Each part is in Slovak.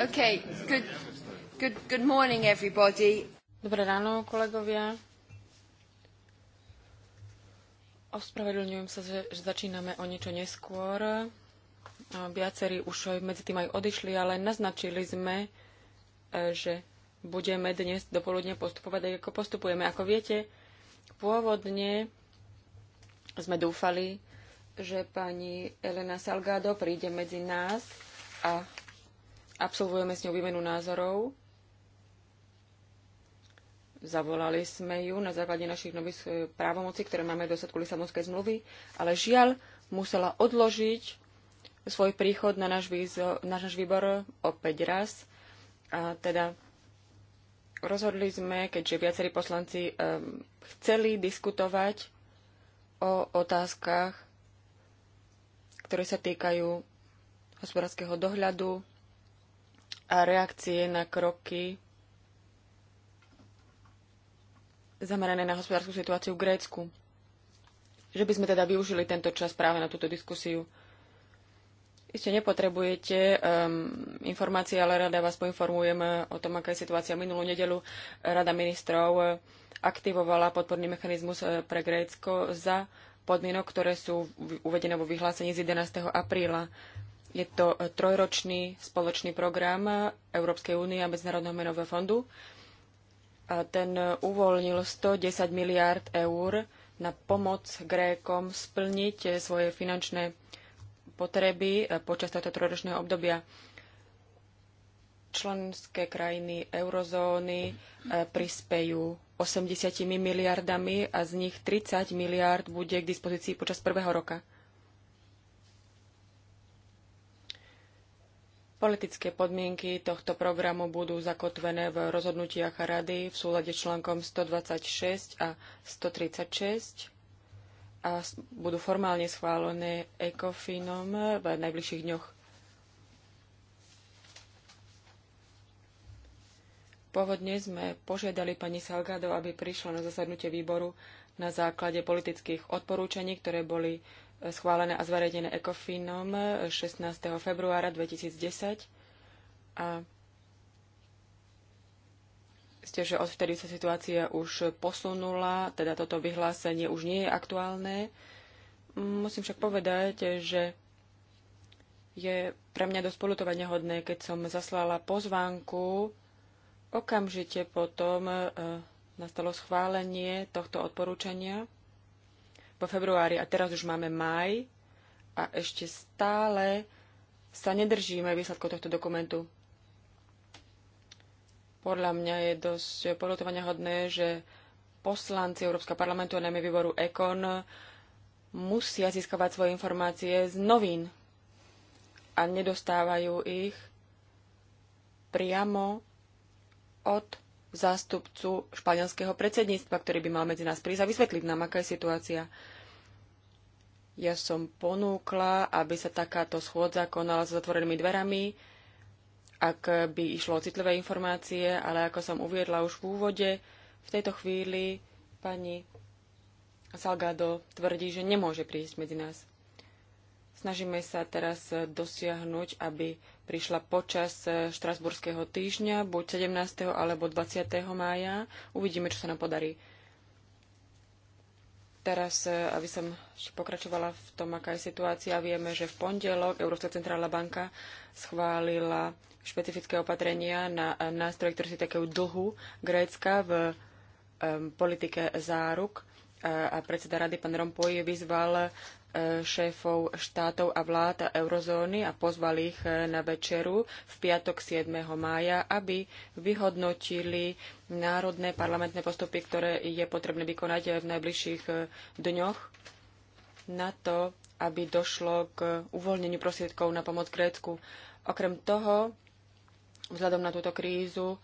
Okay, good, good, good morning everybody. Dobré ráno, kolegovia. Ospravedlňujem sa, že, že začíname o niečo neskôr. Viacerí už medzi tým aj odišli, ale naznačili sme, e, že budeme dnes dopoludne postupovať ako postupujeme. Ako viete, pôvodne sme dúfali, že pani Elena Salgado príde medzi nás a Absolvujeme s ňou výmenu názorov. Zavolali sme ju na základe našich nových eh, právomocí, ktoré máme v dosadku Lisabonskej zmluvy, ale žiaľ musela odložiť svoj príchod na náš, výzo, na náš výbor opäť raz. A teda rozhodli sme, keďže viacerí poslanci um, chceli diskutovať o otázkach, ktoré sa týkajú hospodárskeho dohľadu, a reakcie na kroky zamerané na hospodárskú situáciu v Grécku. Že by sme teda využili tento čas práve na túto diskusiu. Ešte nepotrebujete um, informácie, ale rada vás poinformujem o tom, aká je situácia. Minulú nedelu Rada ministrov aktivovala podporný mechanizmus uh, pre Grécko za podmienok, ktoré sú uvedené vo vyhlásení z 11. apríla. Je to e, trojročný spoločný program Európskej únie a Medzinárodného menového fondu. A ten e, uvoľnil 110 miliárd eur na pomoc Grékom splniť e, svoje finančné potreby počas tohto trojročného obdobia. Členské krajiny eurozóny prispejú 80 miliardami a z nich 30 miliard bude k dispozícii počas prvého roka. Politické podmienky tohto programu budú zakotvené v rozhodnutiach Rady v súlade článkom 126 a 136 a budú formálne schválené ECOFINom v najbližších dňoch. Pôvodne sme požiadali pani Salgado, aby prišla na zasadnutie výboru na základe politických odporúčaní, ktoré boli schválené a zverejnené ECOFINom 16. Eh, februára 2010 a ste, že odvtedy sa situácia už posunula, teda toto vyhlásenie už nie je aktuálne. Musím však povedať, že je pre mňa dosť polutovania hodné, keď som zaslala pozvánku. Okamžite potom eh, nastalo schválenie tohto odporúčania vo februári a teraz už máme maj a ešte stále sa nedržíme výsledkov tohto dokumentu. Podľa mňa je dosť polutovania hodné, že poslanci Európskeho parlamentu a najmä výboru EKON musia získavať svoje informácie z novín a nedostávajú ich priamo od zástupcu španielského predsedníctva, ktorý by mal medzi nás prísť a vysvetliť nám, aká je situácia. Ja som ponúkla, aby sa takáto schôdza konala s zatvorenými dverami, ak by išlo o citlivé informácie, ale ako som uviedla už v úvode, v tejto chvíli pani Salgado tvrdí, že nemôže prísť medzi nás. Snažíme sa teraz eh, dosiahnuť, aby prišla počas eh, štrasburského týždňa, buď 17. alebo 20. mája. Uvidíme, čo sa nám podarí. Teraz, eh, aby som pokračovala v tom, aká je situácia, vieme, že v pondelok Európska centrálna banka schválila špecifické opatrenia na nástroj, ktorý si takého dlhu Grécka v politike záruk a predseda rady, pán Rompuy, vyzval šéfov štátov a vlád eurozóny a pozval ich e, na večeru v piatok 7. mája, aby vyhodnotili národné parlamentné postupy, ktoré je potrebné vykonať v najbližších e, dňoch na to, aby došlo k uvoľneniu prostriedkov na pomoc Grécku. Okrem toho, vzhľadom na túto krízu,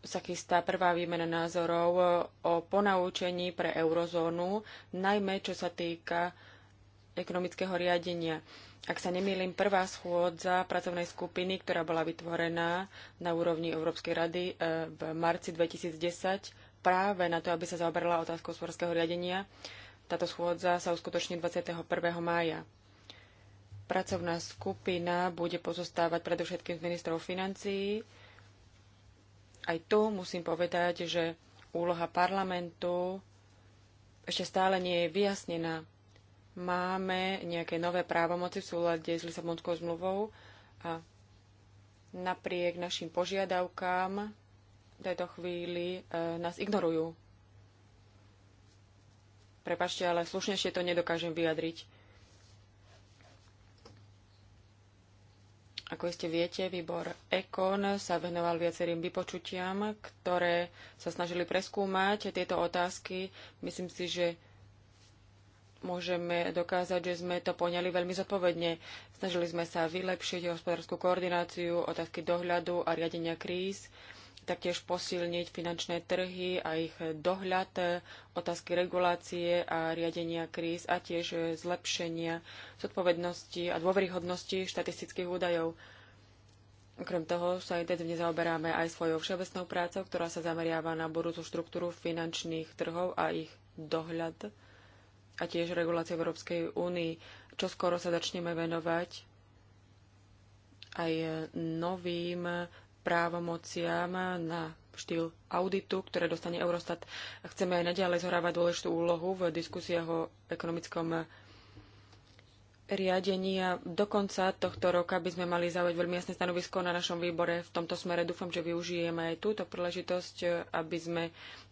sa chystá prvá výmena názorov e, o ponaučení pre eurozónu, najmä čo sa týka ekonomického riadenia. Ak sa nemýlim, prvá schôdza pracovnej skupiny, ktorá bola vytvorená na úrovni Európskej rady e, v marci 2010 práve na to, aby sa zaoberala otázkou hospodárskeho riadenia, táto schôdza sa uskutoční 21. mája. Pracovná skupina bude pozostávať predovšetkým z ministrov financií. Aj tu musím povedať, že úloha parlamentu ešte stále nie je vyjasnená máme nejaké nové právomoci v súlade s Lisabonskou zmluvou a napriek našim požiadavkám v tejto chvíli e, nás ignorujú. Prepašte, ale slušnejšie to nedokážem vyjadriť. Ako ste viete, výbor EKON sa venoval viacerým vypočutiam, ktoré sa snažili preskúmať tieto otázky. Myslím si, že môžeme dokázať, že sme to poňali veľmi zodpovedne. Snažili sme sa vylepšiť hospodárskú koordináciu, otázky dohľadu a riadenia kríz, taktiež posilniť finančné trhy a ich dohľad, otázky regulácie a riadenia kríz a tiež zlepšenia zodpovednosti a dôveryhodnosti štatistických údajov. Okrem toho sa intenzívne zaoberáme aj svojou všeobecnou prácou, ktorá sa zameriava na budúcu štruktúru finančných trhov a ich dohľad a tiež regulácie v Európskej únii. Čo skoro sa začneme venovať aj novým právomociam na štýl auditu, ktoré dostane Eurostat. Chceme aj naďalej zhrávať dôležitú úlohu v diskusiách o ekonomickom riadení a do konca tohto roka by sme mali zaujať veľmi jasné stanovisko na našom výbore. V tomto smere dúfam, že využijeme aj túto príležitosť, aby sme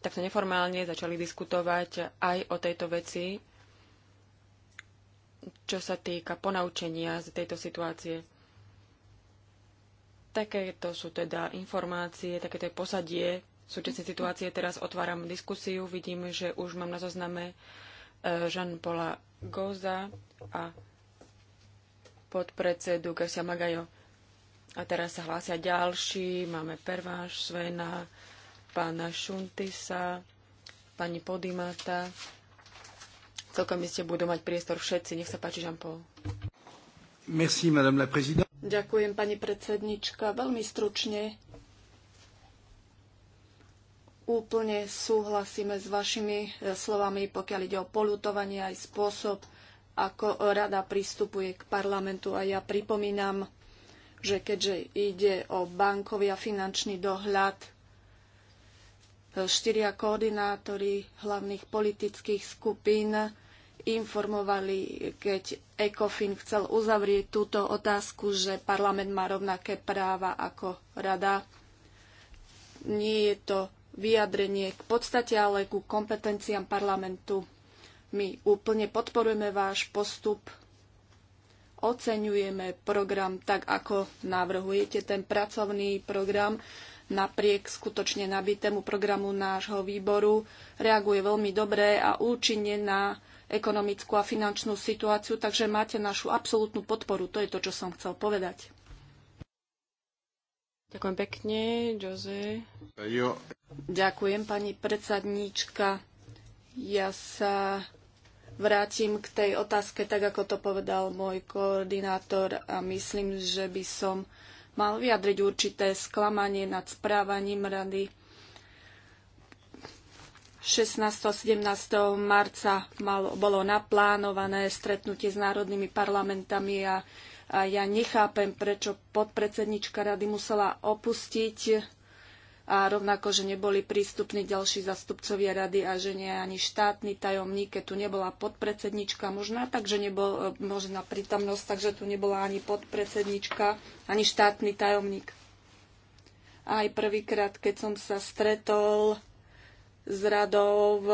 takto neformálne začali diskutovať aj o tejto veci čo sa týka ponaučenia z tejto situácie. Takéto sú teda informácie, takéto je posadie súčasnej situácie. Teraz otváram diskusiu. Vidím, že už mám na zozname e, Jean-Paula Goza a podpredsedu Garcia Magajo. A teraz sa hlásia ďalší. Máme Perváš, Svena, pána Šuntisa, pani Podimata. Celkom iste budú mať priestor všetci. Nech sa páči, Jean-Paul. Merci, madame la présidente. Ďakujem, pani predsednička. Veľmi stručne úplne súhlasíme s vašimi e, slovami, pokiaľ ide o polutovanie aj spôsob, ako rada pristupuje k parlamentu. A ja pripomínam, že keďže ide o bankový a finančný dohľad, štyria koordinátori hlavných politických skupín informovali, keď ECOFIN chcel uzavrieť túto otázku, že parlament má rovnaké práva ako rada. Nie je to vyjadrenie k podstate, ale ku kompetenciám parlamentu. My úplne podporujeme váš postup, oceňujeme program tak, ako navrhujete ten pracovný program napriek skutočne nabitému programu nášho výboru reaguje veľmi dobre a účinne na ekonomickú a finančnú situáciu, takže máte našu absolútnu podporu. To je to, čo som chcel povedať. Ďakujem pekne, Jose. Jo. Ďakujem, pani predsadníčka. Ja sa vrátim k tej otázke, tak ako to povedal môj koordinátor a myslím, že by som mal vyjadriť určité sklamanie nad správaním rady. 16. a 17. marca mal, bolo naplánované stretnutie s národnými parlamentami a, a ja nechápem, prečo podpredsednička rady musela opustiť a rovnako, že neboli prístupní ďalší zastupcovia rady a že nie ani štátny tajomník, keď tu nebola podpredsednička možná, takže nebol e, možná prítomnosť, takže tu nebola ani podpredsednička, ani štátny tajomník. Aj prvýkrát, keď som sa stretol s radou v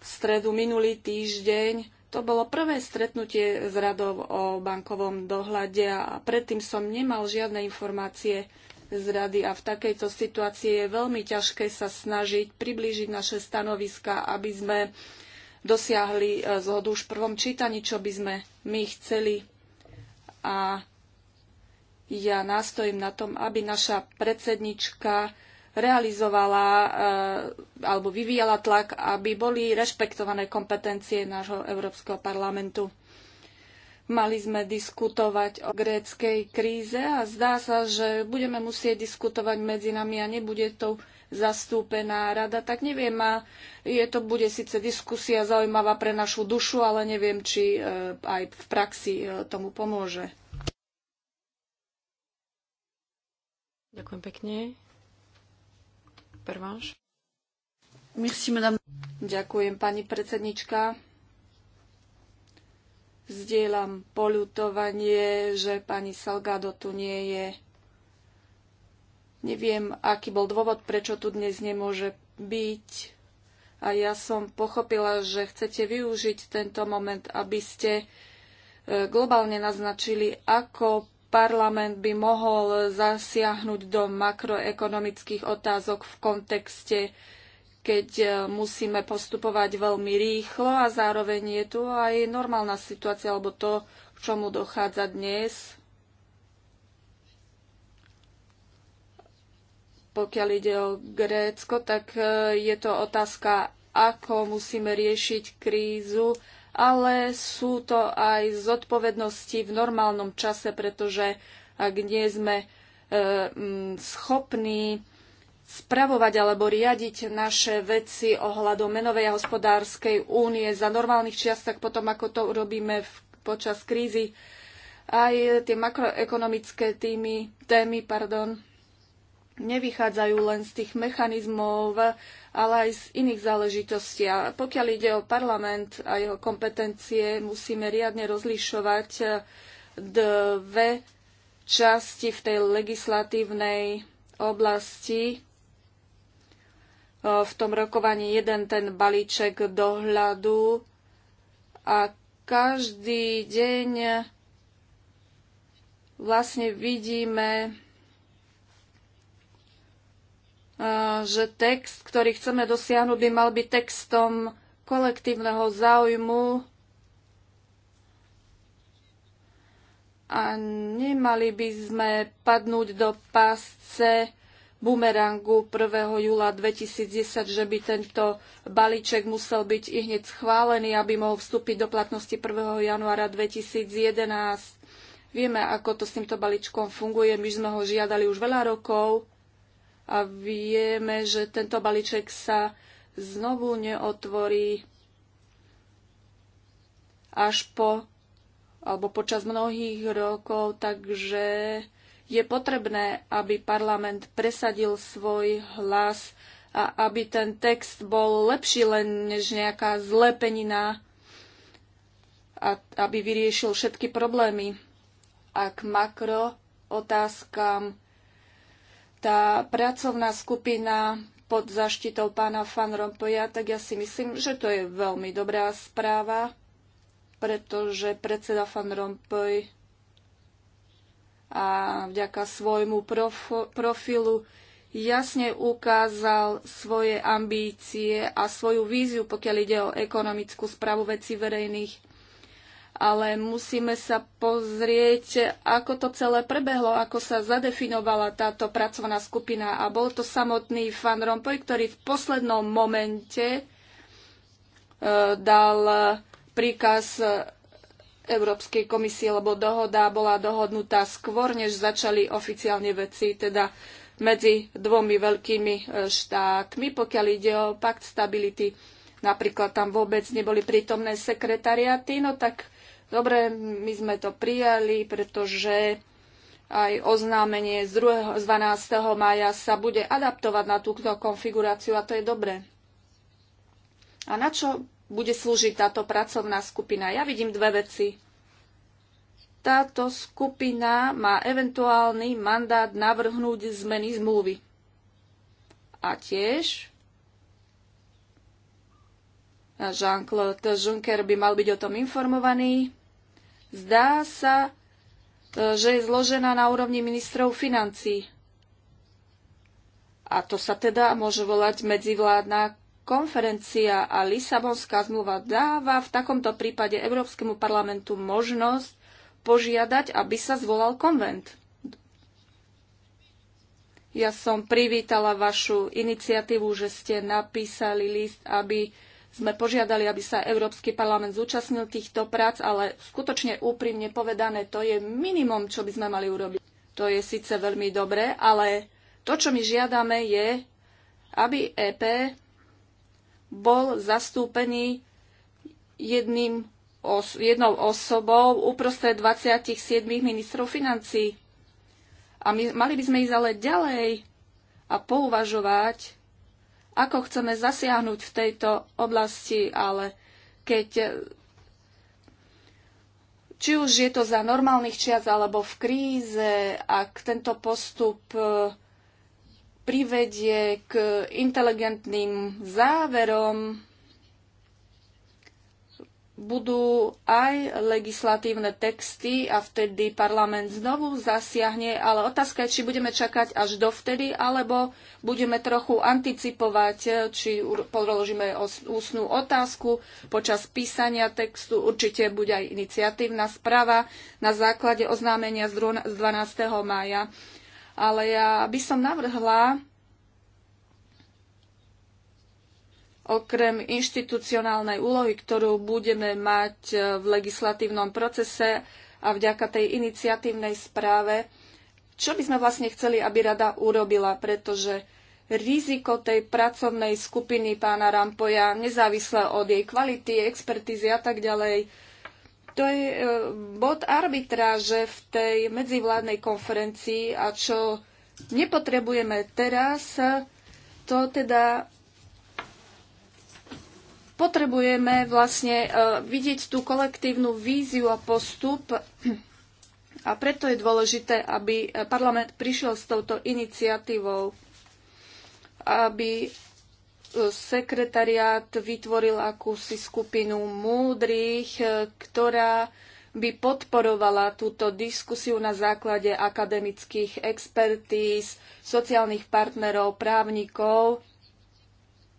stredu minulý týždeň, to bolo prvé stretnutie s radou o bankovom dohľade a predtým som nemal žiadne informácie z rady a v takejto situácii je veľmi ťažké sa snažiť priblížiť naše stanoviska, aby sme dosiahli e, zhodu už v prvom čítaní, čo by sme my chceli. A ja nástojím na tom, aby naša predsednička realizovala e, alebo vyvíjala tlak, aby boli rešpektované kompetencie nášho Európskeho parlamentu. Mali sme diskutovať o gréckej kríze a zdá sa, že budeme musieť diskutovať medzi nami a nebude to zastúpená rada, tak neviem, a je to bude síce diskusia zaujímavá pre našu dušu, ale neviem, či e, aj v praxi e, tomu pomôže. Ďakujem pekne. Pervanš. Ďakujem, pani predsednička. Zdieľam polutovanie, že pani Salgado tu nie je. Neviem, aký bol dôvod, prečo tu dnes nemôže byť. A ja som pochopila, že chcete využiť tento moment, aby ste e, globálne naznačili, ako parlament by mohol zasiahnuť do makroekonomických otázok v kontekste keď e, musíme postupovať veľmi rýchlo a zároveň je tu aj normálna situácia, alebo to, k čomu dochádza dnes. Pokiaľ ide o Grécko, tak e, je to otázka, ako musíme riešiť krízu, ale sú to aj zodpovednosti v normálnom čase, pretože ak nie sme e, schopní spravovať alebo riadiť naše veci ohľadom menovej a hospodárskej únie za normálnych čias, tak potom ako to urobíme v, počas krízy. Aj tie makroekonomické týmy, témy pardon, nevychádzajú len z tých mechanizmov, ale aj z iných záležitostí. A pokiaľ ide o parlament a jeho kompetencie, musíme riadne rozlišovať dve časti v tej legislatívnej oblasti v tom rokovaní jeden ten balíček dohľadu a každý deň vlastne vidíme, že text, ktorý chceme dosiahnuť, by mal byť textom kolektívneho záujmu a nemali by sme padnúť do pásce bumerangu 1. júla 2010, že by tento balíček musel byť i hneď schválený, aby mohol vstúpiť do platnosti 1. januára 2011. Vieme, ako to s týmto balíčkom funguje. My sme ho žiadali už veľa rokov a vieme, že tento balíček sa znovu neotvorí až po alebo počas mnohých rokov, takže je potrebné, aby parlament presadil svoj hlas a aby ten text bol lepší len než nejaká zlepenina a aby vyriešil všetky problémy. A k makro otázkam tá pracovná skupina pod zaštitou pána Fan Rompuya, tak ja si myslím, že to je veľmi dobrá správa, pretože predseda Fan Rompuy a vďaka svojmu profilu jasne ukázal svoje ambície a svoju víziu, pokiaľ ide o ekonomickú správu veci verejných. Ale musíme sa pozrieť, ako to celé prebehlo, ako sa zadefinovala táto pracovná skupina. A bol to samotný Fan Rompuy, ktorý v poslednom momente e, dal príkaz Európskej komisie, lebo dohoda bola dohodnutá skôr, než začali oficiálne veci, teda medzi dvomi veľkými e, štátmi, pokiaľ ide o pakt stability. Napríklad tam vôbec neboli prítomné sekretariaty, no tak dobre, my sme to prijali, pretože aj oznámenie z, 2, z 12. maja sa bude adaptovať na túto konfiguráciu a to je dobré. A na čo bude slúžiť táto pracovná skupina. Ja vidím dve veci. Táto skupina má eventuálny mandát navrhnúť zmeny zmluvy. A tiež Jean-Claude Juncker by mal byť o tom informovaný. Zdá sa, že je zložená na úrovni ministrov financí. A to sa teda môže volať medzivládna konferencia a Lisabonská zmluva dáva v takomto prípade Európskemu parlamentu možnosť požiadať, aby sa zvolal konvent. Ja som privítala vašu iniciatívu, že ste napísali list, aby sme požiadali, aby sa Európsky parlament zúčastnil týchto prác, ale skutočne úprimne povedané, to je minimum, čo by sme mali urobiť. To je síce veľmi dobré, ale to, čo my žiadame, je, aby EP bol zastúpený jedným os- jednou osobou uprostred 27 ministrov financí. A my, mali by sme ísť ale ďalej a pouvažovať, ako chceme zasiahnuť v tejto oblasti, ale keď či už je to za normálnych čias alebo v kríze, ak tento postup privedie k inteligentným záverom, budú aj legislatívne texty a vtedy parlament znovu zasiahne, ale otázka je, či budeme čakať až dovtedy, alebo budeme trochu anticipovať, či položíme ústnú otázku počas písania textu. Určite bude aj iniciatívna správa na základe oznámenia z 12. mája ale ja by som navrhla okrem inštitucionálnej úlohy, ktorú budeme mať e, v legislatívnom procese a vďaka tej iniciatívnej správe, čo by sme vlastne chceli, aby rada urobila, pretože riziko tej pracovnej skupiny pána Rampoja, nezávisle od jej kvality, expertízy a tak ďalej, to je e, bod arbitráže v tej medzivládnej konferencii a čo nepotrebujeme teraz, to teda potrebujeme vlastne e, vidieť tú kolektívnu víziu a postup a preto je dôležité, aby parlament prišiel s touto iniciatívou, aby sekretariát vytvoril akúsi skupinu múdrych, e, ktorá by podporovala túto diskusiu na základe akademických expertíz, sociálnych partnerov, právnikov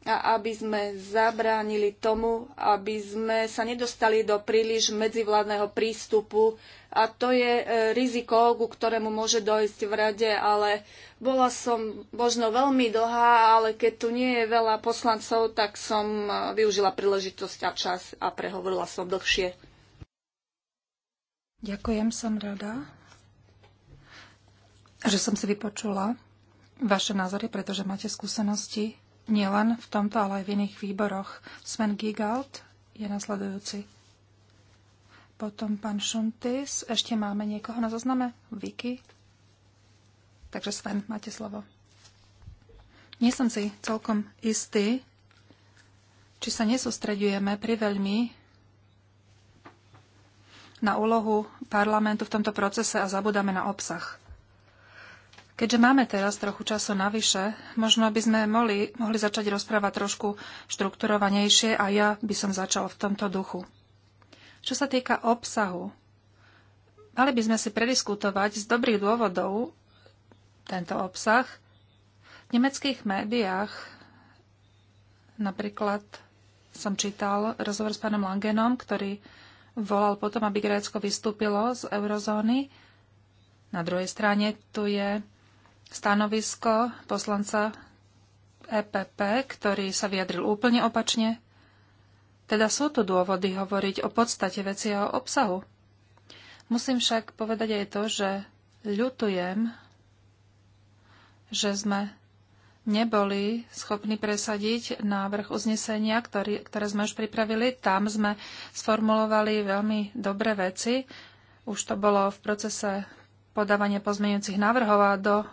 a aby sme zabránili tomu, aby sme sa nedostali do príliš medzivládneho prístupu. A to je e, riziko, ku ktorému môže dojsť v rade, ale bola som možno veľmi dlhá, ale keď tu nie je veľa poslancov, tak som e, využila príležitosť a čas a prehovorila som dlhšie. Ďakujem, som rada, že som si vypočula vaše názory, pretože máte skúsenosti nielen v tomto, ale aj v iných výboroch. Sven Gigalt je nasledujúci. Potom pán Šuntis. Ešte máme niekoho na zozname? Vicky? Takže Sven, máte slovo. Nie som si celkom istý, či sa nesústredujeme veľmi na úlohu parlamentu v tomto procese a zabudáme na obsah. Keďže máme teraz trochu času navyše, možno by sme mohli, mohli začať rozprávať trošku štrukturovanejšie a ja by som začal v tomto duchu. Čo sa týka obsahu, mali by sme si prediskutovať z dobrých dôvodov tento obsah. V nemeckých médiách napríklad som čítal rozhovor s pánom Langenom, ktorý volal potom, aby Grécko vystúpilo z eurozóny. Na druhej strane tu je stanovisko poslanca EPP, ktorý sa vyjadril úplne opačne. Teda sú tu dôvody hovoriť o podstate veci a o obsahu. Musím však povedať aj to, že ľutujem, že sme neboli schopní presadiť návrh uznesenia, ktorý, ktoré sme už pripravili. Tam sme sformulovali veľmi dobré veci. Už to bolo v procese podávania pozmeňujúcich návrhov a do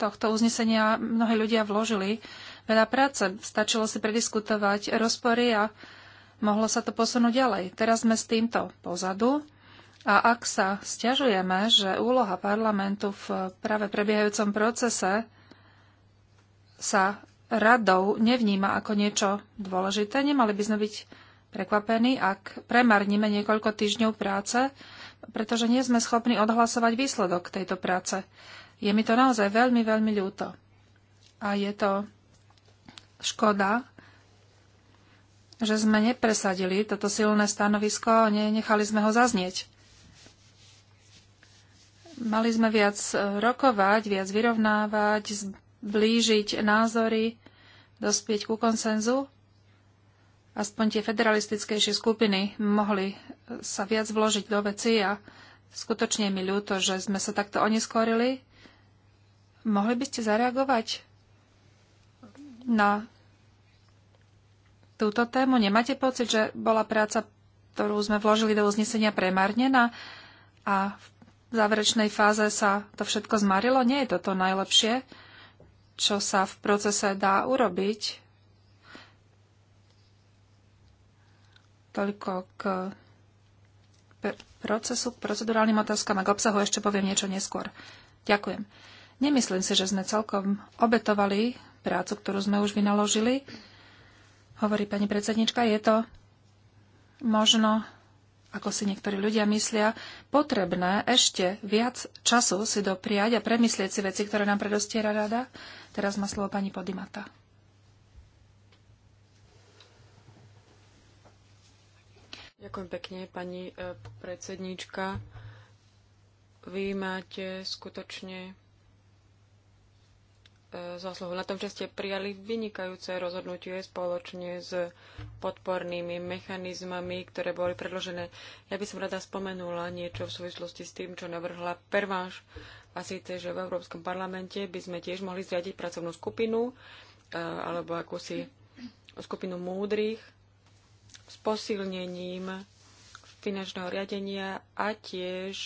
tohto uznesenia mnohí ľudia vložili veľa práce. Stačilo si prediskutovať rozpory a mohlo sa to posunúť ďalej. Teraz sme s týmto pozadu a ak sa stiažujeme, že úloha parlamentu v práve prebiehajúcom procese sa radou nevníma ako niečo dôležité, nemali by sme byť prekvapení, ak premarníme niekoľko týždňov práce, pretože nie sme schopní odhlasovať výsledok tejto práce. Je mi to naozaj veľmi, veľmi ľúto. A je to škoda, že sme nepresadili toto silné stanovisko a nenechali sme ho zaznieť. Mali sme viac e, rokovať, viac vyrovnávať, blížiť názory, dospieť ku konsenzu. Aspoň tie federalistickejšie skupiny mohli e, sa viac vložiť do veci a skutočne mi ľúto, že sme sa takto oneskorili Mohli by ste zareagovať na túto tému? Nemáte pocit, že bola práca, ktorú sme vložili do uznesenia, premárnená a v záverečnej fáze sa to všetko zmarilo? Nie je toto najlepšie, čo sa v procese dá urobiť? Toľko k procesu, k procedurálnym otázkam a k obsahu ešte poviem niečo neskôr. Ďakujem. Nemyslím si, že sme celkom obetovali prácu, ktorú sme už vynaložili. Hovorí pani predsednička, je to možno, ako si niektorí ľudia myslia, potrebné ešte viac času si dopriať a premyslieť si veci, ktoré nám predostiera rada. Teraz má slovo pani Podimata. Ďakujem pekne, pani eh, predsedníčka. Vy máte skutočne zásluhu na tom, že ste prijali vynikajúce rozhodnutie spoločne s podpornými mechanizmami, ktoré boli predložené. Ja by som rada spomenula niečo v súvislosti s tým, čo navrhla Perváš, a síce, že v Európskom parlamente by sme tiež mohli zriadiť pracovnú skupinu e, alebo akúsi skupinu múdrych s posilnením finančného riadenia a tiež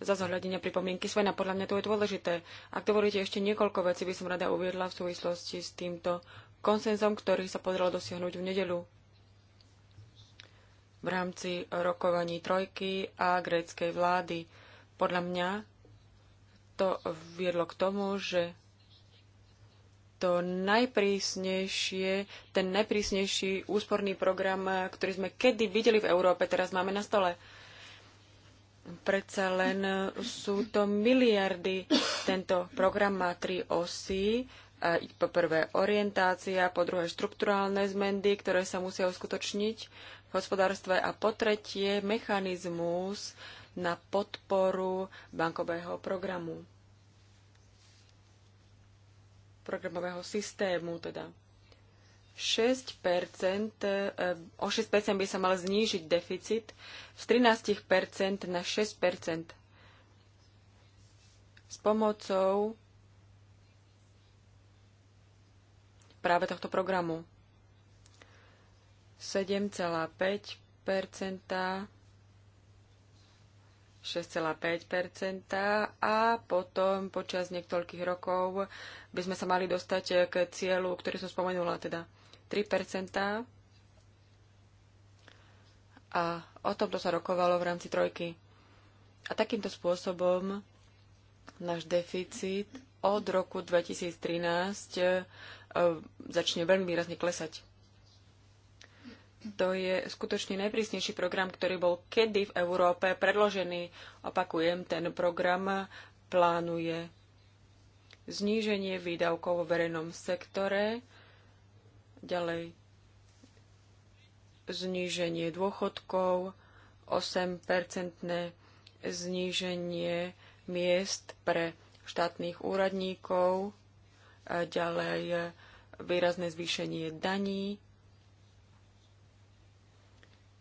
za zohľadenie pripomienky Svena. No, podľa mňa to je dôležité. Ak dovolíte, ešte niekoľko vecí by som rada uviedla v súvislosti s týmto konsenzom, ktorý sa podarilo dosiahnuť v nedelu v rámci rokovaní trojky a gréckej vlády. Podľa mňa to viedlo k tomu, že to najprísnejšie, ten najprísnejší úsporný program, ktorý sme kedy videli v Európe, teraz máme na stole. Predsa len sú to miliardy. Tento program má tri osy. Po prvé orientácia, po druhé štrukturálne zmeny, ktoré sa musia uskutočniť v hospodárstve a po tretie mechanizmus na podporu bankového programu programového systému teda. 6 eh, o 6 by sa mal znížiť deficit z 13 na 6 s pomocou práve tohto programu. 7,5 6,5 a potom počas niekoľkých rokov by sme sa mali dostať k cieľu, ktorý som spomenula, teda 3 a o tomto sa rokovalo v rámci trojky. A takýmto spôsobom náš deficit od roku 2013 e, začne veľmi výrazne klesať. To je skutočne najprísnejší program, ktorý bol kedy v Európe predložený. Opakujem, ten program plánuje zníženie výdavkov vo verejnom sektore Ďalej zníženie dôchodkov, 8-percentné zníženie miest pre štátnych úradníkov, ďalej výrazné zvýšenie daní,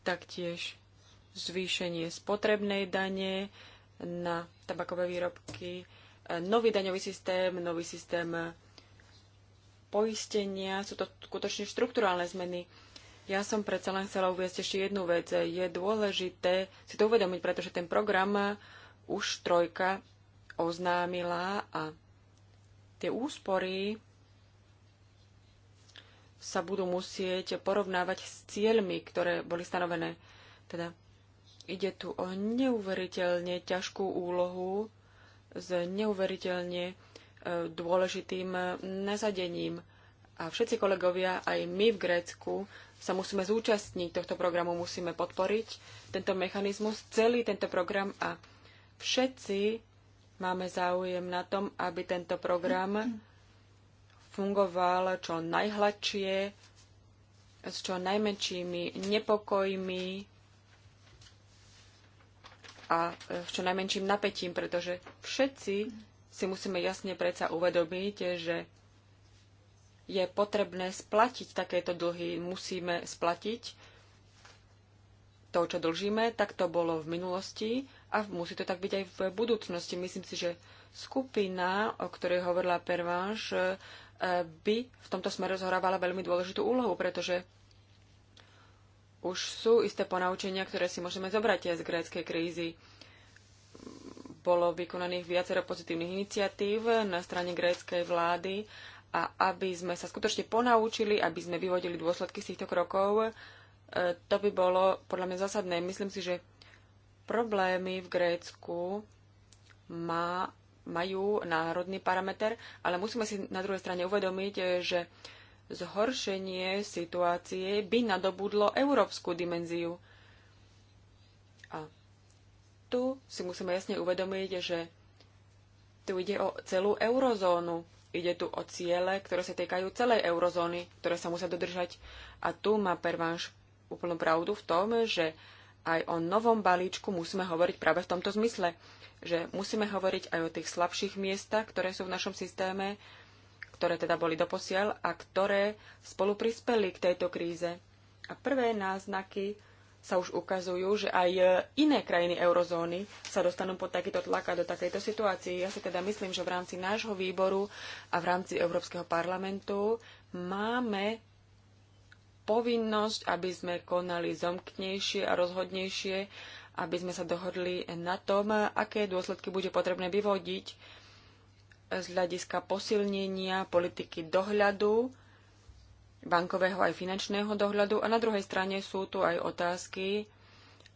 taktiež zvýšenie spotrebnej dane na tabakové výrobky, nový daňový systém, nový systém poistenia, sú to skutočne štruktúrálne zmeny. Ja som predsa len chcela uviezť ešte jednu vec. Je dôležité si to uvedomiť, pretože ten program už trojka oznámila a tie úspory sa budú musieť porovnávať s cieľmi, ktoré boli stanovené. Teda ide tu o neuveriteľne ťažkú úlohu s neuveriteľne dôležitým eh, nasadením. A všetci kolegovia, aj my v Grécku, sa musíme zúčastniť tohto programu, musíme podporiť tento mechanizmus, celý tento program a všetci máme záujem na tom, aby tento program fungoval čo najhladšie, s čo najmenšími nepokojmi a s čo najmenším napätím, pretože všetci si musíme jasne predsa uvedomiť, že je potrebné splatiť takéto dlhy, musíme splatiť to, čo dlžíme, tak to bolo v minulosti a musí to tak byť aj v budúcnosti. Myslím si, že skupina, o ktorej hovorila Pervanš, e, by v tomto smere zohrávala veľmi dôležitú úlohu, pretože už sú isté ponaučenia, ktoré si môžeme zobrať aj z gréckej krízy bolo vykonaných viacero pozitívnych iniciatív na strane gréckej vlády a aby sme sa skutočne ponaučili, aby sme vyvodili dôsledky z týchto krokov, e, to by bolo podľa mňa zásadné. Myslím si, že problémy v Grécku má, majú národný parameter, ale musíme si na druhej strane uvedomiť, e, že zhoršenie situácie by nadobudlo európsku dimenziu tu si musíme jasne uvedomiť, že tu ide o celú eurozónu. Ide tu o ciele, ktoré sa týkajú celej eurozóny, ktoré sa musia dodržať. A tu má Pervanš úplnú pravdu v tom, že aj o novom balíčku musíme hovoriť práve v tomto zmysle, že musíme hovoriť aj o tých slabších miestach, ktoré sú v našom systéme, ktoré teda boli doposiaľ a ktoré spolu prispeli k tejto kríze. A prvé náznaky sa už ukazujú, že aj e, iné krajiny eurozóny sa dostanú pod takýto tlak a do takejto situácii. Ja si teda myslím, že v rámci nášho výboru a v rámci Európskeho parlamentu máme povinnosť, aby sme konali zomknejšie a rozhodnejšie, aby sme sa dohodli na tom, aké dôsledky bude potrebné vyvodiť z hľadiska posilnenia politiky dohľadu bankového aj finančného dohľadu a na druhej strane sú tu aj otázky,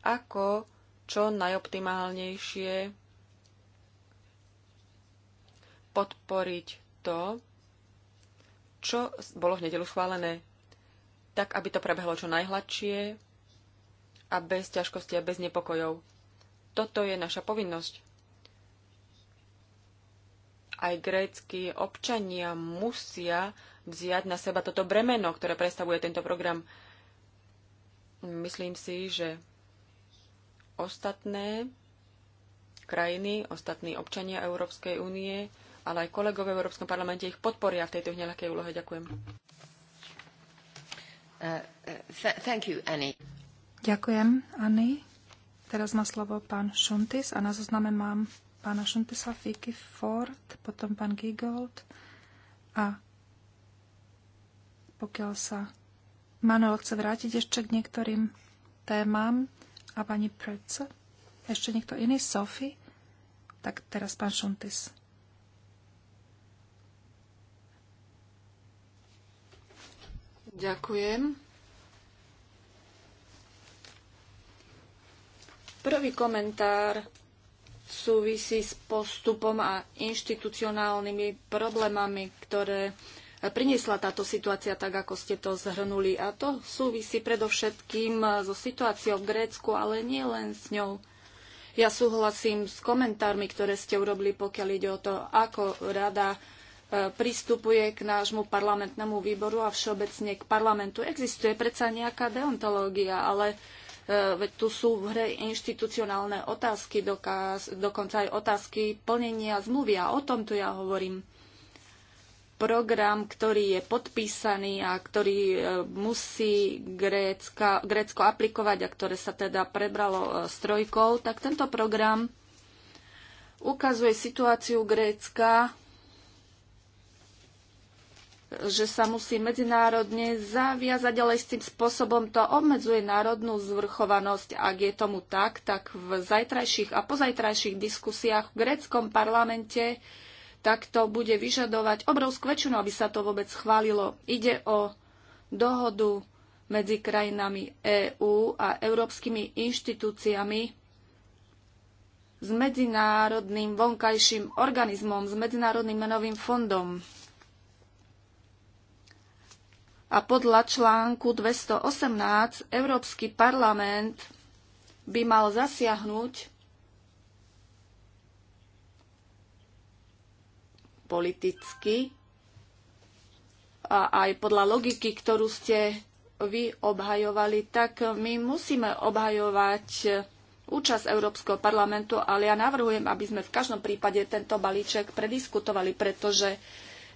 ako čo najoptimálnejšie podporiť to, čo bolo v nedelu schválené, tak aby to prebehlo čo najhladšie a bez ťažkosti a bez nepokojov. Toto je naša povinnosť. Aj grécky občania musia vziať na seba toto bremeno, ktoré predstavuje tento program. Myslím si, že ostatné krajiny, ostatní občania Európskej únie, ale aj kolegové v Európskom parlamente ich podporia v tejto nelakej úlohe. Ďakujem. Uh, uh, thank you, Annie. Ďakujem, Anny. Teraz má slovo pán Šuntis a na zozname mám pána Šuntisa, Fiki Ford, potom pán Gigold a pokiaľ sa Manuel chce vrátiť ešte k niektorým témam a pani Prece. Ešte niekto iný? Sophie? Tak teraz pán Šuntis. Ďakujem. Prvý komentár súvisí s postupom a inštitucionálnymi problémami, ktoré priniesla táto situácia, tak ako ste to zhrnuli. A to súvisí predovšetkým eh, so situáciou v Grécku, ale nie len s ňou. Ja súhlasím s komentármi, ktoré ste urobili, pokiaľ ide o to, ako rada eh, pristupuje k nášmu parlamentnému výboru a všeobecne k parlamentu. Existuje predsa nejaká deontológia, ale eh, veď tu sú v hre inštitucionálne otázky, dokonca aj otázky plnenia zmluvy a o tom tu ja hovorím program, ktorý je podpísaný a ktorý e, musí Grécka, Grécko aplikovať a ktoré sa teda prebralo e, s trojkou, tak tento program ukazuje situáciu Grécka, že sa musí medzinárodne zaviazať, ale s tým spôsobom to obmedzuje národnú zvrchovanosť. Ak je tomu tak, tak v zajtrajších a pozajtrajších diskusiách v gréckom parlamente tak to bude vyžadovať obrovskú väčšinu, aby sa to vôbec schválilo. Ide o dohodu medzi krajinami EÚ a európskymi inštitúciami s medzinárodným vonkajším organizmom, s Medzinárodným menovým fondom. A podľa článku 218 Európsky parlament by mal zasiahnuť politicky a aj podľa logiky, ktorú ste vy obhajovali, tak my musíme obhajovať účasť Európskeho parlamentu, ale ja navrhujem, aby sme v každom prípade tento balíček prediskutovali, pretože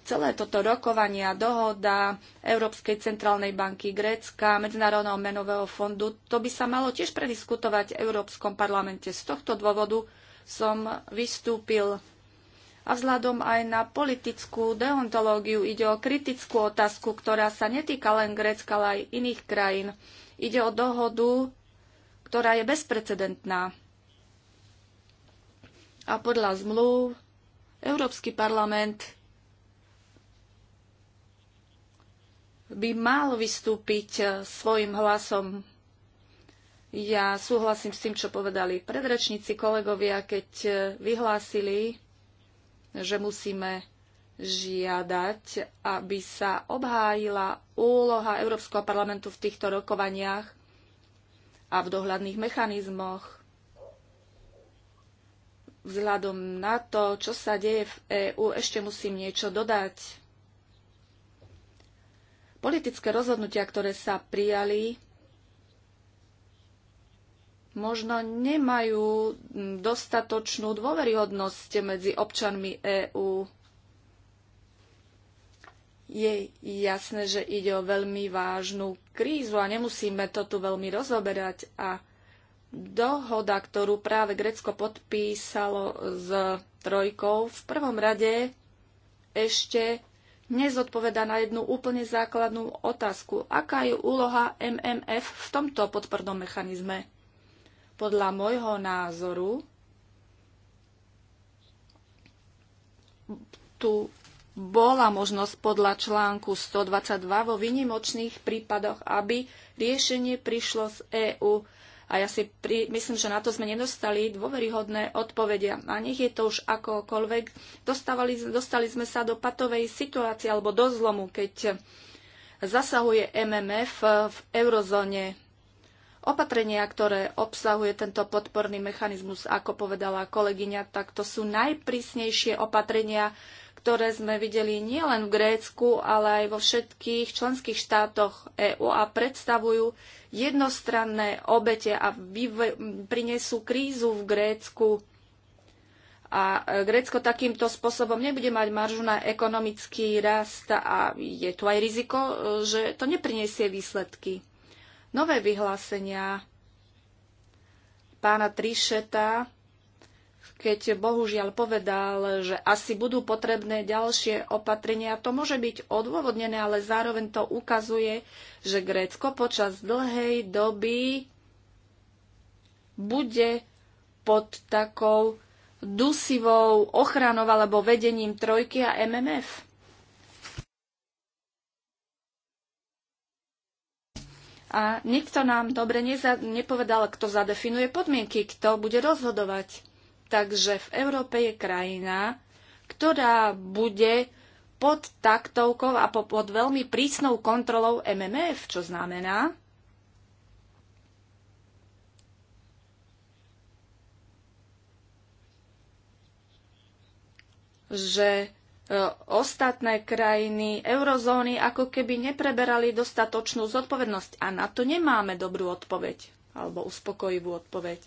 celé toto rokovania, dohoda Európskej centrálnej banky Grécka, Medzinárodného menového fondu, to by sa malo tiež prediskutovať v Európskom parlamente. Z tohto dôvodu som vystúpil a vzhľadom aj na politickú deontológiu ide o kritickú otázku, ktorá sa netýka len Grécka, ale aj iných krajín. Ide o dohodu, ktorá je bezprecedentná. A podľa zmluv Európsky parlament by mal vystúpiť svojim hlasom. Ja súhlasím s tým, čo povedali predrečníci kolegovia, keď vyhlásili, že musíme žiadať, aby sa obhájila úloha Európskeho parlamentu v týchto rokovaniach a v dohľadných mechanizmoch vzhľadom na to, čo sa deje v EÚ, ešte musím niečo dodať. Politické rozhodnutia, ktoré sa prijali, možno nemajú mm, dostatočnú dôveryhodnosť medzi občanmi EÚ. Je jasné, že ide o veľmi vážnu krízu a nemusíme to tu veľmi rozoberať. A dohoda, ktorú práve Grecko podpísalo s trojkou, v prvom rade ešte nezodpoveda na jednu úplne základnú otázku. Aká je úloha MMF v tomto podpornom mechanizme? Podľa môjho názoru tu bola možnosť podľa článku 122 vo výnimočných prípadoch, aby riešenie prišlo z EÚ. A ja si pri, myslím, že na to sme nedostali dôveryhodné odpovedia. A nech je to už akokoľvek. Dostávali, dostali sme sa do patovej situácie alebo do zlomu, keď zasahuje MMF v eurozóne. Opatrenia, ktoré obsahuje tento podporný mechanizmus, ako povedala kolegyňa, tak to sú najprísnejšie opatrenia, ktoré sme videli nielen v Grécku, ale aj vo všetkých členských štátoch EÚ a predstavujú jednostranné obete a prinesú krízu v Grécku. A e, Grécko takýmto spôsobom nebude mať maržu na ekonomický rast a je tu aj riziko, e, že to nepriniesie výsledky nové vyhlásenia pána Trišeta, keď bohužiaľ povedal, že asi budú potrebné ďalšie opatrenia. To môže byť odôvodnené, ale zároveň to ukazuje, že Grécko počas dlhej doby bude pod takou dusivou ochranou alebo vedením trojky a MMF. A nikto nám dobre neza- nepovedal, kto zadefinuje podmienky, kto bude rozhodovať. Takže v Európe je krajina, ktorá bude pod taktovkou a pod veľmi prísnou kontrolou MMF, čo znamená, že E, ostatné krajiny eurozóny ako keby nepreberali dostatočnú zodpovednosť a na to nemáme dobrú odpoveď alebo uspokojivú odpoveď.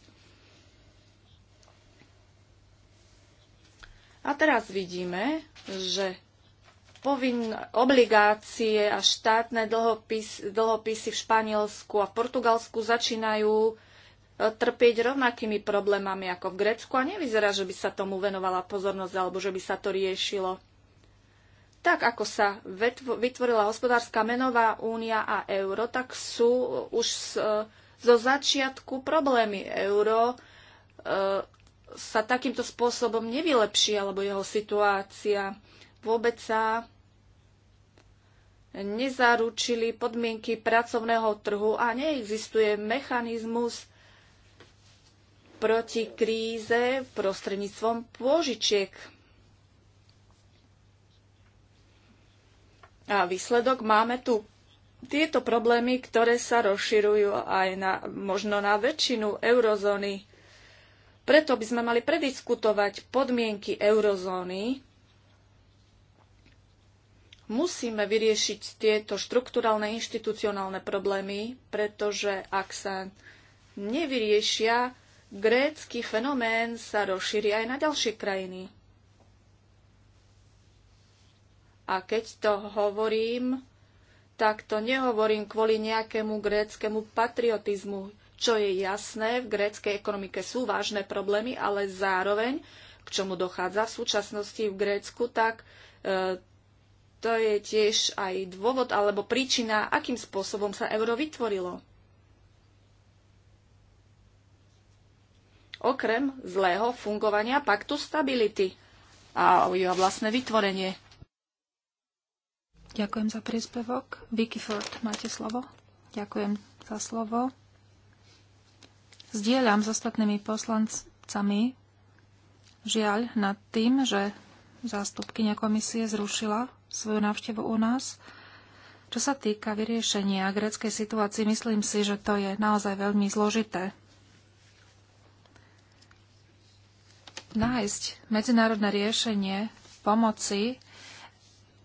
A teraz vidíme, že povin, obligácie a štátne dlhopis, dlhopisy v Španielsku a v Portugalsku začínajú e, trpieť rovnakými problémami ako v Grécku a nevyzerá, že by sa tomu venovala pozornosť alebo že by sa to riešilo tak ako sa vytvorila hospodárska menová únia a euro, tak sú už e, zo začiatku problémy. Euro e, sa takýmto spôsobom nevylepší, alebo jeho situácia vôbec sa nezaručili podmienky pracovného trhu a neexistuje mechanizmus proti kríze prostredníctvom pôžičiek. A výsledok máme tu tieto problémy, ktoré sa rozširujú aj na, možno na väčšinu eurozóny. Preto by sme mali prediskutovať podmienky eurozóny. Musíme vyriešiť tieto štrukturálne inštitucionálne problémy, pretože ak sa nevyriešia, grécky fenomén sa rozšíri aj na ďalšie krajiny. A keď to hovorím, tak to nehovorím kvôli nejakému gréckému patriotizmu. Čo je jasné, v gréckej ekonomike sú vážne problémy, ale zároveň, k čomu dochádza v súčasnosti v Grécku, tak e, to je tiež aj dôvod alebo príčina, akým spôsobom sa euro vytvorilo. Okrem zlého fungovania paktu stability a jeho vlastné vytvorenie. Ďakujem za príspevok. Vicky Ford, máte slovo. Ďakujem za slovo. Zdieľam s ostatnými poslancami žiaľ nad tým, že zástupkynia komisie zrušila svoju návštevu u nás. Čo sa týka vyriešenia gréckej situácie, myslím si, že to je naozaj veľmi zložité. Nájsť medzinárodné riešenie pomoci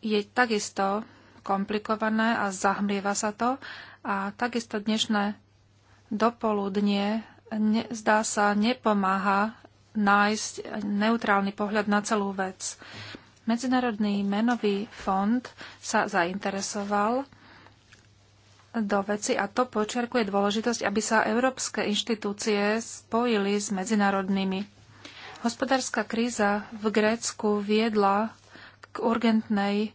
je takisto komplikované a zahmlieva sa to. A takisto dnešné dopoludnie ne, zdá sa nepomáha nájsť neutrálny pohľad na celú vec. Medzinárodný menový fond sa zainteresoval do veci a to počiarkuje dôležitosť, aby sa európske inštitúcie spojili s medzinárodnými. Hospodárska kríza v Grécku viedla k urgentnej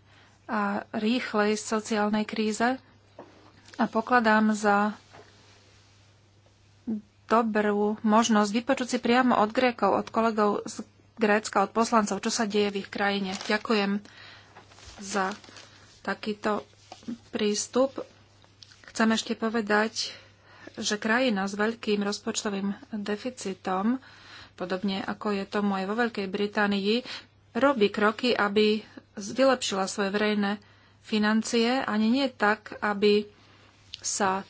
a rýchlej sociálnej kríze a pokladám za dobrú možnosť vypočuť si priamo od Grékov, od kolegov z Grécka, od poslancov, čo sa deje v ich krajine. Ďakujem za takýto prístup. Chcem ešte povedať, že krajina s veľkým rozpočtovým deficitom, podobne ako je tomu aj vo Veľkej Británii, robí kroky, aby vylepšila svoje verejné financie, ani nie tak, aby sa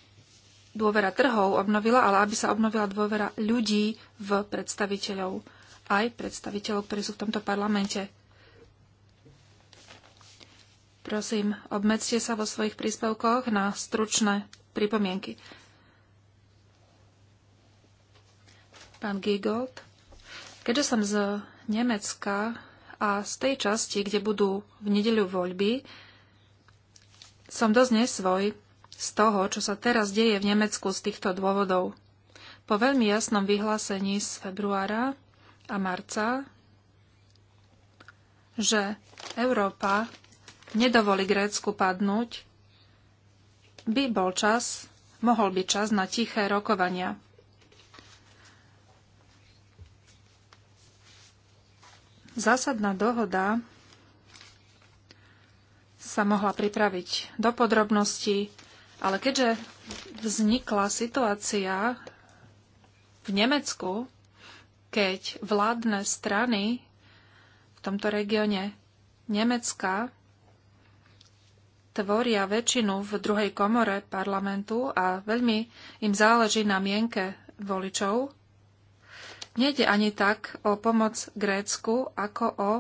dôvera trhov obnovila, ale aby sa obnovila dôvera ľudí v predstaviteľov, aj predstaviteľov, ktorí sú v tomto parlamente. Prosím, obmedzte sa vo svojich príspevkoch na stručné pripomienky. Pán Giegold, keďže som z Nemecka, a z tej časti, kde budú v nedeľu voľby, som dosť nesvoj z toho, čo sa teraz deje v Nemecku z týchto dôvodov. Po veľmi jasnom vyhlásení z februára a marca, že Európa nedovolí Grécku padnúť, by bol čas, mohol byť čas na tiché rokovania. Zásadná dohoda sa mohla pripraviť do podrobností, ale keďže vznikla situácia v Nemecku, keď vládne strany v tomto regióne Nemecka tvoria väčšinu v druhej komore parlamentu a veľmi im záleží na mienke voličov, Nejde ani tak o pomoc Grécku, ako o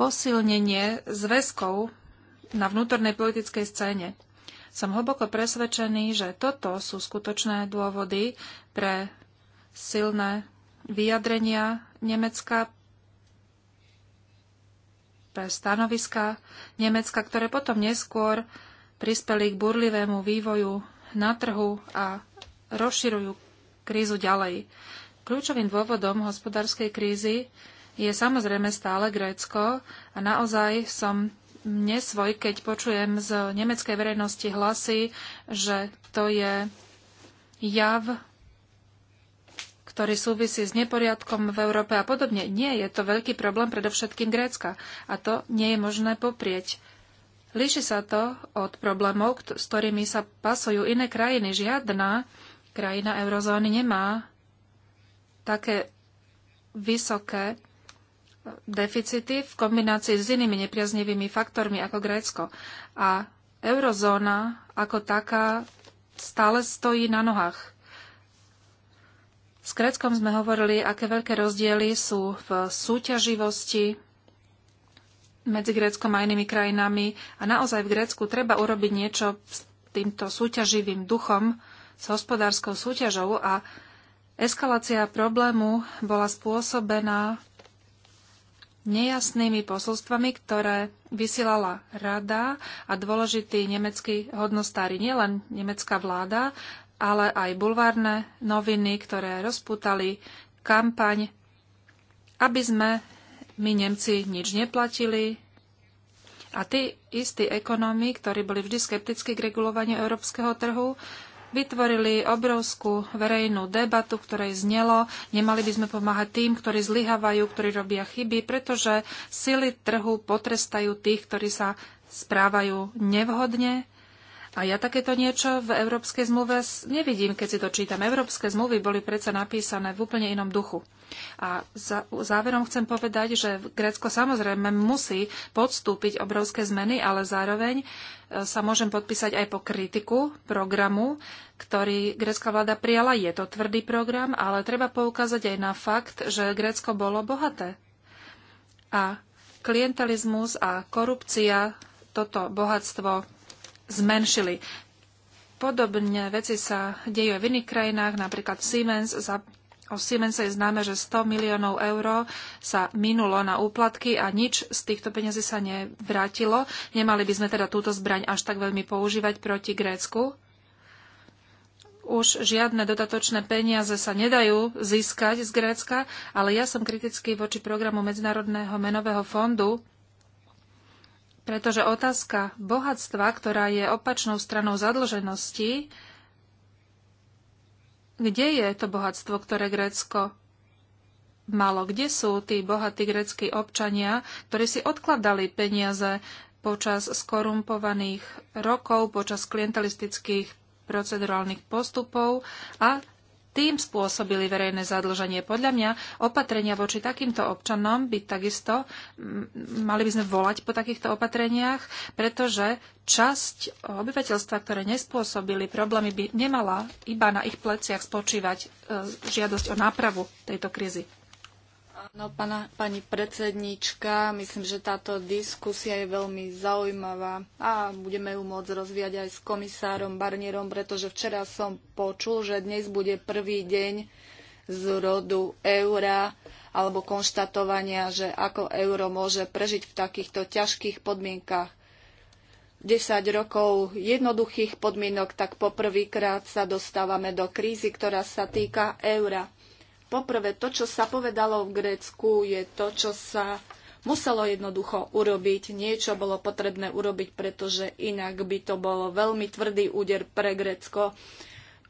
posilnenie zväzkov na vnútornej politickej scéne. Som hlboko presvedčený, že toto sú skutočné dôvody pre silné vyjadrenia Nemecka pre stanoviska Nemecka, ktoré potom neskôr prispeli k burlivému vývoju na trhu a rozširujú krízu ďalej. Kľúčovým dôvodom hospodárskej krízy je samozrejme stále Grécko a naozaj som nesvoj, keď počujem z nemeckej verejnosti hlasy, že to je jav, ktorý súvisí s neporiadkom v Európe a podobne. Nie, je to veľký problém predovšetkým Grécka a to nie je možné poprieť. Líši sa to od problémov, s ktorými sa pasujú iné krajiny. Žiadna krajina eurozóny nemá také vysoké deficity v kombinácii s inými nepriaznivými faktormi ako Grécko. A eurozóna ako taká stále stojí na nohách. S Gréckom sme hovorili, aké veľké rozdiely sú v súťaživosti medzi Gréckom a inými krajinami. A naozaj v Grécku treba urobiť niečo s týmto súťaživým duchom, s hospodárskou súťažou a eskalácia problému bola spôsobená nejasnými posolstvami, ktoré vysielala rada a dôležitý nemeckí hodnostári, nielen nemecká vláda, ale aj bulvárne noviny, ktoré rozputali kampaň, aby sme my Nemci nič neplatili. A tí istí ekonómy, ktorí boli vždy skeptickí k regulovaniu európskeho trhu, vytvorili obrovskú verejnú debatu, ktorej znelo, nemali by sme pomáhať tým, ktorí zlyhávajú, ktorí robia chyby, pretože sily trhu potrestajú tých, ktorí sa správajú nevhodne a ja takéto niečo v Európskej zmluve nevidím, keď si to čítam. Európske zmluvy boli predsa napísané v úplne inom duchu. A za, záverom chcem povedať, že Grécko samozrejme musí podstúpiť obrovské zmeny, ale zároveň e, sa môžem podpísať aj po kritiku programu, ktorý grécka vláda prijala. Je to tvrdý program, ale treba poukázať aj na fakt, že Grécko bolo bohaté. A klientelizmus a korupcia toto bohatstvo zmenšili. Podobne veci sa dejú aj v iných krajinách, napríklad Siemens. Za, o Siemens je známe, že 100 miliónov eur sa minulo na úplatky a nič z týchto peniazí sa nevrátilo. Nemali by sme teda túto zbraň až tak veľmi používať proti Grécku. Už žiadne dodatočné peniaze sa nedajú získať z Grécka, ale ja som kritický voči programu Medzinárodného menového fondu, pretože otázka bohatstva, ktorá je opačnou stranou zadlženosti, kde je to bohatstvo, ktoré Grécko malo? Kde sú tí bohatí gréckí občania, ktorí si odkladali peniaze počas skorumpovaných rokov, počas klientelistických procedurálnych postupov a tým spôsobili verejné zadlženie. Podľa mňa opatrenia voči takýmto občanom by takisto mali by sme volať po takýchto opatreniach, pretože časť obyvateľstva, ktoré nespôsobili problémy, by nemala iba na ich pleciach spočívať e, žiadosť o nápravu tejto krízy. No, pana, pani predsedníčka, myslím, že táto diskusia je veľmi zaujímavá a budeme ju môcť rozvíjať aj s komisárom Barnierom, pretože včera som počul, že dnes bude prvý deň z rodu eura alebo konštatovania, že ako euro môže prežiť v takýchto ťažkých podmienkach. 10 rokov jednoduchých podmienok, tak poprvýkrát sa dostávame do krízy, ktorá sa týka eura. Poprvé, to, čo sa povedalo v Grécku, je to, čo sa muselo jednoducho urobiť. Niečo bolo potrebné urobiť, pretože inak by to bolo veľmi tvrdý úder pre Grécko,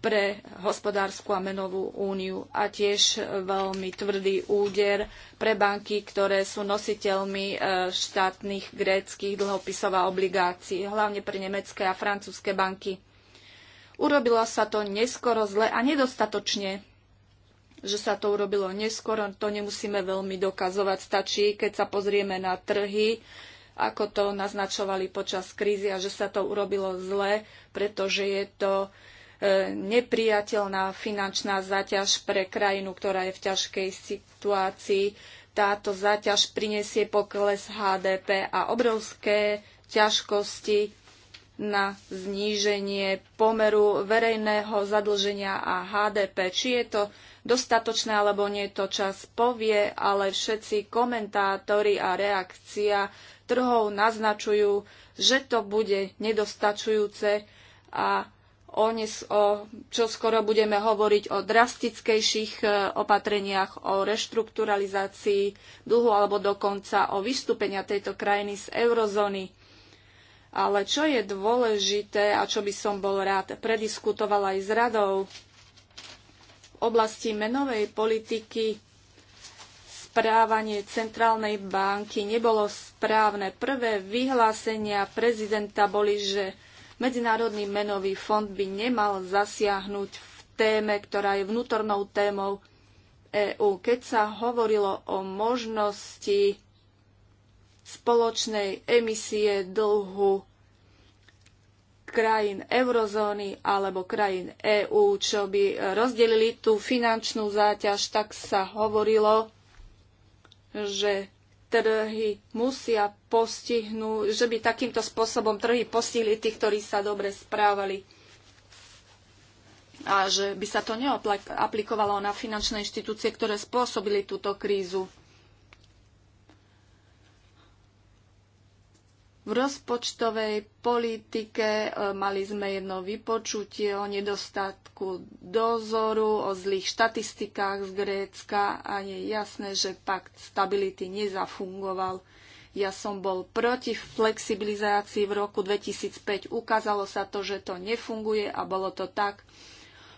pre hospodárskú a menovú úniu a tiež veľmi tvrdý úder pre banky, ktoré sú nositeľmi e, štátnych gréckých dlhopisov a obligácií, hlavne pre nemecké a francúzske banky. Urobilo sa to neskoro zle a nedostatočne že sa to urobilo neskôr, to nemusíme veľmi dokazovať. Stačí, keď sa pozrieme na trhy, ako to naznačovali počas krízy a že sa to urobilo zle, pretože je to e, nepriateľná finančná záťaž pre krajinu, ktorá je v ťažkej situácii. Táto záťaž prinesie pokles HDP a obrovské ťažkosti na zníženie pomeru verejného zadlženia a HDP. Či je to dostatočné alebo nie, to čas povie, ale všetci komentátori a reakcia trhov naznačujú, že to bude nedostačujúce a o, nes- o čo skoro budeme hovoriť o drastickejších e, opatreniach, o reštrukturalizácii dlhu alebo dokonca o vystúpenia tejto krajiny z eurozóny. Ale čo je dôležité a čo by som bol rád prediskutovala aj s radou, oblasti menovej politiky správanie centrálnej banky nebolo správne. Prvé vyhlásenia prezidenta boli, že Medzinárodný menový fond by nemal zasiahnuť v téme, ktorá je vnútornou témou EÚ. Keď sa hovorilo o možnosti spoločnej emisie dlhu krajín eurozóny alebo krajín EÚ, čo by rozdelili tú finančnú záťaž, tak sa hovorilo, že trhy musia postihnúť, že by takýmto spôsobom trhy postihli tých, ktorí sa dobre správali a že by sa to neaplikovalo na finančné inštitúcie, ktoré spôsobili túto krízu. V rozpočtovej politike e, mali sme jedno vypočutie o nedostatku dozoru, o zlých štatistikách z Grécka a je jasné, že pakt stability nezafungoval. Ja som bol proti flexibilizácii v roku 2005. Ukázalo sa to, že to nefunguje a bolo to tak.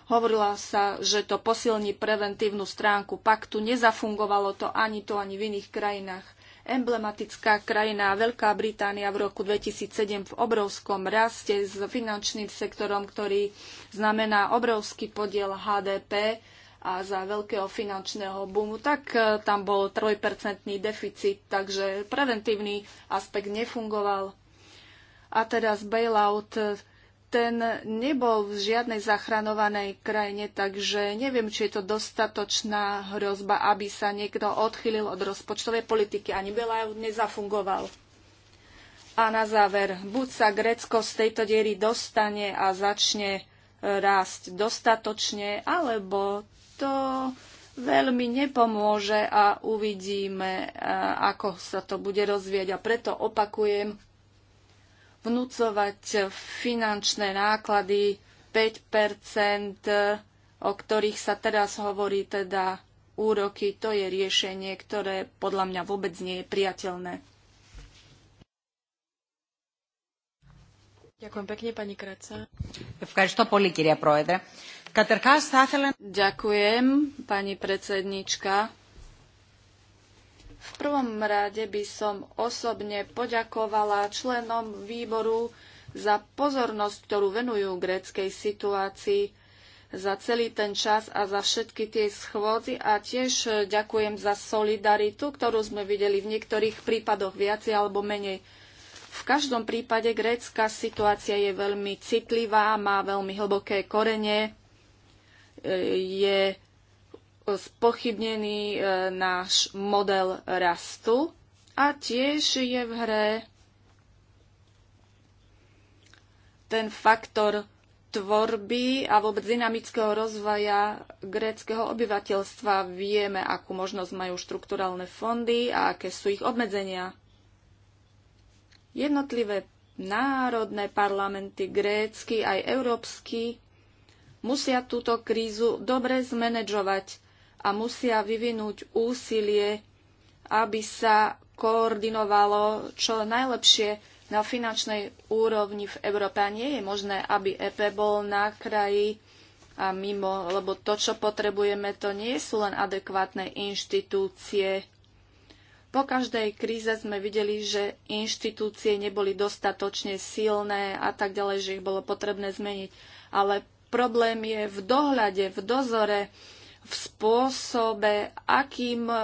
Hovorila sa, že to posilní preventívnu stránku paktu. Nezafungovalo to ani to, ani v iných krajinách emblematická krajina Veľká Británia v roku 2007 v obrovskom raste s finančným sektorom, ktorý znamená obrovský podiel HDP a za veľkého finančného boomu, tak e, tam bol 3% deficit, takže preventívny aspekt nefungoval. A teraz bailout e, ten nebol v žiadnej zachránovanej krajine, takže neviem, či je to dostatočná hrozba, aby sa niekto odchylil od rozpočtovej politiky. Ani veľa nezafungoval. A na záver, buď sa Grécko z tejto diery dostane a začne rásť dostatočne, alebo to veľmi nepomôže a uvidíme, ako sa to bude rozvieť. A preto opakujem, vnúcovať finančné náklady 5 o ktorých sa teraz hovorí, teda úroky, to je riešenie, ktoré podľa mňa vôbec nie je priateľné. Ďakujem pekne, pani Kraca. Ďakujem, pani predsednička. V prvom rade by som osobne poďakovala členom výboru za pozornosť, ktorú venujú gréckej situácii za celý ten čas a za všetky tie schôdzy a tiež ďakujem za solidaritu, ktorú sme videli v niektorých prípadoch viacej alebo menej. V každom prípade grécka situácia je veľmi citlivá, má veľmi hlboké korene, je spochybnený e, náš model rastu a tiež je v hre ten faktor tvorby a vôbec dynamického rozvoja gréckého obyvateľstva. Vieme, akú možnosť majú štrukturálne fondy a aké sú ich obmedzenia. Jednotlivé národné parlamenty, grécky aj európsky, musia túto krízu dobre zmanéžovať a musia vyvinúť úsilie, aby sa koordinovalo čo najlepšie na finančnej úrovni v Európe. A nie je možné, aby EP bol na kraji a mimo, lebo to, čo potrebujeme, to nie sú len adekvátne inštitúcie. Po každej kríze sme videli, že inštitúcie neboli dostatočne silné a tak ďalej, že ich bolo potrebné zmeniť. Ale problém je v dohľade, v dozore, v spôsobe, akým e,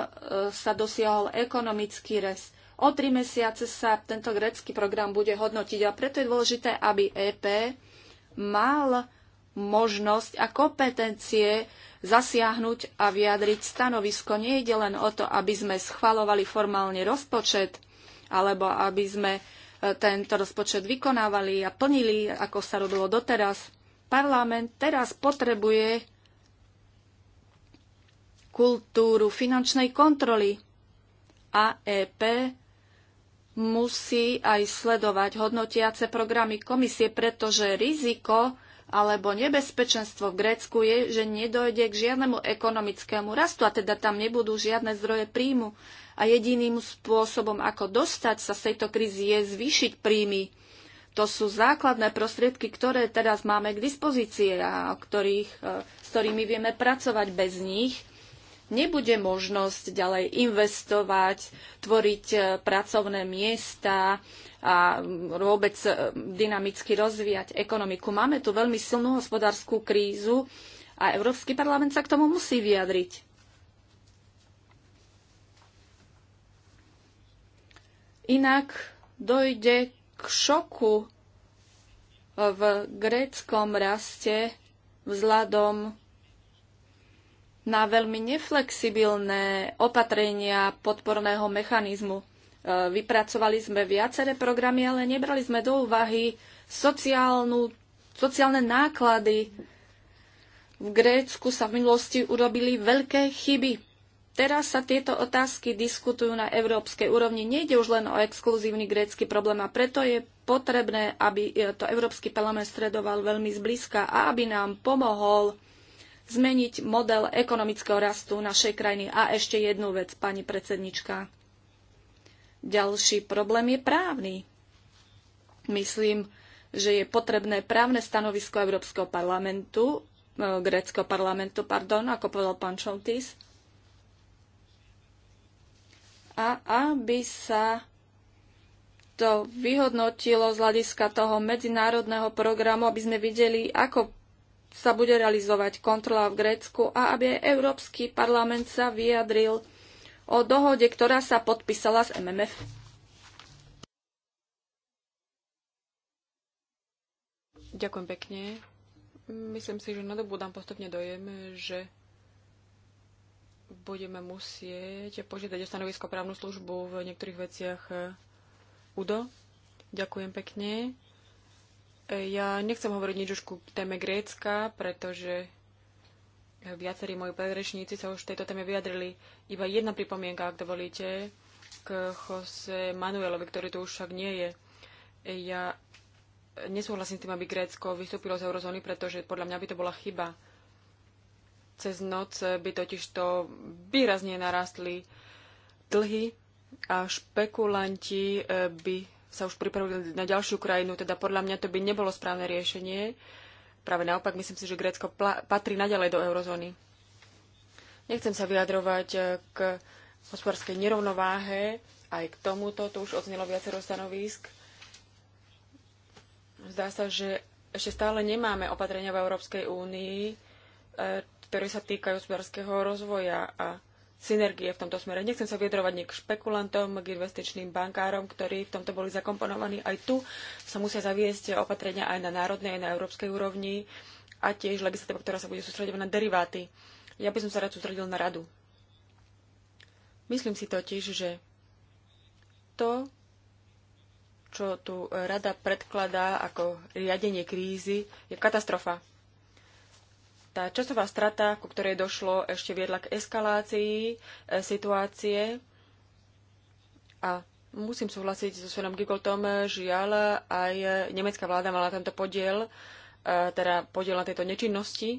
sa dosiahol ekonomický res. O tri mesiace sa tento grécky program bude hodnotiť a preto je dôležité, aby EP mal možnosť a kompetencie zasiahnuť a vyjadriť stanovisko. Nie ide len o to, aby sme schvalovali formálne rozpočet, alebo aby sme e, tento rozpočet vykonávali a plnili, ako sa robilo doteraz. Parlament teraz potrebuje kultúru finančnej kontroly. A EP musí aj sledovať hodnotiace programy komisie, pretože riziko alebo nebezpečenstvo v Grécku je, že nedojde k žiadnemu ekonomickému rastu a teda tam nebudú žiadne zdroje príjmu. A jediným spôsobom, ako dostať sa z tejto krízy, je zvýšiť príjmy. To sú základné prostriedky, ktoré teraz máme k dispozícii a ktorých, e, s ktorými vieme pracovať bez nich nebude možnosť ďalej investovať, tvoriť e, pracovné miesta a vôbec e, dynamicky rozvíjať ekonomiku. Máme tu veľmi silnú hospodárskú krízu a Európsky parlament sa k tomu musí vyjadriť. Inak dojde k šoku v gréckom raste vzhľadom na veľmi neflexibilné opatrenia podporného mechanizmu. E, vypracovali sme viaceré programy, ale nebrali sme do úvahy sociálnu, sociálne náklady. V Grécku sa v minulosti urobili veľké chyby. Teraz sa tieto otázky diskutujú na európskej úrovni. Nejde už len o exkluzívny grécky problém a preto je potrebné, aby e, to Európsky parlament stredoval veľmi zblízka a aby nám pomohol zmeniť model ekonomického rastu našej krajiny. A ešte jednu vec, pani predsednička. Ďalší problém je právny. Myslím, že je potrebné právne stanovisko Európskeho parlamentu, e, gréckého parlamentu, pardon, ako povedal pán Čontis, a aby sa to vyhodnotilo z hľadiska toho medzinárodného programu, aby sme videli, ako sa bude realizovať kontrola v Grécku a aby aj Európsky parlament sa vyjadril o dohode, ktorá sa podpísala z MMF. Ďakujem pekne. Myslím si, že dám postupne dojem, že budeme musieť požiadať o stanovisko právnu službu v niektorých veciach. Eh, Udo, ďakujem pekne. Ja nechcem hovoriť nič už ku téme Grécka, pretože viacerí moji predrečníci sa už v tejto téme vyjadrili. Iba jedna pripomienka, ak dovolíte, k Jose Manuelovi, ktorý tu už však nie je. Ja nesúhlasím s tým, aby Grécko vystúpilo z eurozóny, pretože podľa mňa by to bola chyba. Cez noc by totižto výrazne narastli dlhy a špekulanti by sa už pripravili na ďalšiu krajinu, teda podľa mňa to by nebolo správne riešenie. Práve naopak, myslím si, že Grécko patrí naďalej do eurozóny. Nechcem sa vyjadrovať eh, k hospodárskej nerovnováhe, aj k tomuto, to už odznelo viacero stanovísk. Zdá sa, že ešte stále nemáme opatrenia v Európskej únii, eh, ktoré sa týkajú hospodárskeho rozvoja a synergie v tomto smere. Nechcem sa vyjadrovať nie k špekulantom, k investičným bankárom, ktorí v tomto boli zakomponovaní. Aj tu sa musia zaviesť opatrenia aj na národnej, aj na európskej úrovni a tiež legislatíva, ktorá sa bude sústreďovať na deriváty. Ja by som sa rád sústredil na radu. Myslím si totiž, že to, čo tu rada predkladá ako riadenie krízy, je katastrofa. Tá časová strata, ku ktorej došlo, ešte viedla k eskalácii e, situácie a musím súhlasiť so Svenom Gigoltom, žiaľ aj nemecká vláda mala tento podiel, e, teda podiel na tejto nečinnosti.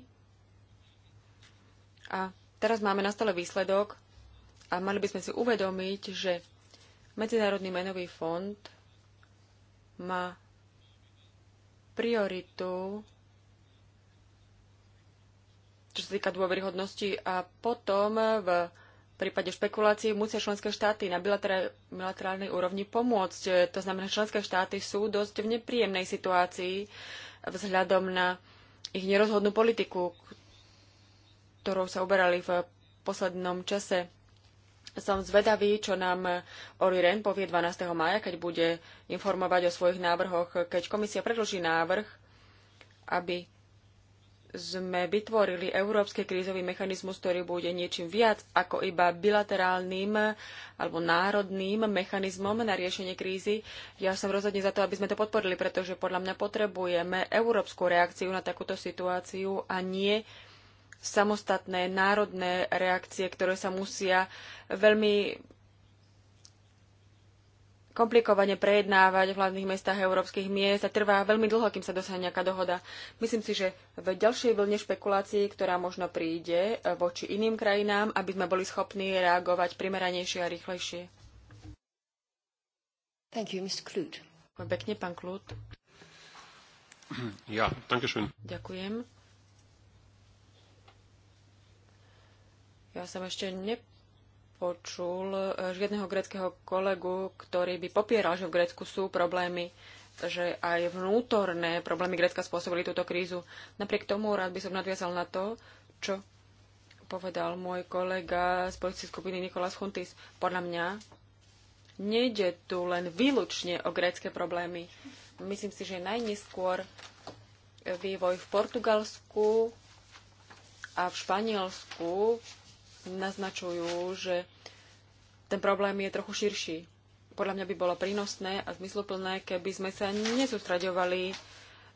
A teraz máme na stole výsledok a mali by sme si uvedomiť, že Medzinárodný menový fond má prioritu čo sa týka dôveryhodnosti. A potom v prípade špekulácií musia členské štáty na bilaterálnej úrovni pomôcť. To znamená, že členské štáty sú dosť v nepríjemnej situácii vzhľadom na ich nerozhodnú politiku, ktorou sa uberali v poslednom čase. Som zvedavý, čo nám Oli Ren povie 12. maja, keď bude informovať o svojich návrhoch, keď komisia predloží návrh, aby sme vytvorili európsky krízový mechanizmus, ktorý bude niečím viac ako iba bilaterálnym alebo národným mechanizmom na riešenie krízy. Ja som rozhodne za to, aby sme to podporili, pretože podľa mňa potrebujeme európsku reakciu na takúto situáciu a nie samostatné národné reakcie, ktoré sa musia veľmi komplikovane prejednávať v hlavných mestách európskych miest a trvá veľmi dlho, kým sa dosiahne nejaká dohoda. Myslím si, že v ďalšej vlne špekulácií, ktorá možno príde eh, voči iným krajinám, aby sme boli schopní reagovať primeranejšie a rýchlejšie. Thank you, Mr. Klut. Pekne, pán Klut. Ja, danke schön. Ďakujem. Ja som ešte ne počul žiadneho greckého kolegu, ktorý by popieral, že v Grécku sú problémy, že aj vnútorné problémy Grécka spôsobili túto krízu. Napriek tomu rád by som nadviazal na to, čo povedal môj kolega z policie skupiny Nikolás Huntis. Podľa mňa nejde tu len výlučne o grécké problémy. Myslím si, že najneskôr vývoj v Portugalsku a v Španielsku naznačujú, že ten problém je trochu širší. Podľa mňa by bolo prínosné a zmysluplné, keby sme sa nesústraďovali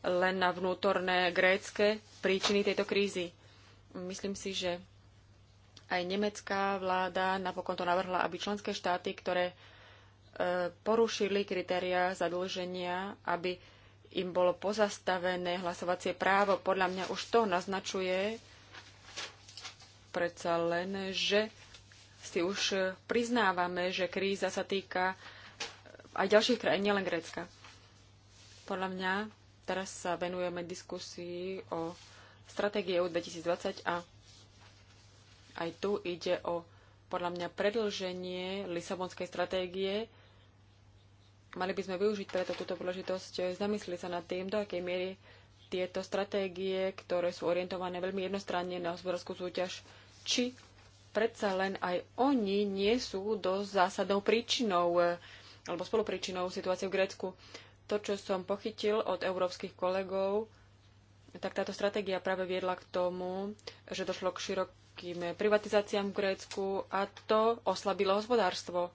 len na vnútorné grécké príčiny tejto krízy. Myslím si, že aj nemecká vláda napokon to navrhla, aby členské štáty, ktoré e, porušili kritéria zadlženia, aby im bolo pozastavené hlasovacie právo. Podľa mňa už to naznačuje, predsa len, že si už priznávame, že kríza sa týka aj ďalších krajín, nielen Grécka. Podľa mňa teraz sa venujeme diskusii o stratégii EU 2020 a aj tu ide o podľa mňa predlženie Lisabonskej stratégie. Mali by sme využiť preto túto príležitosť, zamyslieť sa nad tým, do akej miery tieto stratégie, ktoré sú orientované veľmi jednostranne na hospodárskú súťaž, či predsa len aj oni nie sú dosť zásadnou príčinou e, alebo spolupríčinou situácie v Grécku. To, čo som pochytil od európskych kolegov, tak táto stratégia práve viedla k tomu, že došlo k širokým privatizáciám v Grécku a to oslabilo hospodárstvo. E,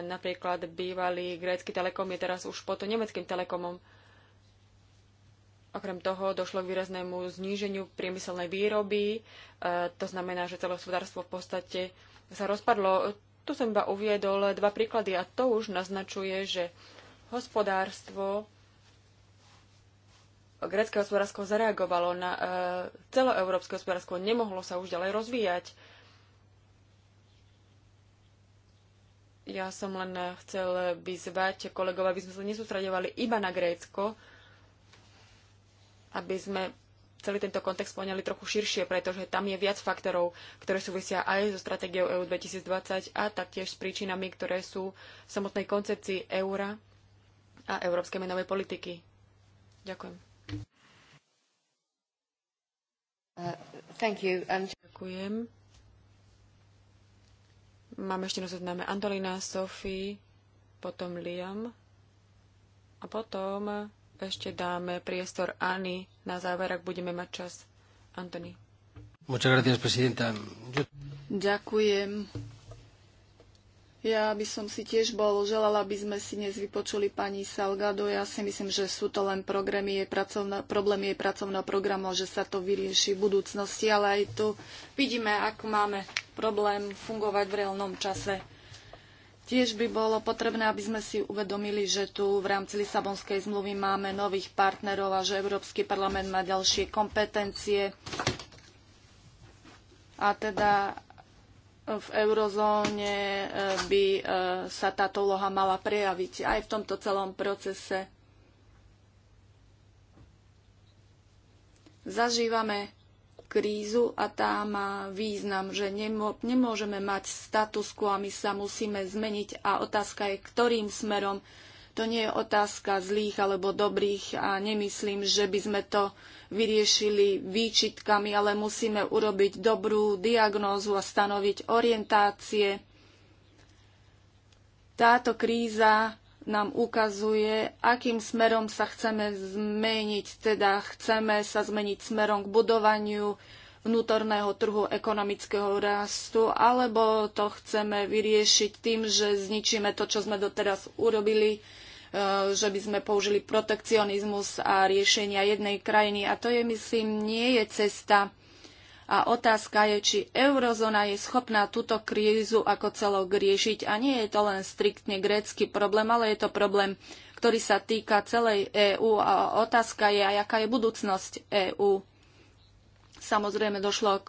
napríklad bývalý grécky telekom je teraz už pod nemeckým telekomom. Okrem toho došlo k výraznému zníženiu priemyselnej výroby, e, to znamená, že celé hospodárstvo v podstate sa rozpadlo. Tu som iba uviedol dva príklady a to už naznačuje, že hospodárstvo, grecké hospodárstvo zareagovalo na e, celoeurópske hospodárstvo, nemohlo sa už ďalej rozvíjať. Ja som len chcel vyzvať kolegov, aby sme sa nesústraďovali iba na Grécko, aby sme celý tento kontext poňali trochu širšie, pretože tam je viac faktorov, ktoré súvisia aj so stratégiou EU 2020 a taktiež s príčinami, ktoré sú v samotnej koncepcii eura a európskej menovej politiky. Ďakujem. Uh, thank you. And... Um, Ďakujem. Mám ešte na zozname Antolina, Sophie, potom Liam a potom ešte dáme priestor Ani na záver, ak budeme mať čas. Antony. Ďakujem. Ja by som si tiež bol želala, aby sme si dnes vypočuli pani Salgado. Ja si myslím, že sú to len programy, je pracovná, jej pracovného programu, že sa to vyrieši v budúcnosti, ale aj tu vidíme, ako máme problém fungovať v reálnom čase. Tiež by bolo potrebné, aby sme si uvedomili, že tu v rámci Lisabonskej zmluvy máme nových partnerov a že Európsky parlament má ďalšie kompetencie. A teda v eurozóne e, by e, sa táto úloha mala prejaviť aj v tomto celom procese. Zažívame krízu a tá má význam, že nemô- nemôžeme mať status quo a my sa musíme zmeniť a otázka je, ktorým smerom. To nie je otázka zlých alebo dobrých a nemyslím, že by sme to vyriešili výčitkami, ale musíme urobiť dobrú diagnózu a stanoviť orientácie. Táto kríza nám ukazuje, akým smerom sa chceme zmeniť. Teda chceme sa zmeniť smerom k budovaniu vnútorného trhu ekonomického rastu, alebo to chceme vyriešiť tým, že zničíme to, čo sme doteraz urobili, e, že by sme použili protekcionizmus a riešenia jednej krajiny. A to je, myslím, nie je cesta a otázka je, či eurozóna je schopná túto krízu ako celok riešiť. A nie je to len striktne grécky problém, ale je to problém, ktorý sa týka celej EÚ. A otázka je a aká je budúcnosť EÚ. Samozrejme došlo k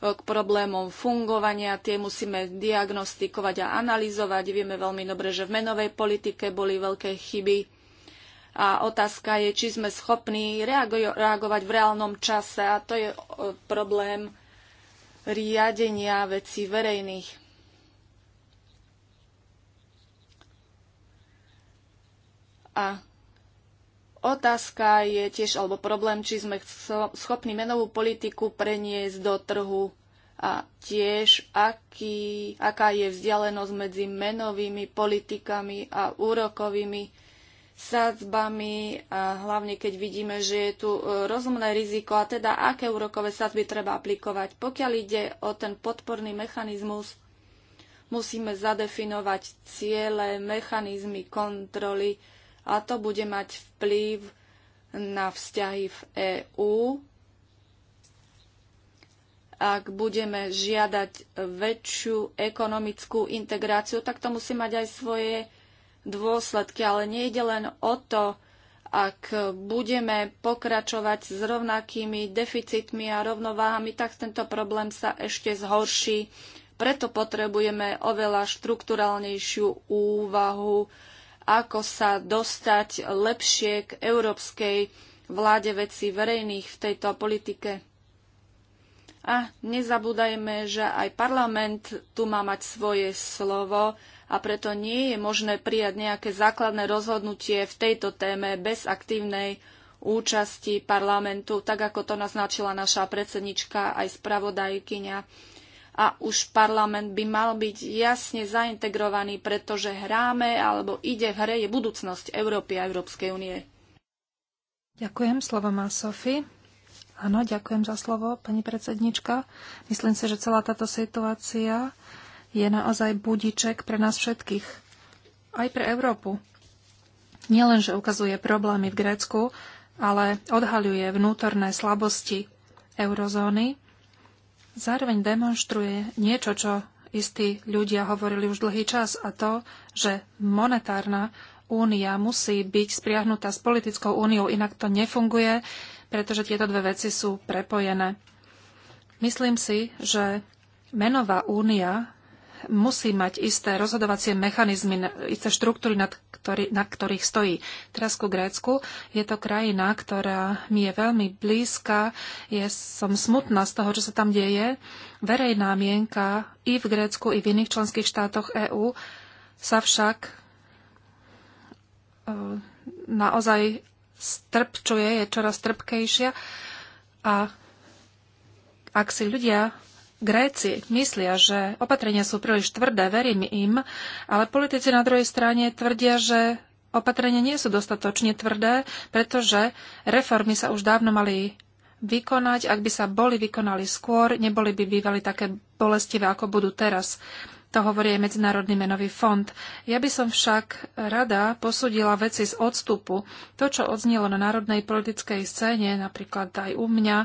k problémom fungovania. Tie musíme diagnostikovať a analyzovať. Vieme veľmi dobre, že v menovej politike boli veľké chyby a otázka je, či sme schopní reago- reagovať v reálnom čase. A to je problém riadenia vecí verejných. A otázka je tiež, alebo problém, či sme schopní menovú politiku preniesť do trhu a tiež, aký, aká je vzdialenosť medzi menovými politikami a úrokovými sadzbami, hlavne keď vidíme, že je tu e, rozumné riziko a teda aké úrokové sadzby treba aplikovať. Pokiaľ ide o ten podporný mechanizmus, musíme zadefinovať ciele, mechanizmy kontroly a to bude mať vplyv na vzťahy v EÚ. Ak budeme žiadať väčšiu ekonomickú integráciu, tak to musí mať aj svoje dôsledky, ale nejde len o to, ak budeme pokračovať s rovnakými deficitmi a rovnováhami, tak tento problém sa ešte zhorší. Preto potrebujeme oveľa štrukturálnejšiu úvahu, ako sa dostať lepšie k európskej vláde veci verejných v tejto politike. A nezabúdajme, že aj parlament tu má mať svoje slovo a preto nie je možné prijať nejaké základné rozhodnutie v tejto téme bez aktívnej účasti parlamentu, tak ako to naznačila naša predsednička aj spravodajkyňa. A už parlament by mal byť jasne zaintegrovaný, pretože hráme alebo ide v hre je budúcnosť Európy a Európskej únie. Ďakujem, slovo má Sofi. Áno, ďakujem za slovo, pani predsednička. Myslím si, že celá táto situácia je naozaj budiček pre nás všetkých, aj pre Európu. Nielen, že ukazuje problémy v Grécku, ale odhaľuje vnútorné slabosti eurozóny, zároveň demonstruje niečo, čo istí ľudia hovorili už dlhý čas, a to, že monetárna únia musí byť spriahnutá s politickou úniou, inak to nefunguje, pretože tieto dve veci sú prepojené. Myslím si, že menová únia musí mať isté rozhodovacie mechanizmy, isté štruktúry, nad ktorý, na ktorých stojí. Teraz ku Grécku. Je to krajina, ktorá mi je veľmi blízka. Je, som smutná z toho, čo sa tam deje. Verejná mienka i v Grécku, i v iných členských štátoch EÚ sa však e, naozaj strpčuje, je čoraz trpkejšia a ak si ľudia Gréci myslia, že opatrenia sú príliš tvrdé, verím im, ale politici na druhej strane tvrdia, že opatrenia nie sú dostatočne tvrdé, pretože reformy sa už dávno mali vykonať. Ak by sa boli vykonali skôr, neboli by bývali také bolestivé, ako budú teraz. To hovorí aj Medzinárodný menový fond. Ja by som však rada posudila veci z odstupu. To, čo odznielo na národnej politickej scéne, napríklad aj u mňa,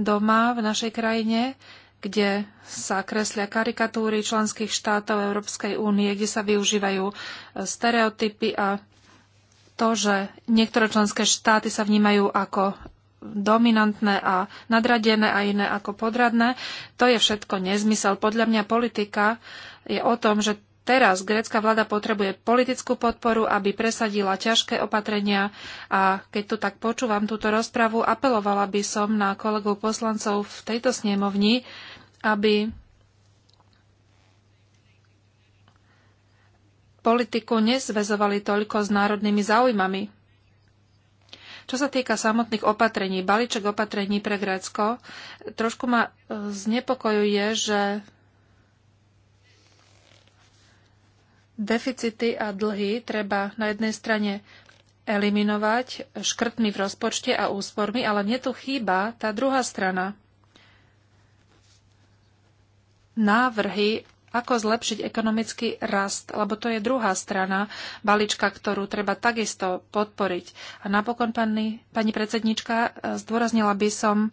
doma v našej krajine, kde sa kreslia karikatúry členských štátov Európskej únie, kde sa využívajú e, stereotypy a to, že niektoré členské štáty sa vnímajú ako dominantné a nadradené a iné ako podradné. To je všetko nezmysel. Podľa mňa politika je o tom, že teraz grécka vláda potrebuje politickú podporu, aby presadila ťažké opatrenia a keď tu tak počúvam túto rozpravu, apelovala by som na kolegov poslancov v tejto snemovni, aby politiku nezvezovali toľko s národnými záujmami. Čo sa týka samotných opatrení, balíček opatrení pre Grécko, trošku ma e, znepokojuje, že deficity a dlhy treba na jednej strane eliminovať škrtmi v rozpočte a úspormi, ale mne tu chýba tá druhá strana návrhy, ako zlepšiť ekonomický rast, lebo to je druhá strana balíčka, ktorú treba takisto podporiť. A napokon, pani, pani predsednička, e, zdôraznila by som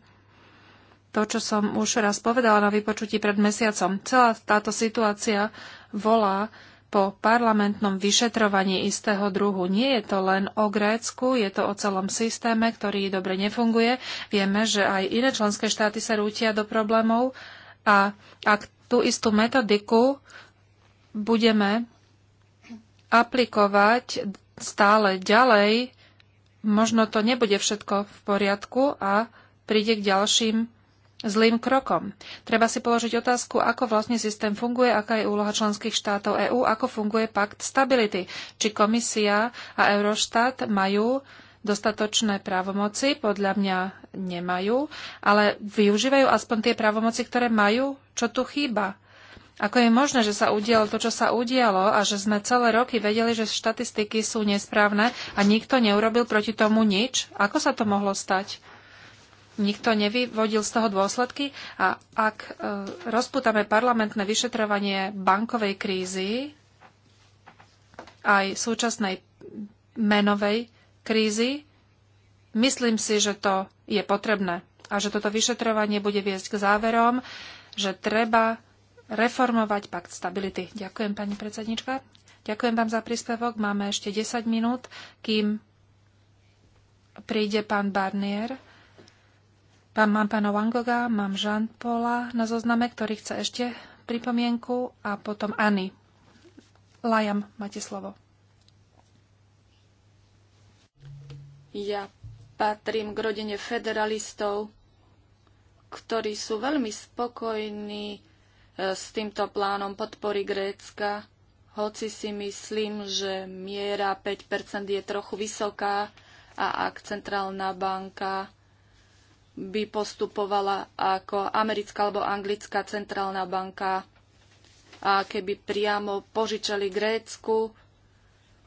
to, čo som už raz povedala na vypočutí pred mesiacom. Celá táto situácia volá po parlamentnom vyšetrovaní istého druhu. Nie je to len o Grécku, je to o celom systéme, ktorý dobre nefunguje. Vieme, že aj iné členské štáty sa rútia do problémov a ak tú istú metodiku budeme aplikovať stále ďalej, možno to nebude všetko v poriadku a príde k ďalším zlým krokom. Treba si položiť otázku, ako vlastne systém funguje, aká je úloha členských štátov EÚ, ako funguje pakt stability. Či komisia a Eurostat majú dostatočné právomoci, podľa mňa nemajú, ale využívajú aspoň tie právomoci, ktoré majú, čo tu chýba. Ako je možné, že sa udialo to, čo sa udialo a že sme celé roky vedeli, že štatistiky sú nesprávne a nikto neurobil proti tomu nič? Ako sa to mohlo stať? Nikto nevyvodil z toho dôsledky a ak e, rozputame parlamentné vyšetrovanie bankovej krízy, aj súčasnej menovej krízy. Myslím si, že to je potrebné a že toto vyšetrovanie bude viesť k záverom, že treba reformovať pakt stability. Ďakujem, pani predsednička. Ďakujem vám za príspevok. Máme ešte 10 minút, kým príde pán Barnier. Pán, mám pána Wangoga, mám Jean Paula na zozname, ktorý chce ešte pripomienku a potom Anny. Lajam, máte slovo. Ja patrím k rodine federalistov, ktorí sú veľmi spokojní e, s týmto plánom podpory Grécka, hoci si myslím, že miera 5% je trochu vysoká a ak centrálna banka by postupovala ako americká alebo anglická centrálna banka a keby priamo požičali Grécku,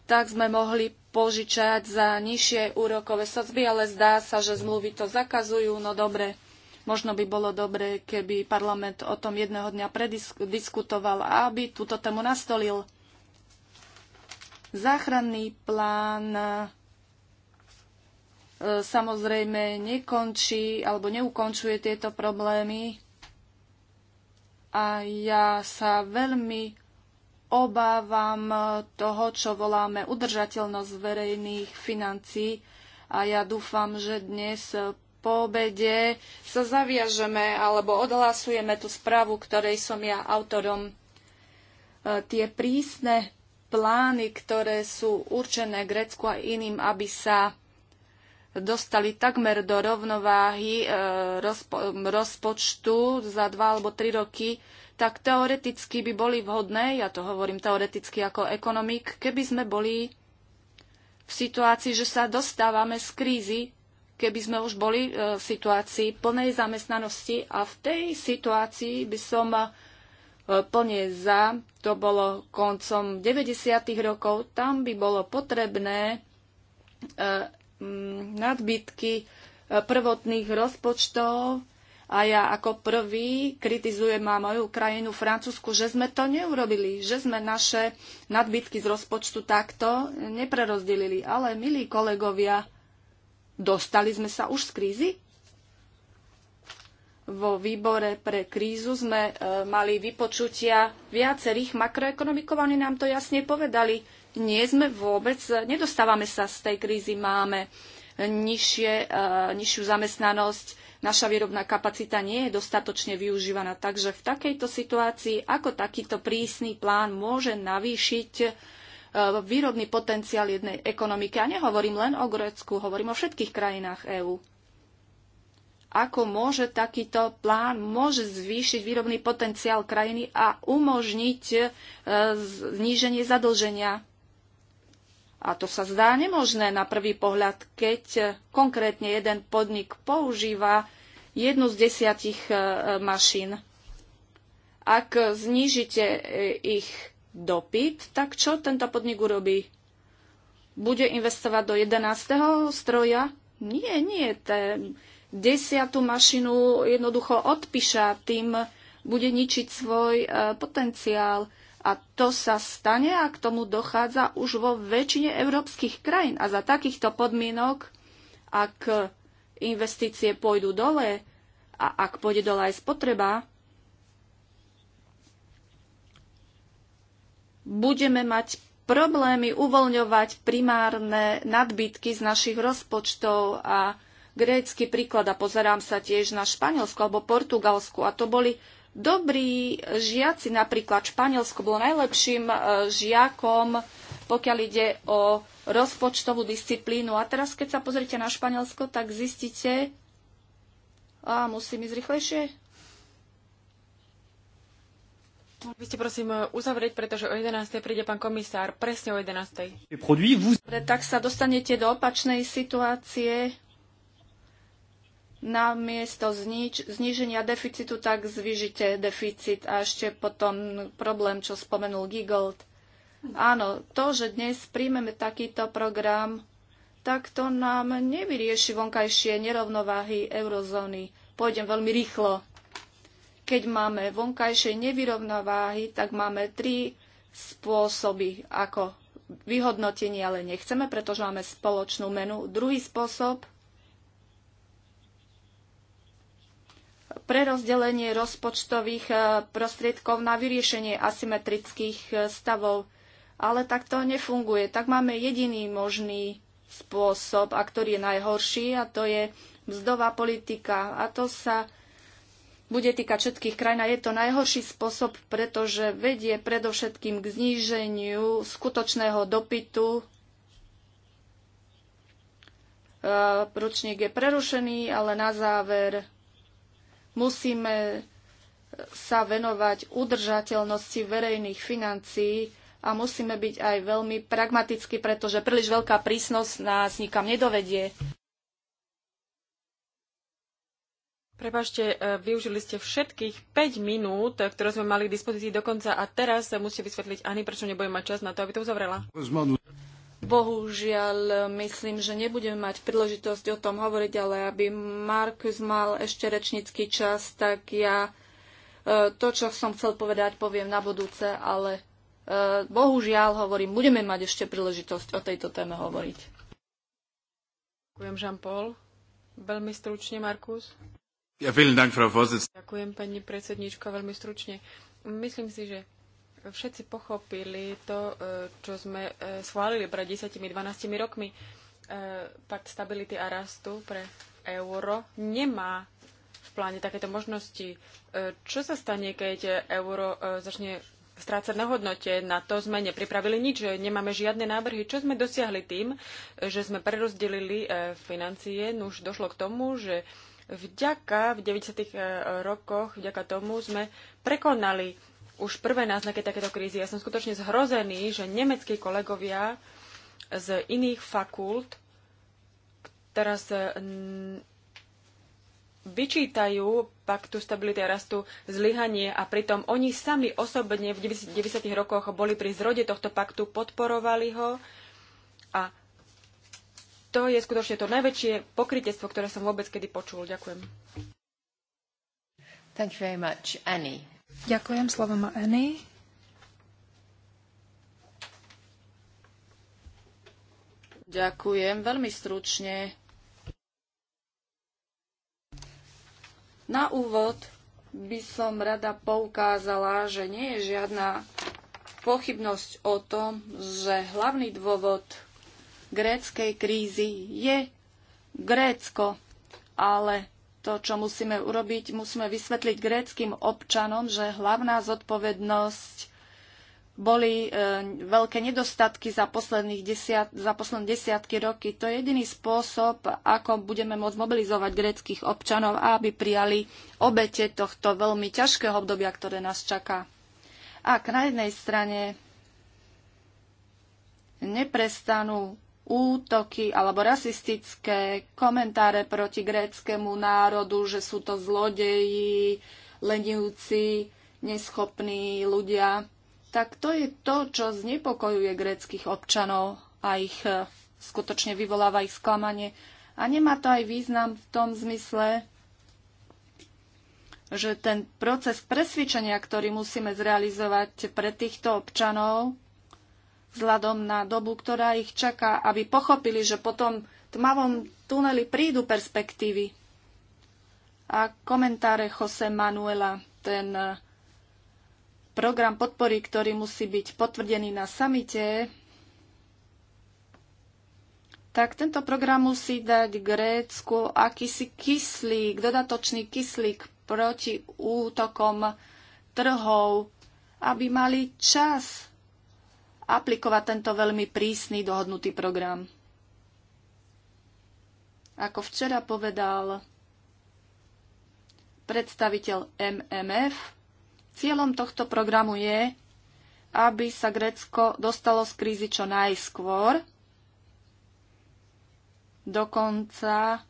tak sme mohli požičať za nižšie úrokové sadzby, ale zdá sa, že zmluvy to zakazujú. No dobre, možno by bolo dobre, keby parlament o tom jedného dňa prediskutoval a aby túto tému nastolil. Záchranný plán e, samozrejme nekončí alebo neukončuje tieto problémy. A ja sa veľmi obávam e, toho, čo voláme udržateľnosť verejných financií a ja dúfam, že dnes e, po obede sa zaviažeme alebo odhlasujeme tú správu, ktorej som ja autorom. E, tie prísne plány, ktoré sú určené Grécku a iným, aby sa dostali takmer do rovnováhy rozpo rozpočtu za dva alebo tri roky, tak teoreticky by boli vhodné, ja to hovorím teoreticky ako ekonomik, keby sme boli v situácii, že sa dostávame z krízy, keby sme už boli e, v situácii plnej zamestnanosti a v tej situácii by som e, plne za, to bolo koncom 90. rokov, tam by bolo potrebné e, nadbytky prvotných rozpočtov a ja ako prvý kritizujem a moju krajinu Francúzsku, že sme to neurobili, že sme naše nadbytky z rozpočtu takto neprerozdelili. Ale, milí kolegovia, dostali sme sa už z krízy? vo výbore pre krízu sme e, mali vypočutia viacerých makroekonomikov, oni nám to jasne povedali. Nie sme vôbec, nedostávame sa z tej krízy, máme nižšie, e, nižšiu zamestnanosť, naša výrobná kapacita nie je dostatočne využívaná. Takže v takejto situácii, ako takýto prísny plán môže navýšiť e, výrobný potenciál jednej ekonomiky. A nehovorím len o Grécku, hovorím o všetkých krajinách EÚ. Ako môže takýto plán môže zvýšiť výrobný potenciál krajiny a umožniť e, zníženie zadlženia a to sa zdá nemožné na prvý pohľad, keď konkrétne jeden podnik používa jednu z desiatich e, mašín. Ak znížite e, ich dopyt, tak čo tento podnik urobí? Bude investovať do 11. stroja? Nie, nie. Desiatú mašinu jednoducho odpíša, tým bude ničiť svoj e, potenciál. A to sa stane, a k tomu dochádza už vo väčšine európskych krajín. A za takýchto podmienok, ak investície pôjdu dole a ak pôjde dole aj spotreba, budeme mať problémy uvoľňovať primárne nadbytky z našich rozpočtov a grécky príklad, a pozerám sa tiež na Španielsku alebo Portugalsku, a to boli Dobrí žiaci, napríklad Španielsko bolo najlepším e, žiakom, pokiaľ ide o rozpočtovú disciplínu. A teraz, keď sa pozrite na Španielsko, tak zistíte... A musím ísť rýchlejšie? Vy ste prosím uzavrieť, pretože o 11. príde pán komisár, presne o 11. tak sa dostanete do opačnej situácie. Namiesto znič, zníženia deficitu, tak zvýžite deficit a ešte potom problém, čo spomenul Gigold. Áno, to, že dnes príjmeme takýto program, tak to nám nevyrieši vonkajšie nerovnováhy eurozóny. Pôjdem veľmi rýchlo. Keď máme vonkajšie nevyrovnováhy, tak máme tri spôsoby ako vyhodnotenie, ale nechceme, pretože máme spoločnú menu. Druhý spôsob prerozdelenie rozpočtových e, prostriedkov na vyriešenie asymetrických e, stavov. Ale tak to nefunguje. Tak máme jediný možný spôsob, a ktorý je najhorší, a to je mzdová politika. A to sa bude týkať všetkých krajín a je to najhorší spôsob, pretože vedie predovšetkým k zníženiu skutočného dopytu. E, ručník je prerušený, ale na záver Musíme sa venovať udržateľnosti verejných financií a musíme byť aj veľmi pragmatickí, pretože príliš veľká prísnosť nás nikam nedovedie. Prepašte, e, využili ste všetkých 5 minút, e, ktoré sme mali k dispozícii dokonca a teraz musíte vysvetliť Ani, prečo nebudem mať čas na to, aby to uzavrela. Bohužiaľ, myslím, že nebudeme mať príležitosť o tom hovoriť, ale aby Markus mal ešte rečnícky čas, tak ja e, to, čo som chcel povedať, poviem na budúce, ale e, bohužiaľ, hovorím, budeme mať ešte príležitosť o tejto téme hovoriť. Ďakujem, Jean-Paul. Veľmi stručne, Markus. Ja, Dank, Frau Ďakujem, pani predsedníčka, veľmi stručne. Myslím si, že všetci pochopili to, e, čo sme e, schválili pred 10-12 rokmi. E, Pakt stability a rastu pre euro nemá v pláne takéto možnosti. Čo sa stane, keď euro začne strácať na hodnote? Na to sme nepripravili nič, nemáme žiadne návrhy. Čo sme dosiahli tým, že sme prerozdelili financie? No už došlo k tomu, že vďaka v 90. rokoch, vďaka tomu sme prekonali už prvé náznaky takéto krízy. Ja som skutočne zhrozený, že nemeckí kolegovia z iných fakult teraz eh, vyčítajú paktu stability a rastu zlyhanie a pritom oni sami osobne v 90. rokoch boli pri zrode tohto paktu, podporovali ho a to je skutočne to najväčšie pokrytectvo, ktoré som vôbec kedy počul. Ďakujem. Thank you very much, Annie. Ďakujem, slovo má Eny. Ďakujem, veľmi stručne. Na úvod by som rada poukázala, že nie je žiadna pochybnosť o tom, že hlavný dôvod gréckej krízy je Grécko, ale to, čo musíme urobiť, musíme vysvetliť gréckým občanom, že hlavná zodpovednosť boli e, veľké nedostatky za, posledných desiat, za posledné desiatky roky. To je jediný spôsob, ako budeme môcť mobilizovať gréckých občanov, aby prijali obete tohto veľmi ťažkého obdobia, ktoré nás čaká. A na jednej strane neprestanú útoky alebo rasistické komentáre proti gréckému národu, že sú to zlodeji, lenivci, neschopní ľudia, tak to je to, čo znepokojuje gréckých občanov a ich e, skutočne vyvoláva ich sklamanie. A nemá to aj význam v tom zmysle, že ten proces presvičenia, ktorý musíme zrealizovať pre týchto občanov, vzhľadom na dobu, ktorá ich čaká, aby pochopili, že po tom tmavom tuneli prídu perspektívy. A komentáre Jose Manuela, ten eh, program podpory, ktorý musí byť potvrdený na samite, tak tento program musí dať Grécku akýsi kyslík, dodatočný kyslík proti útokom trhov, aby mali čas aplikovať tento veľmi prísny dohodnutý program. Ako včera povedal predstaviteľ MMF, cieľom tohto programu je, aby sa Grécko dostalo z krízy čo najskôr, dokonca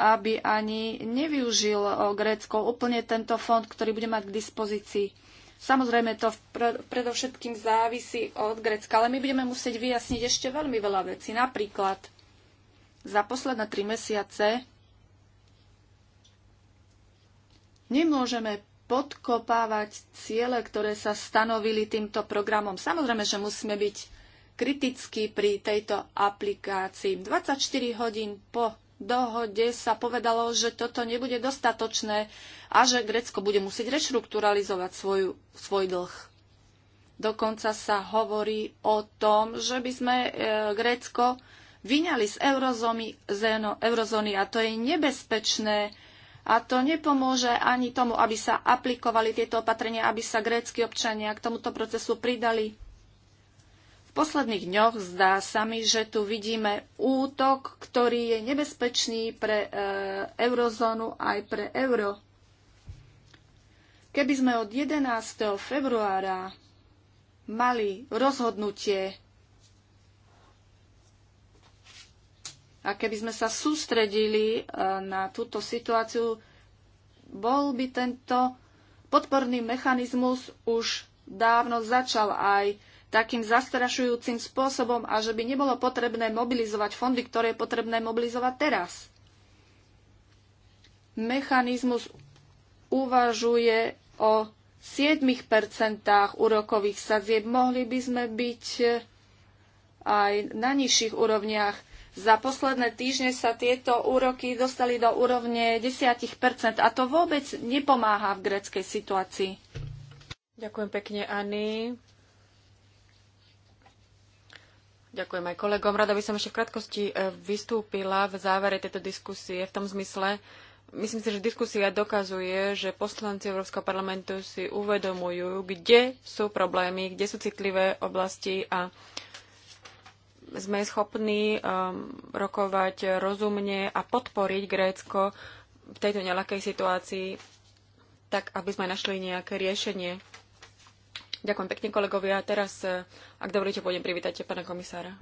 aby ani nevyužil Grécko úplne tento fond, ktorý bude mať k dispozícii Samozrejme, to predovšetkým závisí od Grecka, ale my budeme musieť vyjasniť ešte veľmi veľa vecí. Napríklad, za posledné tri mesiace nemôžeme podkopávať ciele, ktoré sa stanovili týmto programom. Samozrejme, že musíme byť kritickí pri tejto aplikácii. 24 hodín po dohode sa povedalo, že toto nebude dostatočné a že Grécko bude musieť reštrukturalizovať svoj, svoj dlh. Dokonca sa hovorí o tom, že by sme e, Grécko vyňali z eurozóny, z eurozóny a to je nebezpečné a to nepomôže ani tomu, aby sa aplikovali tieto opatrenia, aby sa grécky občania k tomuto procesu pridali. V posledných dňoch zdá sa mi, že tu vidíme útok, ktorý je nebezpečný pre e, eurozónu aj pre euro. Keby sme od 11. februára mali rozhodnutie a keby sme sa sústredili e, na túto situáciu, bol by tento podporný mechanizmus už dávno začal aj takým zastrašujúcim spôsobom a že by nebolo potrebné mobilizovať fondy, ktoré je potrebné mobilizovať teraz. Mechanizmus uvažuje o 7% úrokových sadzieb. Mohli by sme byť eh, aj na nižších úrovniach. Za posledné týždne sa tieto úroky dostali do úrovne 10% a to vôbec nepomáha v greckej situácii. Ďakujem pekne, Ani. Ďakujem aj kolegom. Rada by som ešte v krátkosti e, vystúpila v závere tejto diskusie v tom zmysle, myslím si, že diskusia dokazuje, že poslanci Európskeho parlamentu si uvedomujú, kde sú problémy, kde sú citlivé oblasti a sme schopní um, rokovať rozumne a podporiť Grécko v tejto nelakej situácii, tak aby sme našli nejaké riešenie. Ďakujem pekne, kolegovia. Teraz, eh, ak dovolíte, pôjdem privítať pána komisára.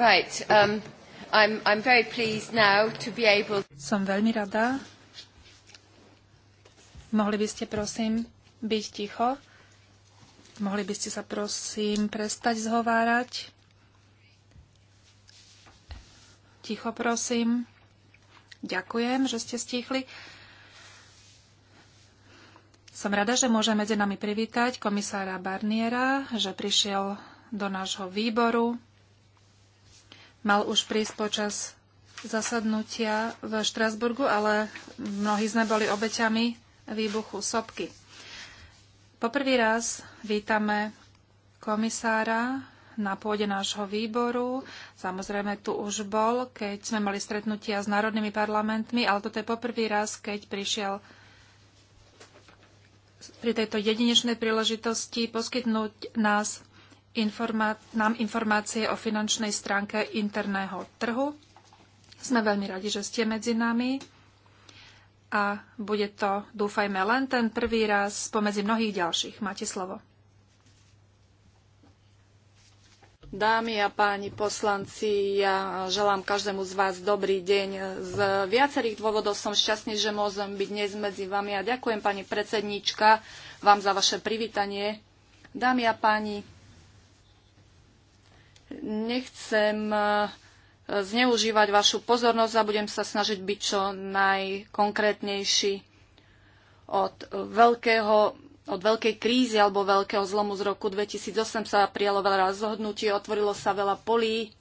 Right. Um, I'm, I'm very pleased now to be able... Som veľmi rada. Mohli by ste prosím byť ticho? Mohli by ste sa prosím prestať zhovárať? Ticho prosím. Ďakujem, že ste stichli. Som rada, že môžem medzi nami privítať komisára Barniera, že prišiel do nášho výboru mal už prísť počas zasadnutia v Štrasburgu, ale mnohí sme boli obeťami výbuchu sopky. Poprvý raz vítame komisára na pôde nášho výboru. Samozrejme, tu už bol, keď sme mali stretnutia s národnými parlamentmi, ale toto je poprvý raz, keď prišiel pri tejto jedinečnej príležitosti poskytnúť nás nám informácie o finančnej stránke interného trhu. Sme veľmi radi, že ste medzi nami a bude to, dúfajme, len ten prvý raz pomedzi mnohých ďalších. Máte slovo. Dámy a páni poslanci, ja želám každému z vás dobrý deň. Z viacerých dôvodov som šťastný, že môžem byť dnes medzi vami a ďakujem pani predsedníčka vám za vaše privítanie. Dámy a páni, nechcem e, zneužívať vašu pozornosť a budem sa snažiť byť čo najkonkrétnejší od veľkého od veľkej krízy alebo veľkého zlomu z roku 2008 sa prijalo veľa rozhodnutí, otvorilo sa veľa polí,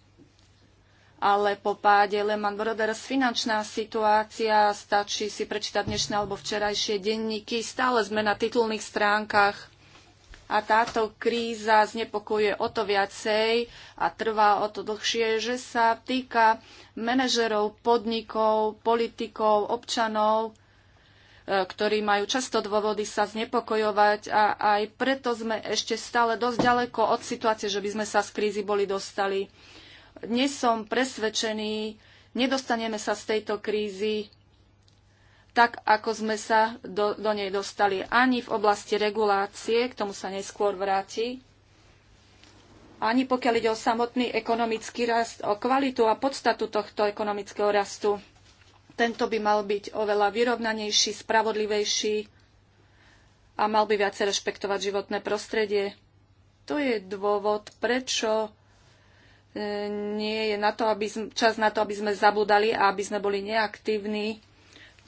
ale po páde Lehman Brothers finančná situácia, stačí si prečítať dnešné alebo včerajšie denníky, stále sme na titulných stránkach a táto kríza znepokojuje o to viacej a trvá o to dlhšie, že sa týka manažerov, podnikov, politikov, občanov, e, ktorí majú často dôvody sa znepokojovať a aj preto sme ešte stále dosť ďaleko od situácie, že by sme sa z krízy boli dostali. Dnes som presvedčený, nedostaneme sa z tejto krízy tak ako sme sa do, do nej dostali ani v oblasti regulácie, k tomu sa neskôr vráti, ani pokiaľ ide o samotný ekonomický rast, o kvalitu a podstatu tohto ekonomického rastu. Tento by mal byť oveľa vyrovnanejší, spravodlivejší a mal by viacej rešpektovať životné prostredie. To je dôvod, prečo e, nie je na to, aby, čas na to, aby sme zabudali a aby sme boli neaktívni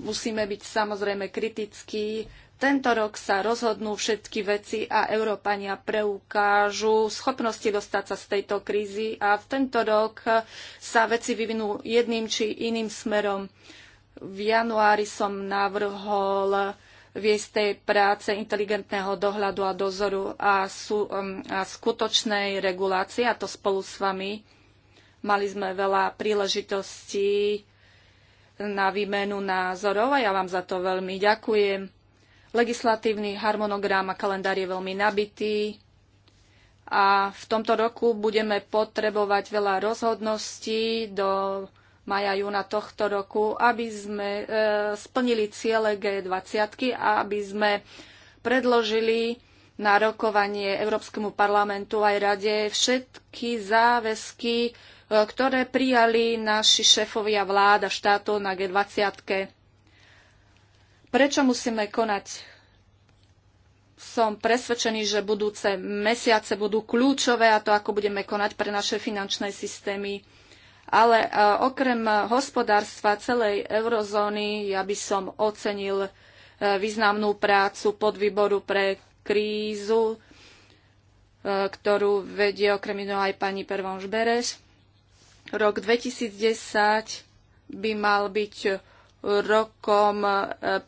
Musíme byť samozrejme kritickí. Tento rok sa rozhodnú všetky veci a Európania preukážu schopnosti dostať sa z tejto krízy a v tento rok sa veci vyvinú jedným či iným smerom. V januári som navrhol viesť tej práce inteligentného dohľadu a dozoru a, sú, um, a skutočnej regulácie, a to spolu s vami. Mali sme veľa príležitostí na výmenu názorov a ja vám za to veľmi ďakujem. Legislatívny harmonogram a kalendár je veľmi nabitý a v tomto roku budeme potrebovať veľa rozhodností do maja, júna tohto roku, aby sme e, splnili ciele G20 a aby sme predložili na rokovanie Európskemu parlamentu aj rade všetky záväzky, ktoré prijali naši šéfovia vláda štátov na G20. Prečo musíme konať? Som presvedčený, že budúce mesiace budú kľúčové a to, ako budeme konať pre naše finančné systémy. Ale e, okrem hospodárstva celej eurozóny, ja by som ocenil e, významnú prácu podvýboru pre krízu, e, ktorú vedie okrem iného aj pani Pervonš Bereš. Rok 2010 by mal byť rokom e,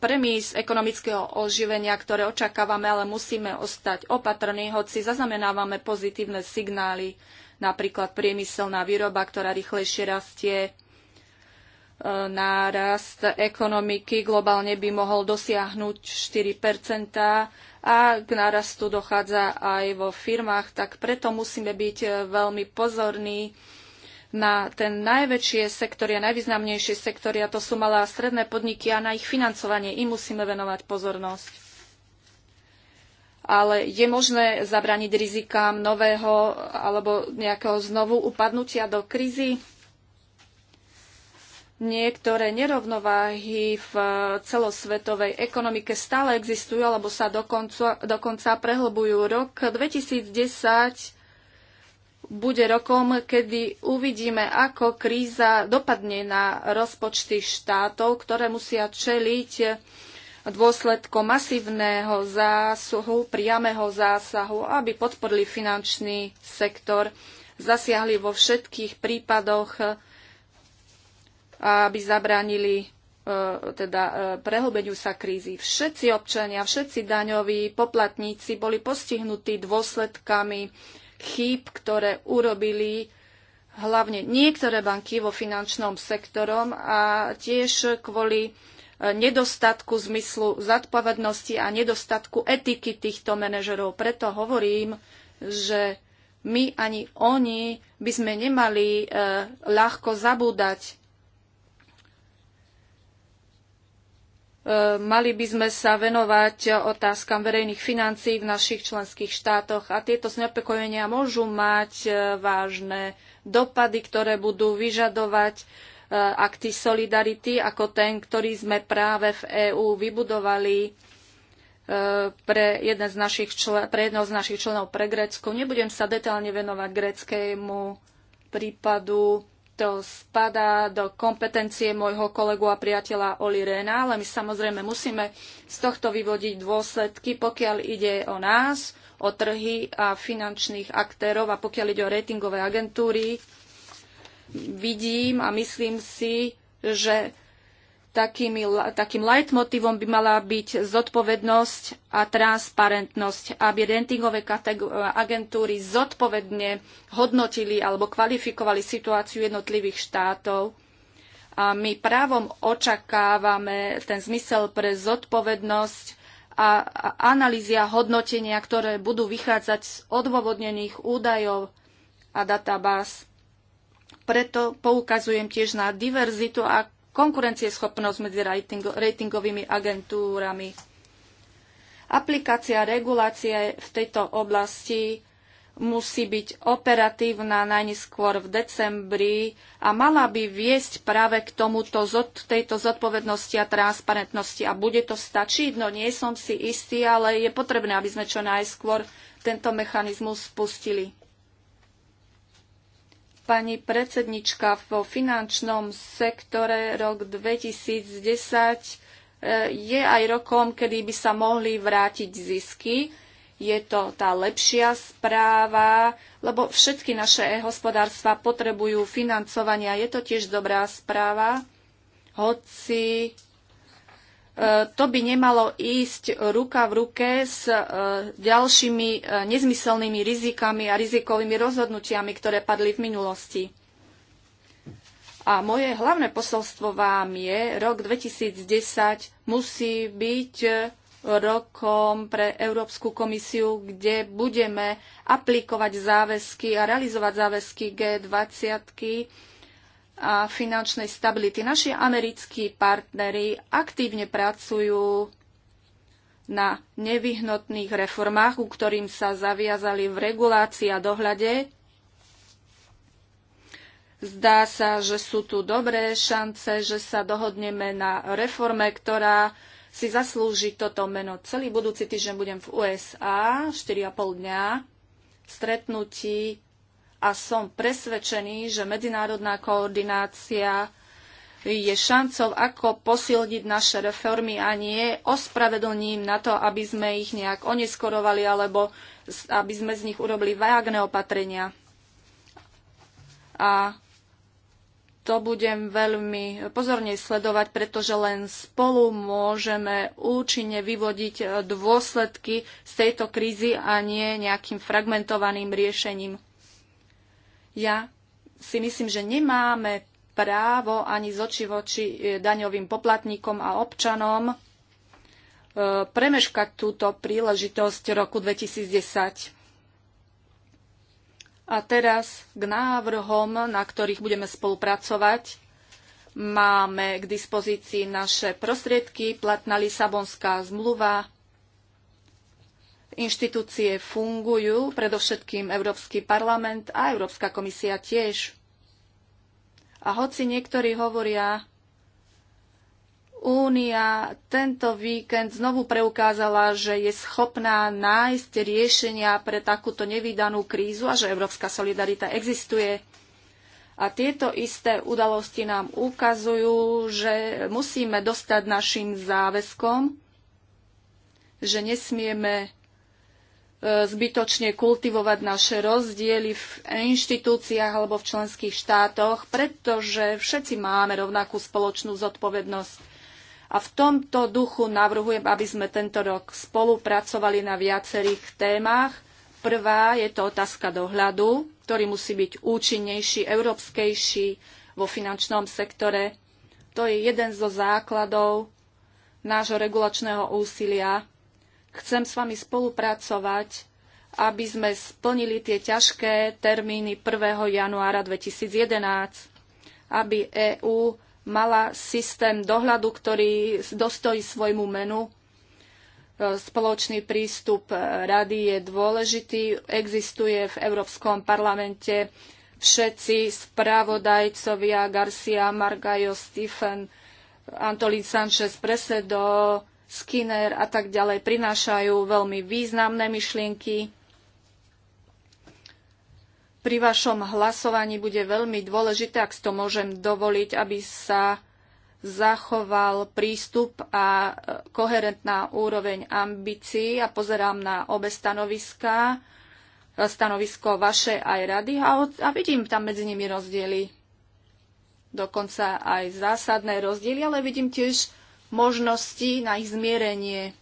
premís ekonomického oživenia, ktoré očakávame, ale musíme ostať opatrní, hoci zaznamenávame pozitívne signály, napríklad priemyselná výroba, ktorá rýchlejšie rastie, e, nárast ekonomiky globálne by mohol dosiahnuť 4 a k nárastu dochádza aj vo firmách, tak preto musíme byť e, veľmi pozorní na ten najväčšie sektory a najvýznamnejšie sektory, a to sú malé a stredné podniky a na ich financovanie. Im musíme venovať pozornosť. Ale je možné zabrániť rizikám nového alebo nejakého znovu upadnutia do krízy? Niektoré nerovnováhy v celosvetovej ekonomike stále existujú alebo sa dokonca, dokonca prehlbujú. Rok 2010 bude rokom, kedy uvidíme, ako kríza dopadne na rozpočty štátov, ktoré musia čeliť dôsledkom masívneho zásahu, priameho zásahu, aby podporili finančný sektor, zasiahli vo všetkých prípadoch, aby zabránili e, teda e, prehlbeniu sa krízy. Všetci občania, všetci daňoví poplatníci boli postihnutí dôsledkami chýb, ktoré urobili hlavne niektoré banky vo finančnom sektorom a tiež kvôli e, nedostatku zmyslu zadpovednosti a nedostatku etiky týchto manažerov. Preto hovorím, že my ani oni by sme nemali e, ľahko zabúdať mali by sme sa venovať otázkam verejných financií v našich členských štátoch a tieto znepokojenia môžu mať e, vážne dopady, ktoré budú vyžadovať e, akty solidarity, ako ten, ktorý sme práve v EÚ vybudovali e, pre, jeden z našich čl- pre jedno z našich členov pre Grécko. Nebudem sa detálne venovať gréckému prípadu to spadá do kompetencie môjho kolegu a priateľa Oli Rena, ale my samozrejme musíme z tohto vyvodiť dôsledky, pokiaľ ide o nás, o trhy a finančných aktérov a pokiaľ ide o ratingové agentúry. Vidím a myslím si, že takými, takým leitmotivom by mala byť zodpovednosť a transparentnosť, aby rentingové agentúry zodpovedne hodnotili alebo kvalifikovali situáciu jednotlivých štátov. A my právom očakávame ten zmysel pre zodpovednosť a analýzy a hodnotenia, ktoré budú vychádzať z odôvodnených údajov a databáz. Preto poukazujem tiež na diverzitu a konkurencieschopnosť medzi ratingovými agentúrami. Aplikácia regulácie v tejto oblasti musí byť operatívna najneskôr v decembri a mala by viesť práve k tomuto, tejto zodpovednosti a transparentnosti. A bude to stačiť? No nie som si istý, ale je potrebné, aby sme čo najskôr tento mechanizmus spustili. Pani predsednička, vo finančnom sektore rok 2010 eh, je aj rokom, kedy by sa mohli vrátiť zisky. Je to tá lepšia správa, lebo všetky naše e-hospodárstva potrebujú financovania. Je to tiež dobrá správa, hoci E, to by nemalo ísť ruka v ruke s e, ďalšími e, nezmyselnými rizikami a rizikovými rozhodnutiami, ktoré padli v minulosti. A moje hlavné posolstvo vám je, rok 2010 musí byť rokom pre Európsku komisiu, kde budeme aplikovať záväzky a realizovať záväzky G20 a finančnej stability. Naši americkí partnery aktívne pracujú na nevyhnutných reformách, u ktorým sa zaviazali v regulácii a dohľade. Zdá sa, že sú tu dobré šance, že sa dohodneme na reforme, ktorá si zaslúži toto meno. Celý budúci týždeň budem v USA 4,5 dňa v stretnutí a som presvedčený, že medzinárodná koordinácia je šancou, ako posilniť naše reformy a nie ospravedlním na to, aby sme ich nejak oneskorovali alebo aby sme z nich urobili vágne opatrenia. A to budem veľmi pozorne sledovať, pretože len spolu môžeme účinne vyvodiť dôsledky z tejto krízy a nie nejakým fragmentovaným riešením. Ja si myslím, že nemáme právo ani z oči voči e, daňovým poplatníkom a občanom e, premeškať túto príležitosť roku 2010. A teraz k návrhom, na ktorých budeme spolupracovať. Máme k dispozícii naše prostriedky, platná Lisabonská zmluva, inštitúcie fungujú, predovšetkým Európsky parlament a Európska komisia tiež. A hoci niektorí hovoria, Únia tento víkend znovu preukázala, že je schopná nájsť riešenia pre takúto nevydanú krízu a že európska solidarita existuje. A tieto isté udalosti nám ukazujú, že musíme dostať našim záväzkom, že nesmieme E, zbytočne kultivovať naše rozdiely v inštitúciách alebo v členských štátoch, pretože všetci máme rovnakú spoločnú zodpovednosť. A v tomto duchu navrhujem, aby sme tento rok spolupracovali na viacerých témach. Prvá je to otázka dohľadu, ktorý musí byť účinnejší, európskejší vo finančnom sektore. To je jeden zo základov nášho regulačného úsilia Chcem s vami spolupracovať, aby sme splnili tie ťažké termíny 1. januára 2011, aby EÚ mala systém dohľadu, ktorý dostojí svojmu menu e, spoločný prístup rady je dôležitý. Existuje v Európskom parlamente všetci spravodajcovia Garcia, Margajo, Stephen, Antolín Sanchez, Presedo, Skinner a tak ďalej prinášajú veľmi významné myšlienky. Pri vašom hlasovaní bude veľmi dôležité, ak to môžem dovoliť, aby sa zachoval prístup a e, koherentná úroveň ambícií a pozerám na obe stanoviská, stanovisko vaše aj rady a, a vidím tam medzi nimi rozdiely. Dokonca aj zásadné rozdiely, ale vidím tiež možností na ich zmierenie.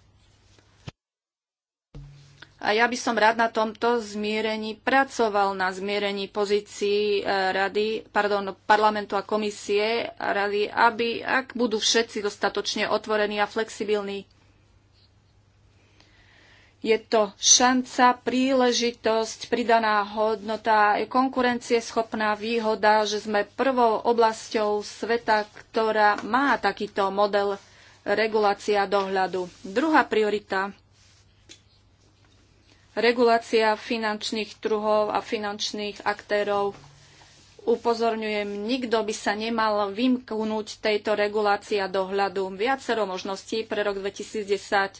A ja by som rád na tomto zmierení pracoval, na zmierení pozícií e, rady, pardon, parlamentu a komisie a rady, aby, ak budú všetci dostatočne otvorení a flexibilní. Je to šanca, príležitosť, pridaná hodnota, je konkurencieschopná výhoda, že sme prvou oblasťou sveta, ktorá má takýto model regulácia dohľadu. Druhá priorita regulácia finančných trhov a finančných aktérov. Upozorňujem, nikto by sa nemal vymknúť tejto regulácia dohľadu. Viacero možností pre rok 2010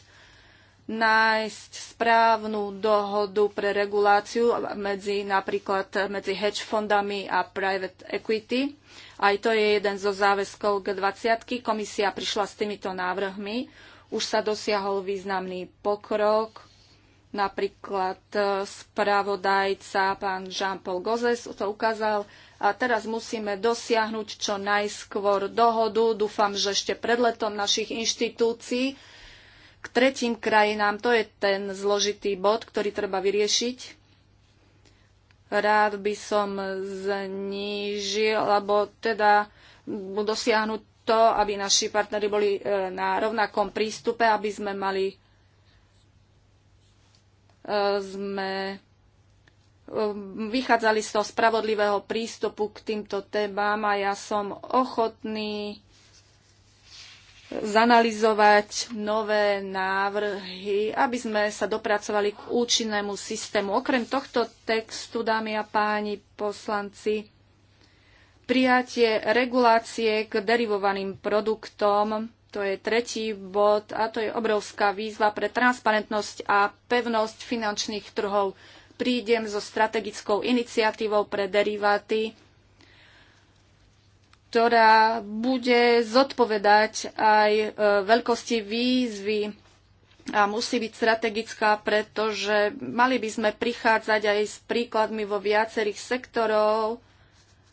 nájsť správnu dohodu pre reguláciu medzi napríklad medzi hedge fondami a private equity aj to je jeden zo záväzkov G20. Komisia prišla s týmito návrhmi. Už sa dosiahol významný pokrok. Napríklad e, spravodajca pán Jean-Paul Gozes to ukázal. A teraz musíme dosiahnuť čo najskôr dohodu. Dúfam, že ešte pred letom našich inštitúcií k tretím krajinám. To je ten zložitý bod, ktorý treba vyriešiť rád by som znížil, alebo teda dosiahnuť to, aby naši partnery boli e, na rovnakom prístupe, aby sme mali e, sme e, vychádzali z toho spravodlivého prístupu k týmto témam a ja som ochotný zanalizovať nové návrhy, aby sme sa dopracovali k účinnému systému. Okrem tohto textu, dámy a páni poslanci, prijatie regulácie k derivovaným produktom, to je tretí bod a to je obrovská výzva pre transparentnosť a pevnosť finančných trhov. Prídem so strategickou iniciatívou pre deriváty ktorá bude zodpovedať aj e, veľkosti výzvy a musí byť strategická, pretože mali by sme prichádzať aj s príkladmi vo viacerých sektorov,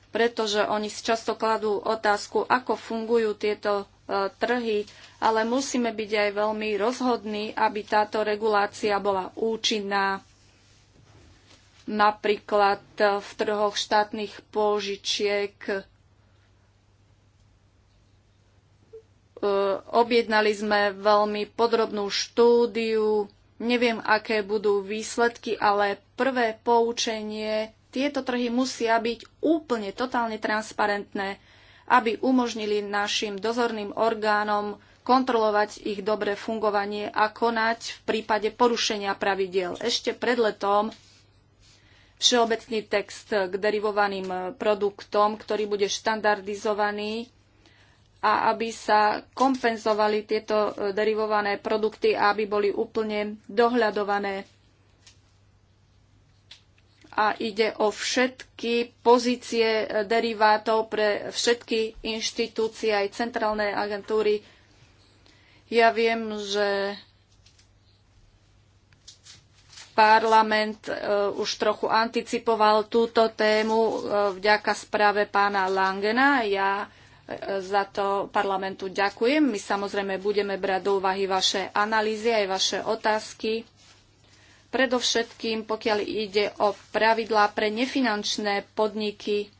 pretože oni si často kladú otázku, ako fungujú tieto e, trhy, ale musíme byť aj veľmi rozhodní, aby táto regulácia bola účinná napríklad e, v trhoch štátnych pôžičiek Eh, objednali sme veľmi podrobnú štúdiu. Neviem, aké budú výsledky, ale prvé poučenie, tieto trhy musia byť úplne totálne transparentné, aby umožnili našim dozorným orgánom kontrolovať ich dobré fungovanie a konať v prípade porušenia pravidiel. Ešte pred letom všeobecný text k derivovaným produktom, ktorý bude štandardizovaný a aby sa kompenzovali tieto e, derivované produkty a aby boli úplne dohľadované. A ide o všetky pozície e, derivátov pre všetky inštitúcie, aj centrálne agentúry. Ja viem, že parlament e, už trochu anticipoval túto tému vďaka správe pána Langena. Ja za to parlamentu ďakujem. My samozrejme budeme brať do úvahy vaše analýzy aj vaše otázky. Predovšetkým, pokiaľ ide o pravidlá pre nefinančné podniky,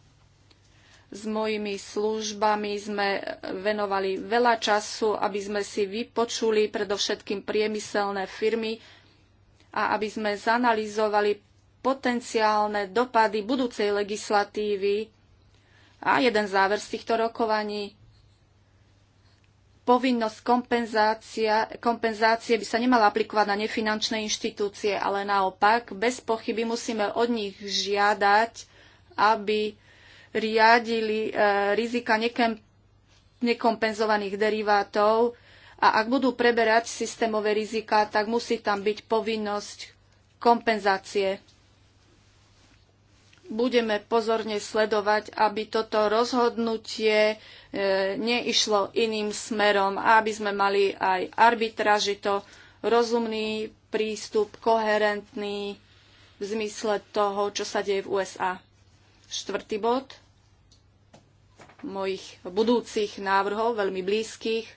s mojimi službami sme venovali veľa času, aby sme si vypočuli predovšetkým priemyselné firmy a aby sme zanalizovali potenciálne dopady budúcej legislatívy a jeden záver z týchto rokovaní. Povinnosť kompenzácia, kompenzácie by sa nemala aplikovať na nefinančné inštitúcie, ale naopak, bez pochyby musíme od nich žiadať, aby riadili e, rizika nekem, nekompenzovaných derivátov a ak budú preberať systémové rizika, tak musí tam byť povinnosť kompenzácie budeme pozorne sledovať, aby toto rozhodnutie e, neišlo iným smerom a aby sme mali aj arbitražito rozumný prístup, koherentný v zmysle toho, čo sa deje v USA. Štvrtý bod mojich budúcich návrhov, veľmi blízkych,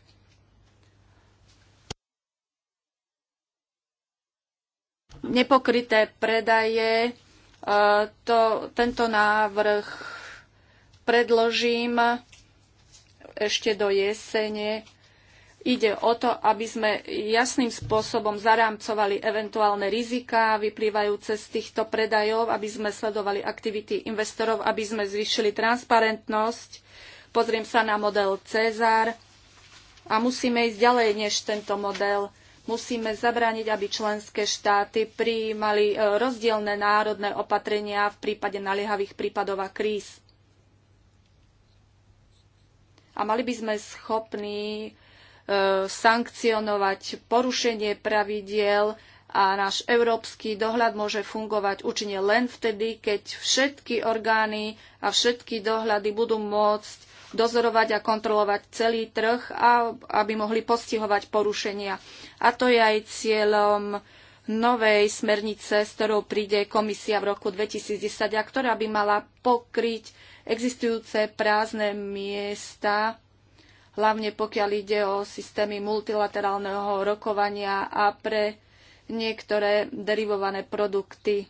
nepokryté predaje E, to, tento návrh predložím ešte do jesene. Ide o to, aby sme jasným spôsobom zarámcovali eventuálne riziká vyplývajúce z týchto predajov, aby sme sledovali aktivity investorov, aby sme zvýšili transparentnosť. Pozriem sa na model Cezar a musíme ísť ďalej než tento model Musíme zabrániť, aby členské štáty prijímali e, rozdielne národné opatrenia v prípade naliehavých prípadov a kríz. A mali by sme schopní e, sankcionovať porušenie pravidiel a náš európsky dohľad môže fungovať účinne len vtedy, keď všetky orgány a všetky dohľady budú môcť dozorovať a kontrolovať celý trh a aby mohli postihovať porušenia. A to je aj cieľom novej smernice, s ktorou príde komisia v roku 2010 a ktorá by mala pokryť existujúce prázdne miesta, hlavne pokiaľ ide o systémy multilaterálneho rokovania a pre niektoré derivované produkty.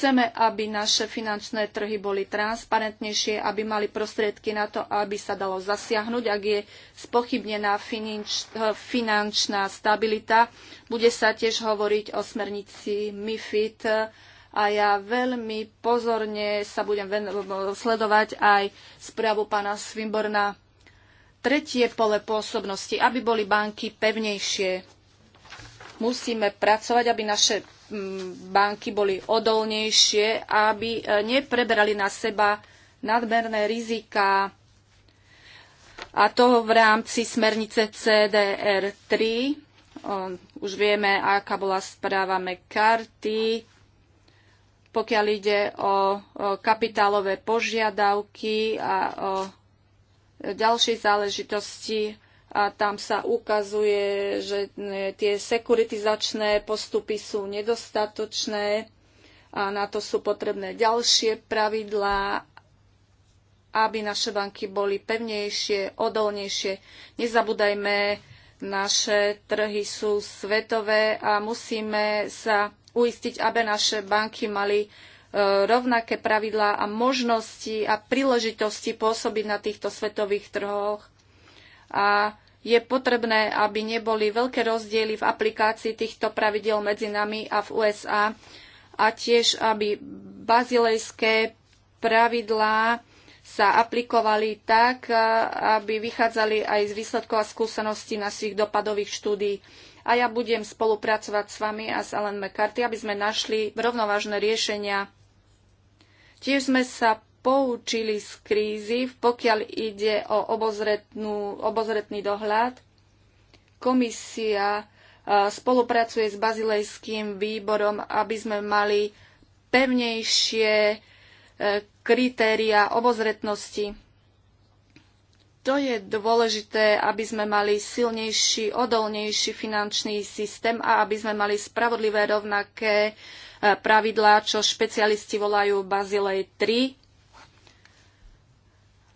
Chceme, aby naše finančné trhy boli transparentnejšie, aby mali prostriedky na to, aby sa dalo zasiahnuť. Ak je spochybnená finanč, eh, finančná stabilita, bude sa tiež hovoriť o smernici MIFID a ja veľmi pozorne sa budem sledovať aj správu pána Svimborna. Tretie pole pôsobnosti, aby boli banky pevnejšie Musíme pracovať, aby naše mm, banky boli odolnejšie, aby e, nepreberali na seba nadmerné rizika a to v rámci smernice CDR3. Už vieme, aká bola správa McCarthy, pokiaľ ide o kapitálové požiadavky a o ďalšie záležitosti a tam sa ukazuje, že e, tie sekuritizačné postupy sú nedostatočné a na to sú potrebné ďalšie pravidlá, aby naše banky boli pevnejšie, odolnejšie. Nezabúdajme, naše trhy sú svetové a musíme sa uistiť, aby naše banky mali e, rovnaké pravidlá a možnosti a príležitosti pôsobiť na týchto svetových trhoch a je potrebné, aby neboli veľké rozdiely v aplikácii týchto pravidel medzi nami a v USA a tiež, aby bazilejské pravidlá sa aplikovali tak, aby vychádzali aj z výsledkov a skúseností na svých dopadových štúdí. A ja budem spolupracovať s vami a s Ellen McCarthy, aby sme našli rovnovážne riešenia. Tiež sme sa poučili z krízy, pokiaľ ide o obozretný dohľad. Komisia e, spolupracuje s bazilejským výborom, aby sme mali pevnejšie e, kritéria obozretnosti. To je dôležité, aby sme mali silnejší, odolnejší finančný systém a aby sme mali spravodlivé rovnaké e, pravidlá, čo špecialisti volajú Bazilej 3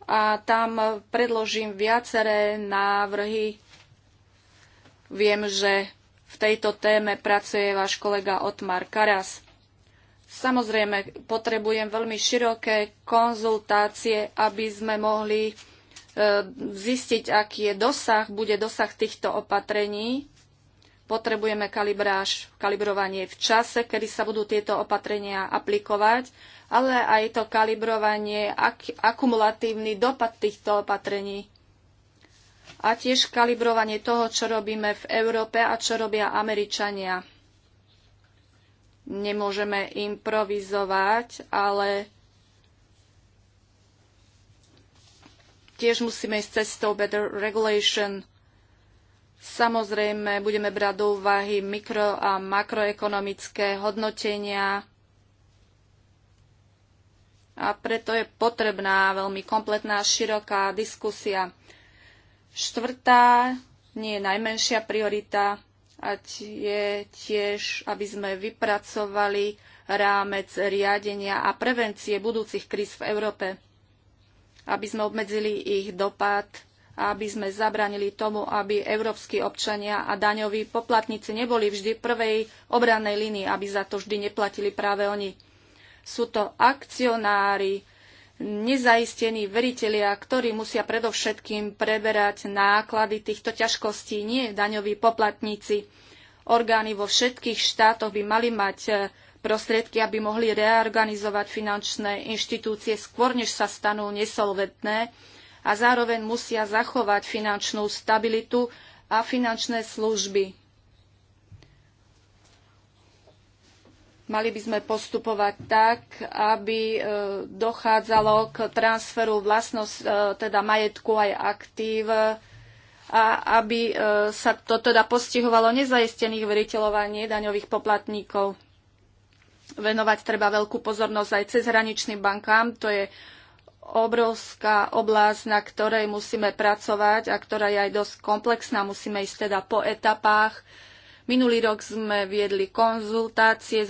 a tam predložím viaceré návrhy. Viem, že v tejto téme pracuje váš kolega Otmar Karas. Samozrejme, potrebujem veľmi široké konzultácie, aby sme mohli e, zistiť, aký je dosah, bude dosah týchto opatrení. Potrebujeme kalibráž, kalibrovanie v čase, kedy sa budú tieto opatrenia aplikovať ale aj to kalibrovanie, ak, akumulatívny dopad týchto opatrení a tiež kalibrovanie toho, čo robíme v Európe a čo robia Američania. Nemôžeme improvizovať, ale tiež musíme ísť cestou better regulation. Samozrejme, budeme brať do úvahy mikro- a makroekonomické hodnotenia a preto je potrebná veľmi kompletná, široká diskusia. Štvrtá, nie je najmenšia priorita, a je tiež, aby sme vypracovali rámec riadenia a prevencie budúcich kríz v Európe, aby sme obmedzili ich dopad a aby sme zabranili tomu, aby európsky občania a daňoví poplatníci neboli vždy v prvej obrannej línii, aby za to vždy neplatili práve oni. Sú to akcionári, nezaistení veritelia, ktorí musia predovšetkým preberať náklady týchto ťažkostí, nie daňoví poplatníci. Orgány vo všetkých štátoch by mali mať e, prostriedky, aby mohli reorganizovať finančné inštitúcie skôr, než sa stanú nesolventné a zároveň musia zachovať finančnú stabilitu a finančné služby. Mali by sme postupovať tak, aby e, dochádzalo k transferu vlastnosť, e, teda majetku aj aktív, a aby e, sa to teda postihovalo nezaistených veriteľov a nedaňových poplatníkov. Venovať treba veľkú pozornosť aj cezhraničným bankám. To je obrovská oblasť, na ktorej musíme pracovať a ktorá je aj dosť komplexná. Musíme ísť teda po etapách Minulý rok sme viedli konzultácie,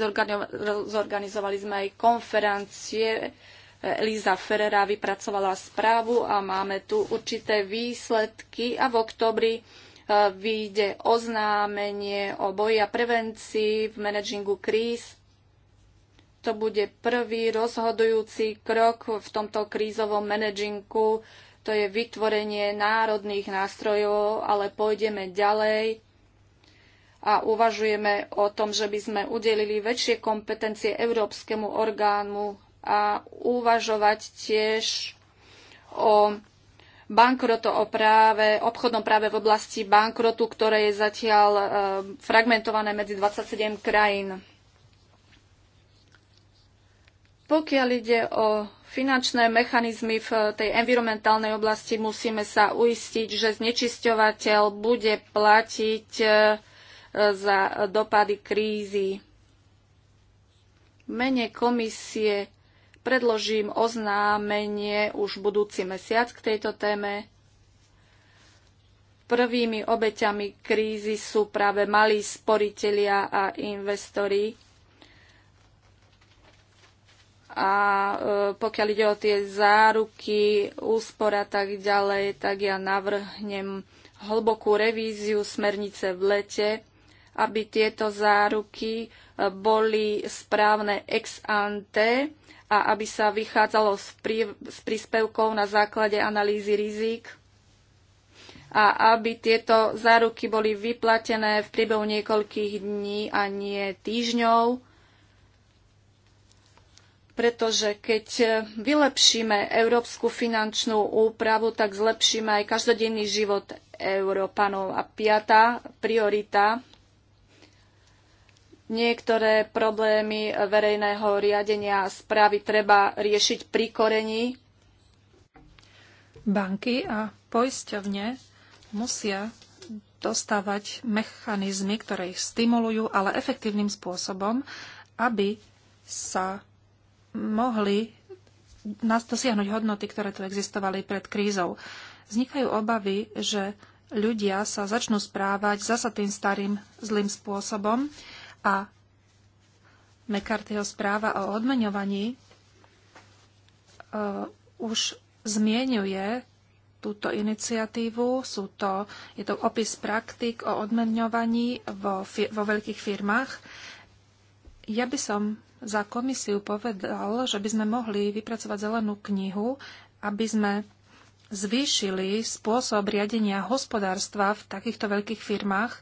zorganizovali sme aj konferencie. Elisa Ferrera vypracovala správu a máme tu určité výsledky a v oktobri eh, vyjde oznámenie o boji a prevencii v managingu kríz. To bude prvý rozhodujúci krok v tomto krízovom managingu, To je vytvorenie národných nástrojov, ale pôjdeme ďalej a uvažujeme o tom, že by sme udelili väčšie kompetencie Európskemu orgánu a uvažovať tiež o bankroto o práve, obchodnom práve v oblasti bankrotu, ktoré je zatiaľ e, fragmentované medzi 27 krajín. Pokiaľ ide o finančné mechanizmy v tej environmentálnej oblasti, musíme sa uistiť, že znečisťovateľ bude platiť e, za dopady krízy. V mene komisie predložím oznámenie už budúci mesiac k tejto téme. Prvými obeťami krízy sú práve malí sporitelia a investori. A e, pokiaľ ide o tie záruky, úspora a tak ďalej, tak ja navrhnem hlbokú revíziu smernice v lete aby tieto záruky e, boli správne ex ante a aby sa vychádzalo z, prí, z príspevkov na základe analýzy rizik a aby tieto záruky boli vyplatené v priebehu niekoľkých dní a nie týždňov, pretože keď e, vylepšíme európsku finančnú úpravu, tak zlepšíme aj každodenný život Európanov. A piata priorita Niektoré problémy verejného riadenia a správy treba riešiť pri korení. Banky a poisťovne musia dostávať mechanizmy, ktoré ich stimulujú, ale efektívnym spôsobom, aby sa mohli dosiahnuť hodnoty, ktoré tu existovali pred krízou. Vznikajú obavy, že ľudia sa začnú správať zasa tým starým zlým spôsobom, a McCarthyho správa o odmeňovaní uh, už zmienuje túto iniciatívu. Sú to, je to opis praktik o odmenňovaní vo, vo veľkých firmách. Ja by som za komisiu povedal, že by sme mohli vypracovať zelenú knihu, aby sme zvýšili spôsob riadenia hospodárstva v takýchto veľkých firmách,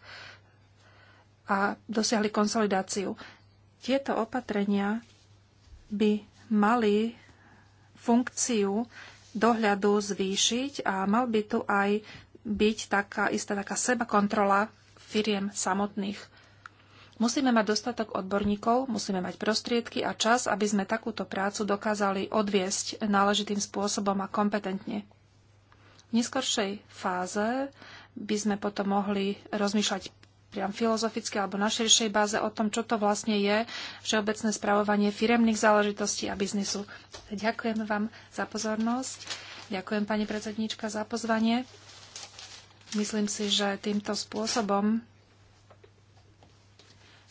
a dosiahli konsolidáciu. Tieto opatrenia by mali funkciu dohľadu zvýšiť a mal by tu aj byť taká istá taká seba kontrola firiem samotných. Musíme mať dostatok odborníkov, musíme mať prostriedky a čas, aby sme takúto prácu dokázali odviesť náležitým spôsobom a kompetentne. V neskoršej fáze by sme potom mohli rozmýšľať priam filozofické alebo na širšej báze o tom, čo to vlastne je všeobecné spravovanie firemných záležitostí a biznisu. Ďakujem vám za pozornosť. Ďakujem pani predsedníčka za pozvanie. Myslím si, že týmto spôsobom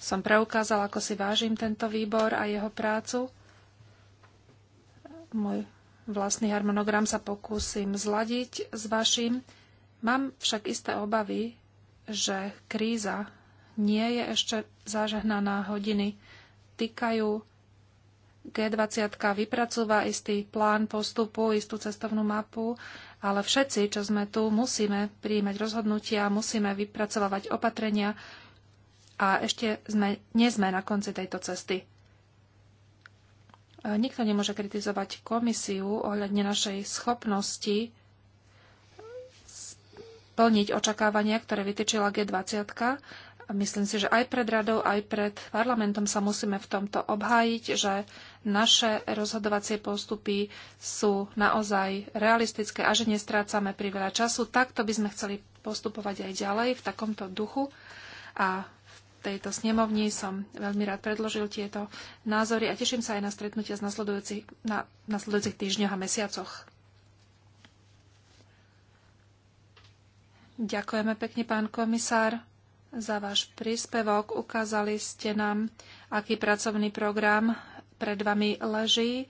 som preukázal, ako si vážim tento výbor a jeho prácu. Môj vlastný harmonogram sa pokúsim zladiť s vašim. Mám však isté obavy, že kríza nie je ešte zažehnaná hodiny. Týkajú G20 vypracúva istý plán postupu, istú cestovnú mapu, ale všetci, čo sme tu, musíme príjmať rozhodnutia, musíme vypracovať opatrenia a ešte sme, nie sme na konci tejto cesty. Nikto nemôže kritizovať komisiu ohľadne našej schopnosti plniť očakávania, ktoré vytýčila G20. Myslím si, že aj pred radou, aj pred parlamentom sa musíme v tomto obhájiť, že naše rozhodovacie postupy sú naozaj realistické a že nestrácame priveľa času. Takto by sme chceli postupovať aj ďalej v takomto duchu. A v tejto snemovni som veľmi rád predložil tieto názory a teším sa aj na stretnutia z nasledujúcich, na nasledujúcich týždňoch a mesiacoch. Ďakujeme pekne, pán komisár, za váš príspevok. Ukázali ste nám, aký pracovný program pred vami leží.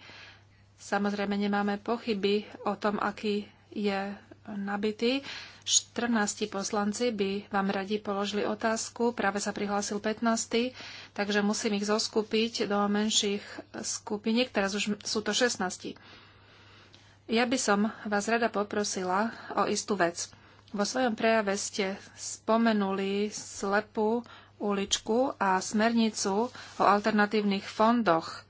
Samozrejme, nemáme pochyby o tom, aký je nabitý. 14 poslanci by vám radi položili otázku, práve sa prihlásil 15, takže musím ich zoskupiť do menších skupiniek, teraz už sú to 16. Ja by som vás rada poprosila o istú vec. Vo svojom prejave ste spomenuli slepú uličku a smernicu o alternatívnych fondoch.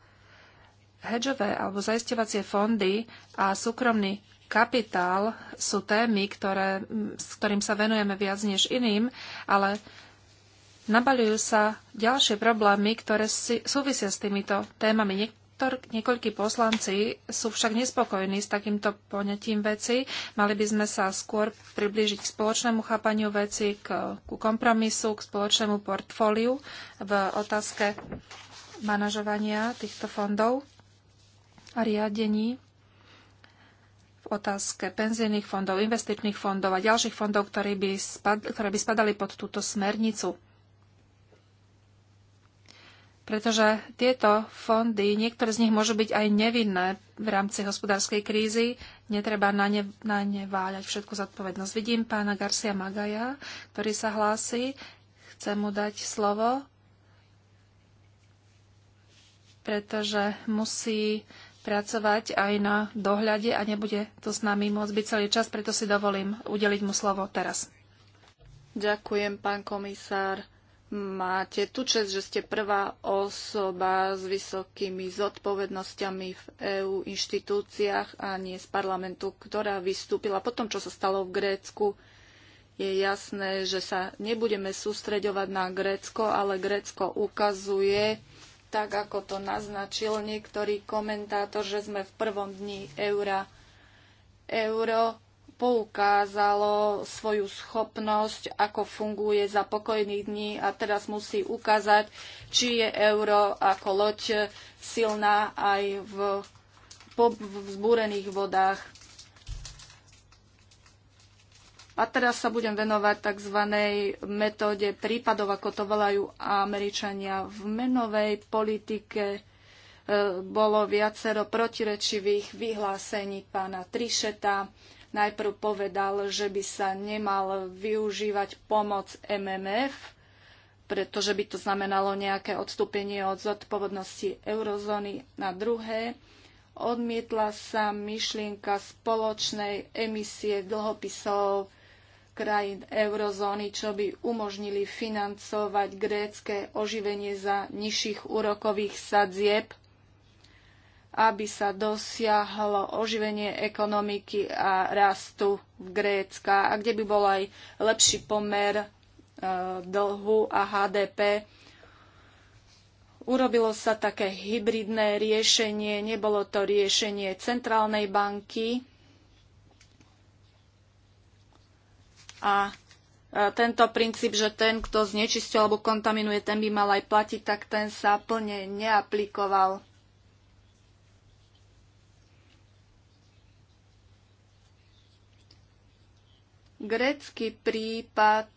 Hedžové alebo zaistevacie fondy a súkromný kapitál sú témy, ktoré, s ktorým sa venujeme viac než iným, ale nabaľujú sa ďalšie problémy, ktoré si, súvisia s týmito témami niektor, niekoľkí poslanci sú však nespokojní s takýmto poňatím veci. Mali by sme sa skôr priblížiť k spoločnému chápaniu veci, k, ku kompromisu, k spoločnému portfóliu v otázke manažovania týchto fondov a riadení v otázke penzijných fondov, investičných fondov a ďalších fondov, ktoré by, spad, ktoré by spadali pod túto smernicu pretože tieto fondy, niektoré z nich môžu byť aj nevinné v rámci hospodárskej krízy. Netreba na ne, na ne váľať všetku zodpovednosť. Vidím pána Garcia Magaja, ktorý sa hlási. Chcem mu dať slovo, pretože musí pracovať aj na dohľade a nebude tu s nami môcť byť celý čas, preto si dovolím udeliť mu slovo teraz. Ďakujem, pán komisár. Máte tu čest, že ste prvá osoba s vysokými zodpovednosťami v EÚ inštitúciách a nie z parlamentu, ktorá vystúpila po tom, čo sa stalo v Grécku. Je jasné, že sa nebudeme sústreďovať na Grécko, ale Grécko ukazuje, tak ako to naznačil niektorý komentátor, že sme v prvom dni eura. Euro poukázalo svoju schopnosť, ako funguje za pokojných dní a teraz musí ukázať, či je euro ako loď silná aj v, po, v vzbúrených vodách. A teraz sa budem venovať tzv. metóde prípadov, ako to volajú Američania. V menovej politike e, bolo viacero protirečivých vyhlásení pána Trišeta Najprv povedal, že by sa nemal využívať pomoc MMF, pretože by to znamenalo nejaké odstúpenie od zodpovednosti eurozóny. Na druhé, odmietla sa myšlienka spoločnej emisie dlhopisov krajín eurozóny, čo by umožnili financovať grécké oživenie za nižších úrokových sadzieb aby sa dosiahlo oživenie ekonomiky a rastu v Grécka a kde by bol aj lepší pomer e, dlhu a HDP. Urobilo sa také hybridné riešenie, nebolo to riešenie centrálnej banky a e, tento princíp, že ten, kto znečistil alebo kontaminuje, ten by mal aj platiť, tak ten sa plne neaplikoval Grécky prípad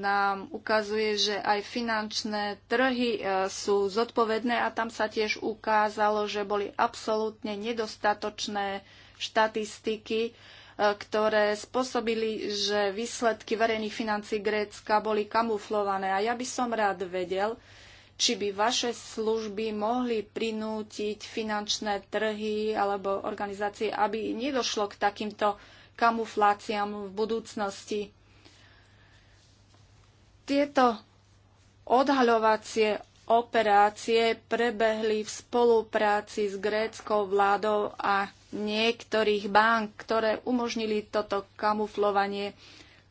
nám ukazuje, že aj finančné trhy e, sú zodpovedné a tam sa tiež ukázalo, že boli absolútne nedostatočné štatistiky, e, ktoré spôsobili, že výsledky verejných financí Grécka boli kamuflované. A ja by som rád vedel, či by vaše služby mohli prinútiť finančné trhy alebo organizácie, aby nedošlo k takýmto kamufláciám v budúcnosti. Tieto odhaľovacie operácie prebehli v spolupráci s gréckou vládou a niektorých bank, ktoré umožnili toto kamuflovanie.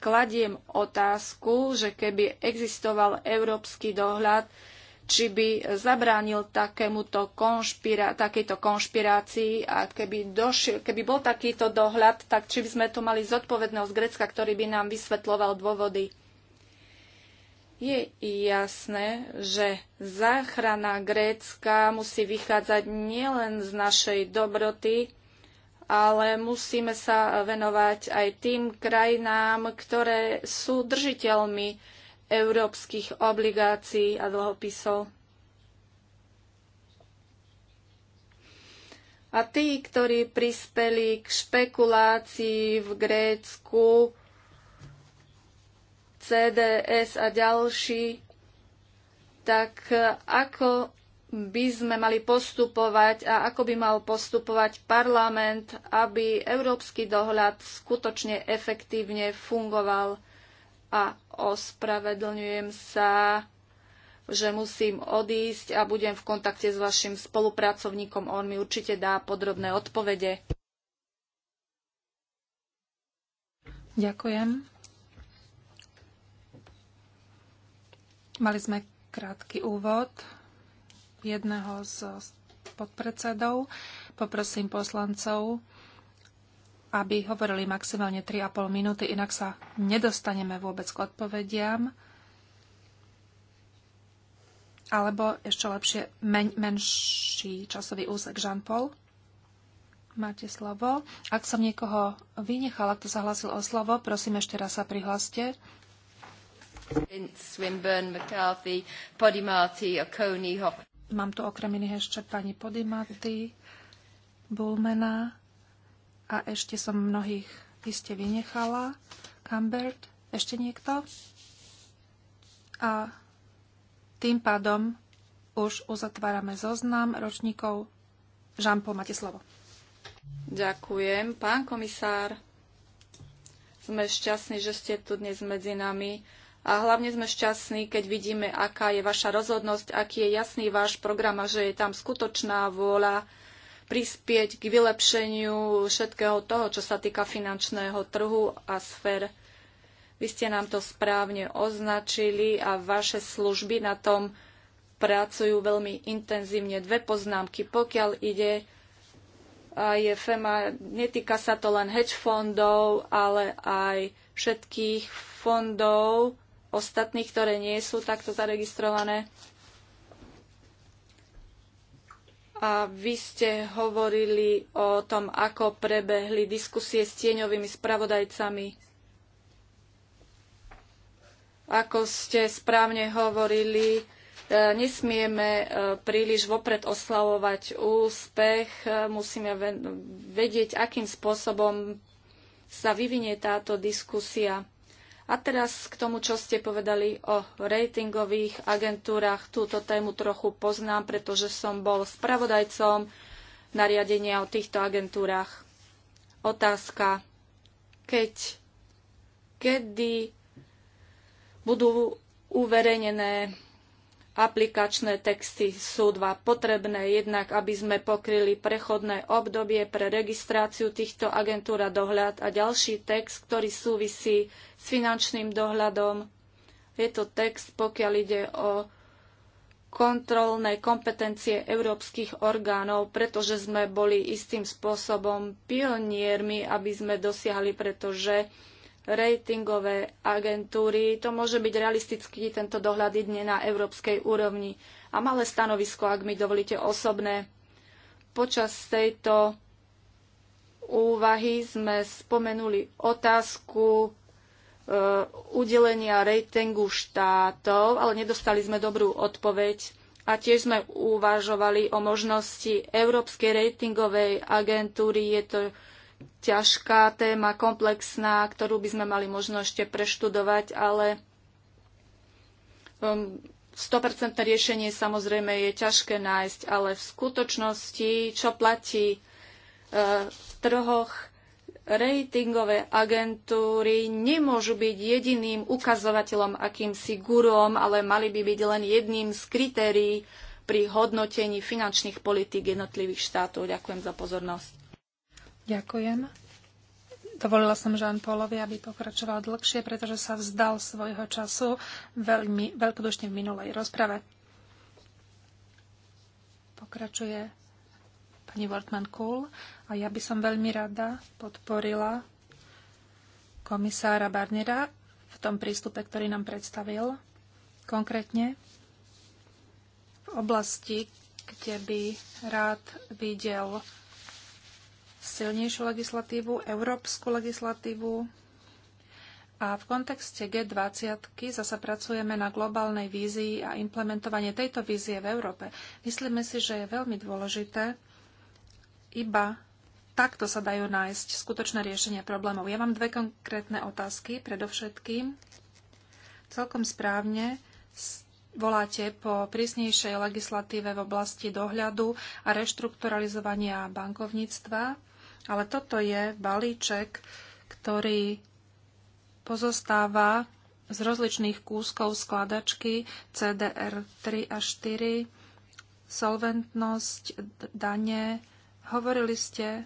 Kladiem otázku, že keby existoval európsky dohľad, či by zabránil takémuto konšpira- takejto konšpirácii a keby, došiel, keby bol takýto dohľad, tak či by sme tu mali zodpovedného z Grecka, ktorý by nám vysvetloval dôvody. Je jasné, že záchrana Grécka musí vychádzať nielen z našej dobroty, ale musíme sa venovať aj tým krajinám, ktoré sú držiteľmi európskych obligácií a dlhopisov. A tí, ktorí prispeli k špekulácii v Grécku, CDS a ďalší, tak ako by sme mali postupovať a ako by mal postupovať parlament, aby európsky dohľad skutočne efektívne fungoval a ospravedlňujem sa, že musím odísť a budem v kontakte s vašim spolupracovníkom. On mi určite dá podrobné odpovede. Ďakujem. Mali sme krátky úvod jedného z podpredsedov. Poprosím poslancov, aby hovorili maximálne 3,5 minúty, inak sa nedostaneme vôbec k odpovediam. Alebo ešte lepšie, men- menší časový úsek Jean-Paul. Máte slovo. Ak som niekoho vynechala, kto sa hlasil o slovo, prosím, ešte raz sa prihláste. Swinburne, McCarthy, Podimati, Mám tu okrem iných ešte pani Podimaty, Bulmena, a ešte som mnohých iste vynechala. Cambert, ešte niekto? A tým pádom už uzatvárame zoznam ročníkov. Žampo, máte slovo. Ďakujem. Pán komisár, sme šťastní, že ste tu dnes medzi nami a hlavne sme šťastní, keď vidíme, aká je vaša rozhodnosť, aký je jasný váš program a že je tam skutočná vôľa prispieť k vylepšeniu všetkého toho, čo sa týka finančného trhu a sfér. Vy ste nám to správne označili a vaše služby na tom pracujú veľmi intenzívne. Dve poznámky. Pokiaľ ide aj FEMA, netýka sa to len hedge fondov, ale aj všetkých fondov ostatných, ktoré nie sú takto zaregistrované. A vy ste hovorili o tom, ako prebehli diskusie s tieňovými spravodajcami. Ako ste správne hovorili, e, nesmieme e, príliš vopred oslavovať úspech. E, musíme vedieť, akým spôsobom sa vyvinie táto diskusia. A teraz k tomu, čo ste povedali o ratingových agentúrach. Túto tému trochu poznám, pretože som bol spravodajcom nariadenia o týchto agentúrach. Otázka, keď, kedy budú uverejnené Aplikačné texty sú dva potrebné, jednak aby sme pokryli prechodné obdobie pre registráciu týchto agentúr a dohľad a ďalší text, ktorý súvisí s finančným dohľadom. Je to text, pokiaľ ide o kontrolné kompetencie európskych orgánov, pretože sme boli istým spôsobom pioniermi, aby sme dosiahli, pretože ratingové agentúry. To môže byť realistický tento dohľad jedne na európskej úrovni. A malé stanovisko, ak mi dovolíte osobné. Počas tejto úvahy sme spomenuli otázku e, udelenia ratingu štátov, ale nedostali sme dobrú odpoveď. A tiež sme uvažovali o možnosti Európskej ratingovej agentúry. Je to ťažká téma, komplexná, ktorú by sme mali možno ešte preštudovať, ale 100% um, riešenie samozrejme je ťažké nájsť, ale v skutočnosti, čo platí v uh, trhoch, ratingové agentúry nemôžu byť jediným ukazovateľom, akýmsi gurom, ale mali by byť len jedným z kritérií pri hodnotení finančných politík jednotlivých štátov. Ďakujem za pozornosť. Ďakujem. Dovolila som Jean-Paulovi, aby pokračoval dlhšie, pretože sa vzdal svojho času veľmi veľkodušne v minulej rozprave. Pokračuje pani Wortman Kuhl a ja by som veľmi rada podporila komisára Barnera v tom prístupe, ktorý nám predstavil. Konkrétne v oblasti, kde by rád videl silnejšiu legislatívu, európsku legislatívu. A v kontexte G20 zase pracujeme na globálnej vízii a implementovanie tejto vízie v Európe. Myslíme si, že je veľmi dôležité iba takto sa dajú nájsť skutočné riešenie problémov. Ja mám dve konkrétne otázky. Predovšetkým, celkom správne voláte po prísnejšej legislatíve v oblasti dohľadu a reštrukturalizovania bankovníctva. Ale toto je balíček, ktorý pozostáva z rozličných kúskov skladačky CDR 3 a 4, solventnosť, dane. Hovorili ste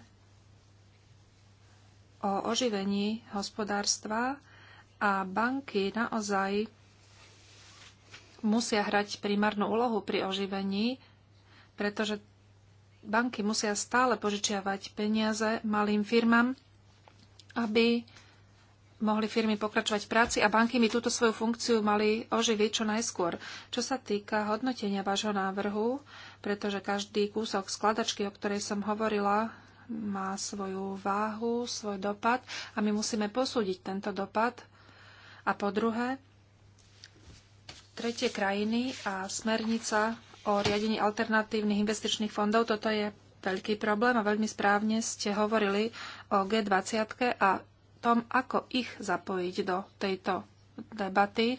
o oživení hospodárstva a banky naozaj musia hrať primárnu úlohu pri oživení, pretože banky musia stále požičiavať peniaze malým firmám, aby mohli firmy pokračovať v práci a banky by túto svoju funkciu mali oživiť čo najskôr. Čo sa týka hodnotenia vášho návrhu, pretože každý kúsok skladačky, o ktorej som hovorila, má svoju váhu, svoj dopad a my musíme posúdiť tento dopad. A po druhé, tretie krajiny a smernica o riadení alternatívnych investičných fondov. Toto je veľký problém a veľmi správne ste hovorili o G20 a tom, ako ich zapojiť do tejto debaty.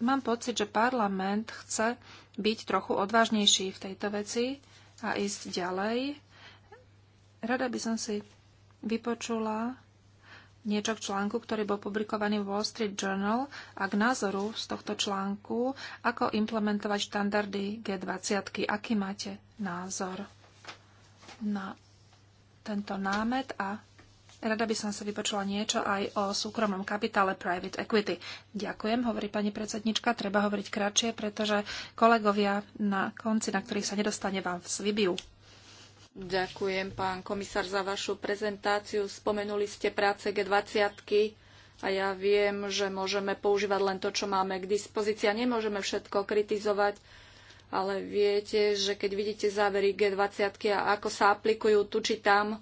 Mám pocit, že parlament chce byť trochu odvážnejší v tejto veci a ísť ďalej. Rada by som si vypočula niečo k článku, ktorý bol publikovaný v Wall Street Journal a k názoru z tohto článku, ako implementovať štandardy G20. Aký máte názor na tento námet a rada by som sa vypočula niečo aj o súkromnom kapitále private equity. Ďakujem, hovorí pani predsednička, treba hovoriť kratšie, pretože kolegovia na konci, na ktorých sa nedostane, vám v Svibiu, Ďakujem, pán komisár, za vašu prezentáciu. Spomenuli ste práce G20 a ja viem, že môžeme používať len to, čo máme k dispozícii a nemôžeme všetko kritizovať, ale viete, že keď vidíte závery G20 a ako sa aplikujú tu či tam,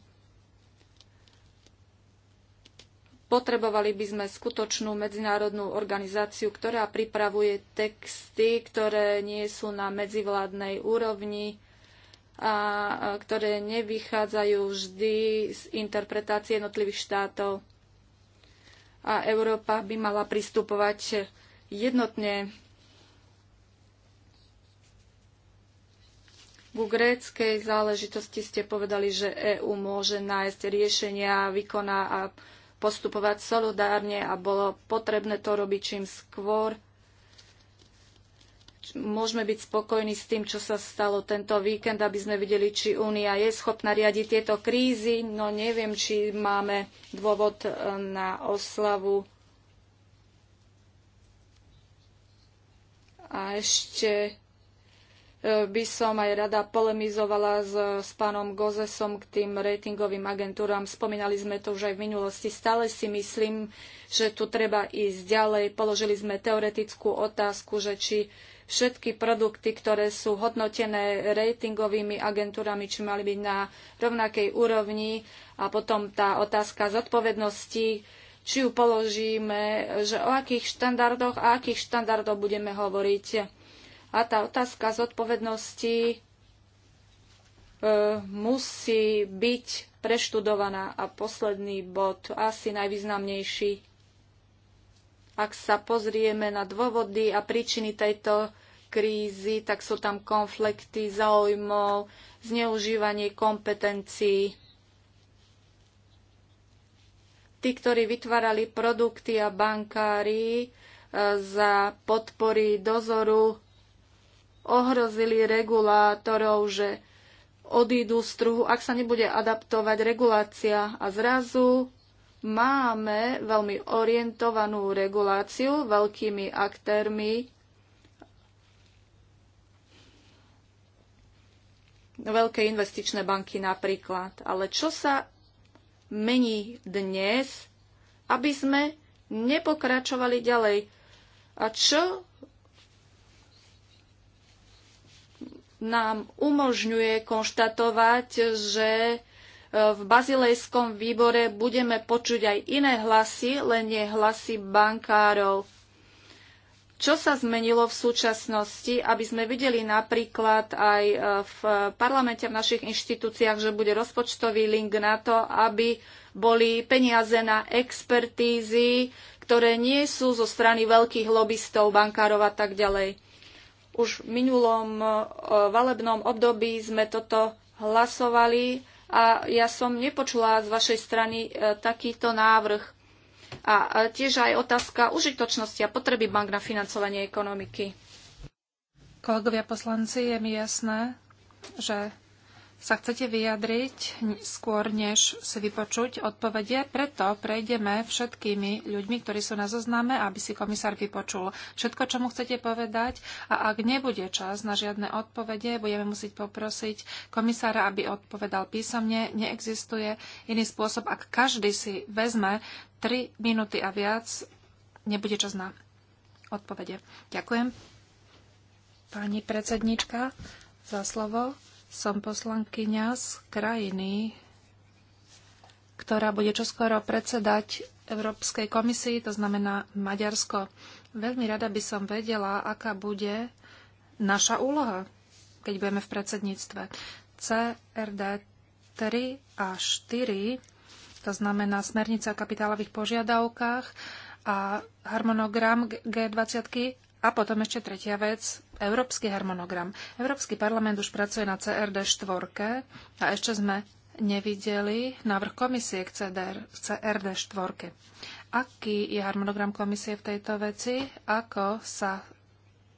potrebovali by sme skutočnú medzinárodnú organizáciu, ktorá pripravuje texty, ktoré nie sú na medzivládnej úrovni, a ktoré nevychádzajú vždy z interpretácie jednotlivých štátov. A Európa by mala pristupovať jednotne Ku gréckej záležitosti ste povedali, že EÚ môže nájsť riešenia, vykoná a postupovať solidárne a bolo potrebné to robiť čím skôr môžeme byť spokojní s tým, čo sa stalo tento víkend, aby sme videli, či Únia je schopná riadiť tieto krízy. No neviem, či máme dôvod eh, na oslavu. A ešte eh, by som aj rada polemizovala s, s pánom Gozesom k tým ratingovým agentúram. Spomínali sme to už aj v minulosti. Stále si myslím, že tu treba ísť ďalej. Položili sme teoretickú otázku, že či všetky produkty, ktoré sú hodnotené ratingovými agentúrami, či mali byť na rovnakej úrovni. A potom tá otázka zodpovednosti, či ju položíme, že o akých štandardoch a akých štandardoch budeme hovoriť. A tá otázka zodpovednosti e, musí byť preštudovaná. A posledný bod, asi najvýznamnejší, ak sa pozrieme na dôvody a príčiny tejto krízy, tak sú tam konflikty záujmov, zneužívanie kompetencií. Tí, ktorí vytvárali produkty a bankári e, za podpory dozoru, ohrozili regulátorov, že odídu z trhu, ak sa nebude adaptovať regulácia a zrazu Máme veľmi orientovanú reguláciu veľkými aktérmi veľké investičné banky napríklad. Ale čo sa mení dnes, aby sme nepokračovali ďalej? A čo nám umožňuje konštatovať, že v bazilejskom výbore budeme počuť aj iné hlasy, len nie hlasy bankárov. Čo sa zmenilo v súčasnosti, aby sme videli napríklad aj e, v parlamente, v našich inštitúciách, že bude rozpočtový link na to, aby boli peniaze na expertízy, ktoré nie sú zo strany veľkých lobbystov, bankárov a tak ďalej. Už v minulom e, e, valebnom období sme toto hlasovali a ja som nepočula z vašej strany e, takýto návrh. A e, tiež aj otázka užitočnosti a potreby bank na financovanie ekonomiky. Kolegovia poslanci, je mi jasné, že sa chcete vyjadriť skôr, než si vypočuť odpovede. Preto prejdeme všetkými ľuďmi, ktorí sú na zozname, aby si komisár vypočul všetko, čo mu chcete povedať. A ak nebude čas na žiadne odpovede, budeme musieť poprosiť komisára, aby odpovedal písomne. Neexistuje iný spôsob. Ak každý si vezme 3 minúty a viac, nebude čas na odpovede. Ďakujem. Pani predsednička, za slovo. Som poslankyňa z krajiny, ktorá bude čoskoro predsedať Európskej komisii, to znamená Maďarsko. Veľmi rada by som vedela, aká bude naša úloha, keď budeme v predsedníctve. CRD 3 a 4, to znamená smernica o kapitálových požiadavkách a harmonogram G20 a potom ešte tretia vec, Európsky harmonogram. Európsky parlament už pracuje na CRD 4 a ešte sme nevideli návrh komisie k CDR, CRD 4. Aký je harmonogram komisie v tejto veci? Ako sa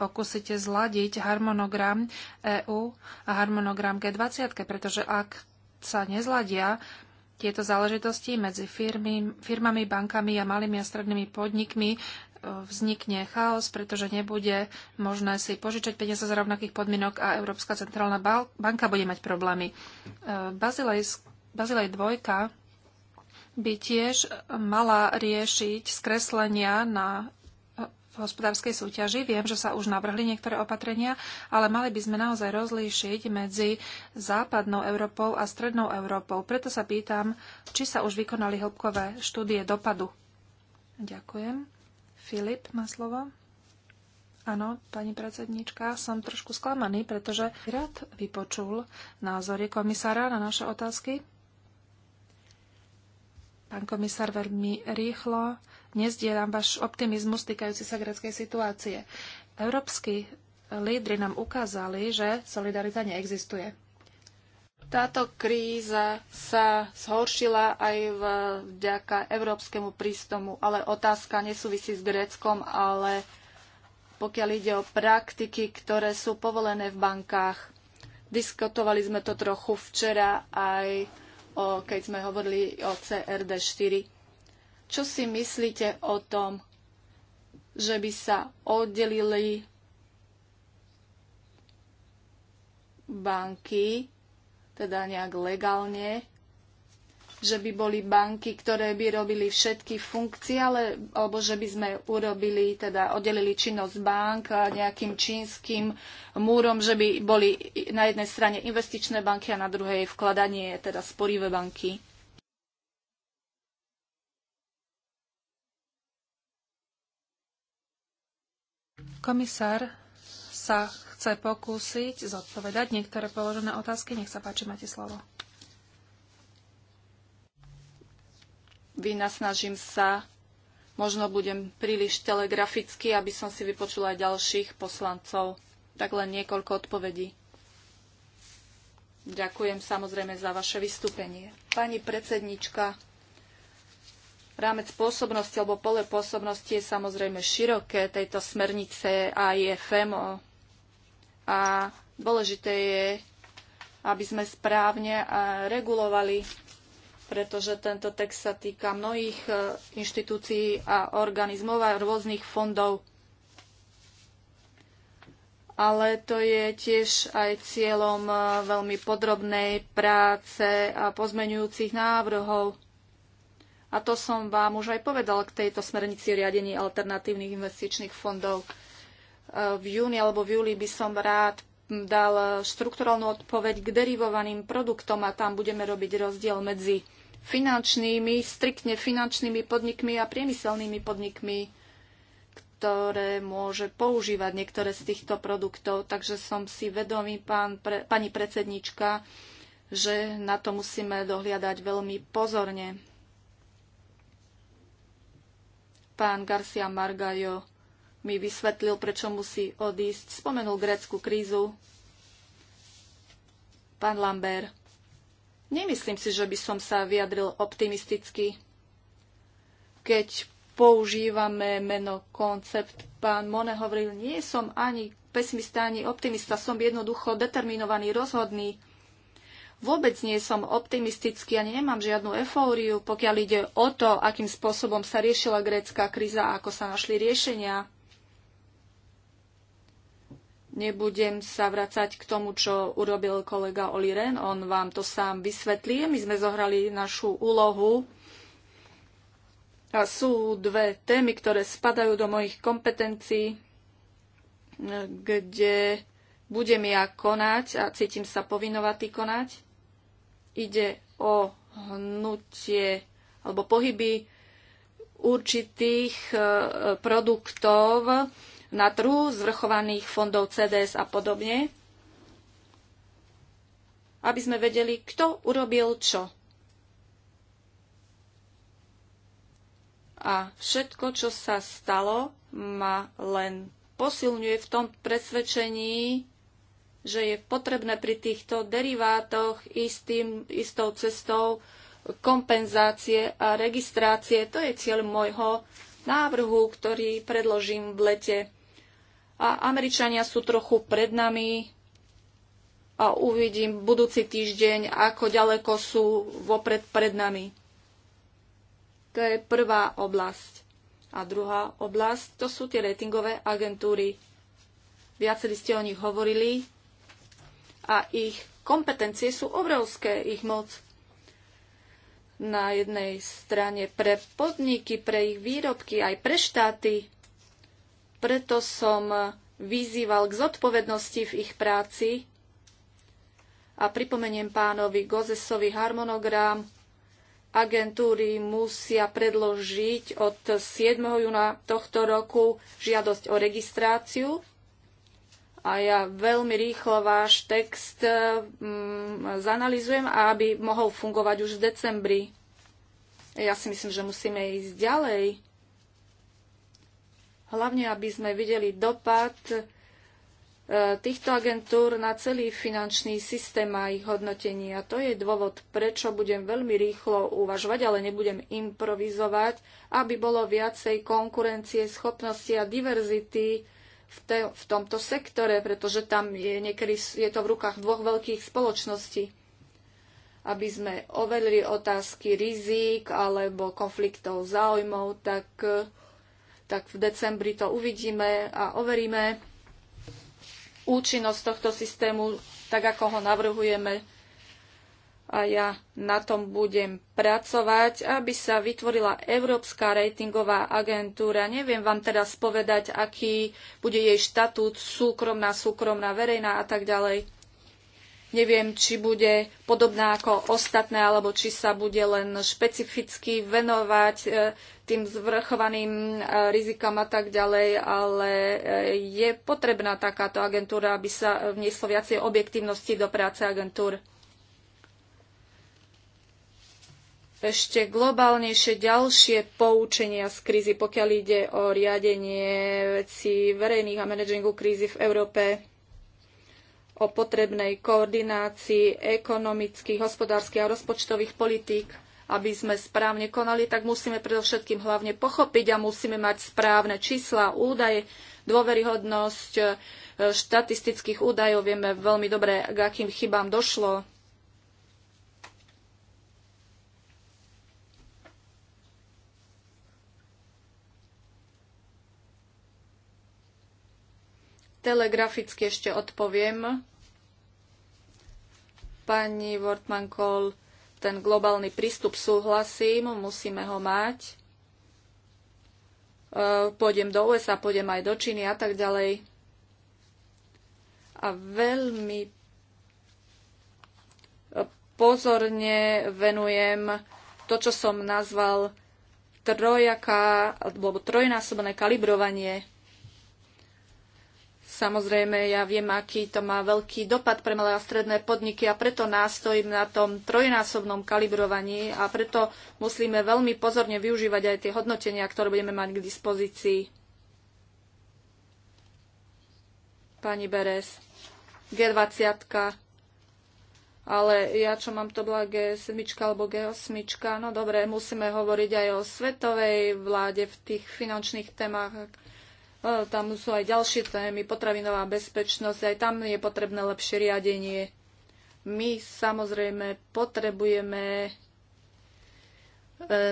pokúsite zladiť harmonogram EÚ a harmonogram G20, pretože ak sa nezladia tieto záležitosti medzi firmy, firmami, bankami a malými a strednými podnikmi, vznikne chaos, pretože nebude možné si požičať peniaze za rovnakých podmienok a Európska centrálna banka bude mať problémy. E, Bazilej, 2 by tiež mala riešiť skreslenia na e, v hospodárskej súťaži. Viem, že sa už navrhli niektoré opatrenia, ale mali by sme naozaj rozlíšiť medzi západnou Európou a strednou Európou. Preto sa pýtam, či sa už vykonali hĺbkové štúdie dopadu. Ďakujem. Filip má slovo. Áno, pani predsednička, som trošku sklamaný, pretože rád vypočul názory komisára na naše otázky. Pán komisár, veľmi rýchlo nezdielam váš optimizmus týkajúci sa greckej situácie. Európsky lídry nám ukázali, že solidarita neexistuje. Táto kríza sa zhoršila aj vďaka európskemu prístomu, ale otázka nesúvisí s Gréckom, ale pokiaľ ide o praktiky, ktoré sú povolené v bankách. Diskutovali sme to trochu včera aj o, keď sme hovorili o CRD4. Čo si myslíte o tom, že by sa oddelili banky teda nejak legálne, že by boli banky, ktoré by robili všetky funkcie, ale, alebo že by sme urobili, teda oddelili činnosť bank nejakým čínskym múrom, že by boli na jednej strane investičné banky a na druhej vkladanie, teda sporivé banky. Komisár sa chce pokúsiť zodpovedať niektoré položené otázky. Nech sa páči, máte slovo. Vynasnažím sa. Možno budem príliš telegraficky, aby som si vypočula aj ďalších poslancov. Tak len niekoľko odpovedí. Ďakujem samozrejme za vaše vystúpenie. Pani predsednička, rámec pôsobnosti alebo pole pôsobnosti je samozrejme široké tejto smernice AIFM o a dôležité je, aby sme správne regulovali, pretože tento text sa týka mnohých e, inštitúcií a organizmov a rôznych fondov. Ale to je tiež aj cieľom e, veľmi podrobnej práce a pozmenujúcich návrhov. A to som vám už aj povedal k tejto smernici riadení alternatívnych investičných fondov v júni alebo v júli by som rád dal štrukturálnu odpoveď k derivovaným produktom a tam budeme robiť rozdiel medzi finančnými, striktne finančnými podnikmi a priemyselnými podnikmi, ktoré môže používať niektoré z týchto produktov. Takže som si vedomý, pán, pre, pani predsednička, že na to musíme dohliadať veľmi pozorne. Pán Garcia Margajo mi vysvetlil, prečo musí odísť. Spomenul grécku krízu. Pán Lambert, nemyslím si, že by som sa vyjadril optimisticky, keď používame meno koncept. Pán Mone hovoril, nie som ani pesimista, ani optimista, som jednoducho determinovaný, rozhodný. Vôbec nie som optimistický, ani nemám žiadnu eufóriu, pokiaľ ide o to, akým spôsobom sa riešila grécka kríza a ako sa našli riešenia. Nebudem sa vracať k tomu, čo urobil kolega Oliren. On vám to sám vysvetlí. My sme zohrali našu úlohu. A sú dve témy, ktoré spadajú do mojich kompetencií, kde budem ja konať a cítim sa povinovatý konať. Ide o hnutie alebo pohyby určitých e, produktov, na trhu zvrchovaných fondov CDS a podobne, aby sme vedeli, kto urobil čo. A všetko, čo sa stalo, ma len posilňuje v tom presvedčení, že je potrebné pri týchto derivátoch istým, istou cestou kompenzácie a registrácie. To je cieľ môjho návrhu, ktorý predložím v lete a Američania sú trochu pred nami a uvidím budúci týždeň, ako ďaleko sú vopred pred nami. To je prvá oblasť. A druhá oblasť, to sú tie ratingové agentúry. Viacerí ste o nich hovorili a ich kompetencie sú obrovské, ich moc. Na jednej strane pre podniky, pre ich výrobky, aj pre štáty, preto som vyzýval k zodpovednosti v ich práci a pripomeniem pánovi Gozesovi harmonogram agentúry musia predložiť od 7. júna tohto roku žiadosť o registráciu a ja veľmi rýchlo váš text mm, zanalizujem, aby mohol fungovať už v decembri. Ja si myslím, že musíme ísť ďalej hlavne aby sme videli dopad e, týchto agentúr na celý finančný systém a ich hodnotenie. A to je dôvod, prečo budem veľmi rýchlo uvažovať, ale nebudem improvizovať, aby bolo viacej konkurencie, schopnosti a diverzity v, te, v tomto sektore, pretože tam je niekedy je to v rukách dvoch veľkých spoločností. Aby sme overili otázky rizík alebo konfliktov záujmov, tak e, tak v decembri to uvidíme a overíme účinnosť tohto systému, tak ako ho navrhujeme. A ja na tom budem pracovať, aby sa vytvorila Európska ratingová agentúra. Neviem vám teraz povedať, aký bude jej štatút, súkromná, súkromná, verejná a tak ďalej Neviem, či bude podobná ako ostatné, alebo či sa bude len špecificky venovať e, tým zvrchovaným e, rizikám a tak ďalej, ale e, je potrebná takáto agentúra, aby sa vnieslo viacej objektívnosti do práce agentúr. ešte globálnejšie ďalšie poučenia z krízy, pokiaľ ide o riadenie vecí verejných a managingu krízy v Európe o potrebnej koordinácii ekonomických, hospodárskych a rozpočtových politík, aby sme správne konali, tak musíme predovšetkým hlavne pochopiť a musíme mať správne čísla, údaje, dôveryhodnosť e, štatistických údajov. Vieme veľmi dobre, k akým chybám došlo. Telegraficky ešte odpoviem pani Wortmann-Kohl, ten globálny prístup súhlasím, musíme ho mať. E, pôjdem do USA, pôjdem aj do Číny a tak ďalej. A veľmi e, pozorne venujem to, čo som nazval trojaká, alebo trojnásobné kalibrovanie Samozrejme, ja viem, aký to má veľký dopad pre malé a stredné podniky a preto nástojím na tom trojnásobnom kalibrovaní a preto musíme veľmi pozorne využívať aj tie hodnotenia, ktoré budeme mať k dispozícii. Pani Beres, G20. Ale ja, čo mám, to bola G7 alebo G8. No dobre, musíme hovoriť aj o svetovej vláde v tých finančných témach Eh, tam sú aj ďalšie témy, potravinová bezpečnosť, aj tam je potrebné lepšie riadenie. My samozrejme potrebujeme eh,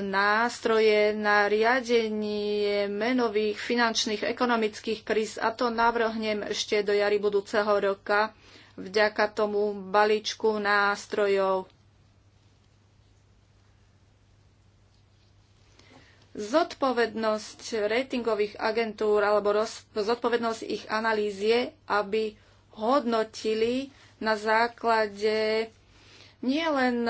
nástroje na riadenie menových, finančných, ekonomických kríz a to navrhnem ešte do jary budúceho roka vďaka tomu balíčku nástrojov. Zodpovednosť ratingových agentúr alebo roz, zodpovednosť ich analýz je, aby hodnotili na základe nielen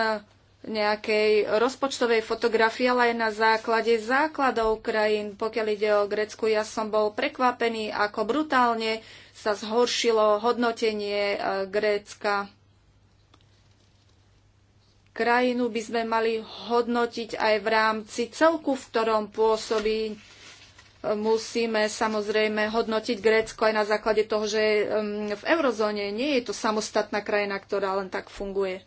nejakej rozpočtovej fotografie, ale aj na základe základov krajín. Pokiaľ ide o Grécku, ja som bol prekvapený, ako brutálne sa zhoršilo hodnotenie eh, Grécka. Krajinu by sme mali hodnotiť aj v rámci celku, v ktorom pôsobí. Musíme samozrejme hodnotiť Grécko aj na základe toho, že um, v eurozóne nie je to samostatná krajina, ktorá len tak funguje.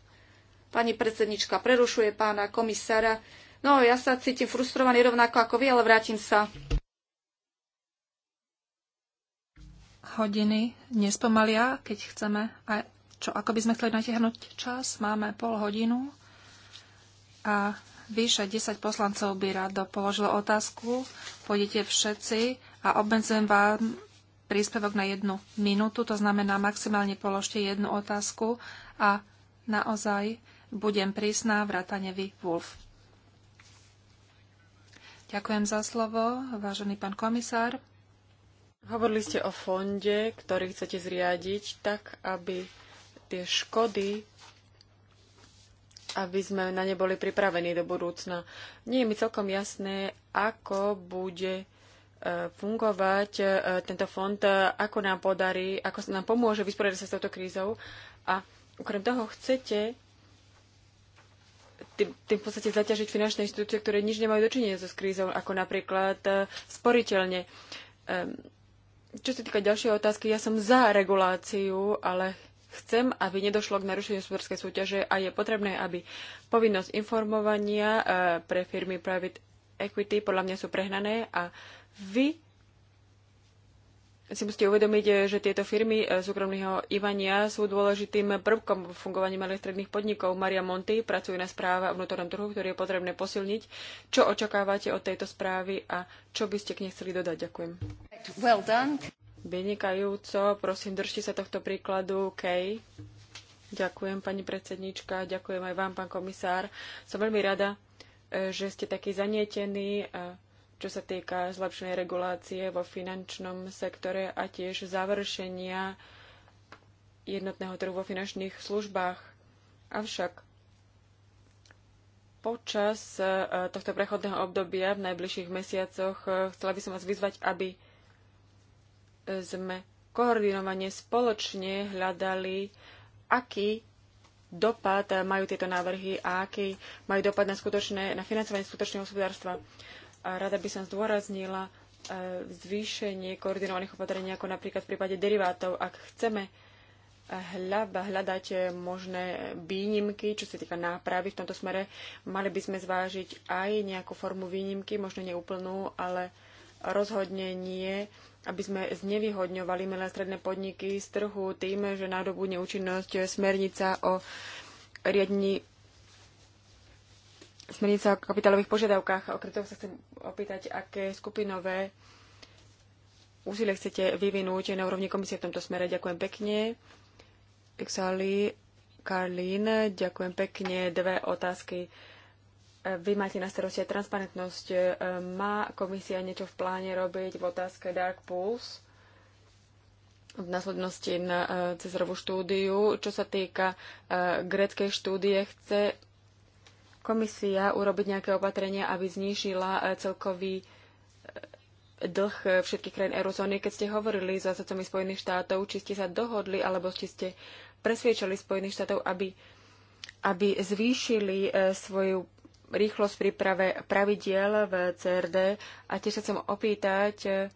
Pani predsednička prerušuje pána komisára. No, ja sa cítim frustrovaný rovnako ako vy, ale vrátim sa. Hodiny nespomalia, keď chceme, a čo, ako by sme chceli natiahnuť čas, máme pol hodinu. A vyše 10 poslancov by rado položilo otázku. Pôjdete všetci a obmedzujem vám príspevok na jednu minútu, to znamená maximálne položte jednu otázku a naozaj budem prísná vrátane vy, Wolf. Ďakujem za slovo, vážený pán komisár. Hovorili ste o fonde, ktorý chcete zriadiť tak, aby tie škody aby sme na ne boli pripravení do budúcna. Nie je mi celkom jasné, ako bude e, fungovať e, tento fond, e, ako nám podarí, ako nám pomôže vysporiadať sa s touto krízou. A okrem toho chcete tým, tým v podstate zaťažiť finančné inštitúcie, ktoré nič nemajú dočinenia so s krízou, ako napríklad sporiteľne. Ehm, čo sa týka ďalšej otázky, ja som za reguláciu, ale Chcem, aby nedošlo k narušeniu hospodárskej súťaže a je potrebné, aby povinnosť informovania e, pre firmy private equity podľa mňa sú prehnané a vy si musíte uvedomiť, že tieto firmy e, súkromného Ivania sú dôležitým prvkom v fungovaní malých stredných podnikov. Maria Monty pracuje na správe o vnútornom trhu, ktorý je potrebné posilniť. Čo očakávate od tejto správy a čo by ste k nej chceli dodať? Ďakujem. Well done. Vynikajúco, prosím, držte sa tohto príkladu, Kej. Ďakujem, pani predsednička, ďakujem aj vám, pán komisár. Som veľmi rada, e, že ste taký zanietení, e, čo sa týka zlepšenej regulácie vo finančnom sektore a tiež završenia jednotného trhu vo finančných službách. Avšak počas e, tohto prechodného obdobia v najbližších mesiacoch chcela by som vás vyzvať, aby sme koordinovane spoločne hľadali, aký dopad majú tieto návrhy a aký majú dopad na, skutočné, na financovanie skutočného hospodárstva. A rada by som zdôraznila e, zvýšenie koordinovaných opatrení, ako napríklad v prípade derivátov. Ak chceme hľadať možné výnimky, čo sa týka nápravy v tomto smere, mali by sme zvážiť aj nejakú formu výnimky, možno neúplnú, ale rozhodne nie aby sme znevýhodňovali malé stredné podniky z trhu tým, že nadobudne účinnosť smernica o riadení smernica o kapitálových požiadavkách. Okrem toho sa chcem opýtať, aké skupinové úsilie chcete vyvinúť na úrovni komisie v tomto smere. Ďakujem pekne. Exali, Karlín, ďakujem pekne. Dve otázky vy máte na starosti transparentnosť. E, má komisia niečo v pláne robiť v otázke Dark Pools? v následnosti na e, cezrovú štúdiu. Čo sa týka e, gréckej štúdie, chce komisia urobiť nejaké opatrenia, aby znížila celkový dlh všetkých krajín eurozóny. Keď ste hovorili s zásadcami Spojených štátov, či ste sa dohodli, alebo či ste presviečali Spojených štátov, aby, aby zvýšili svoju rýchlosť príprave pravidiel v CRD a tiež sa chcem opýtať,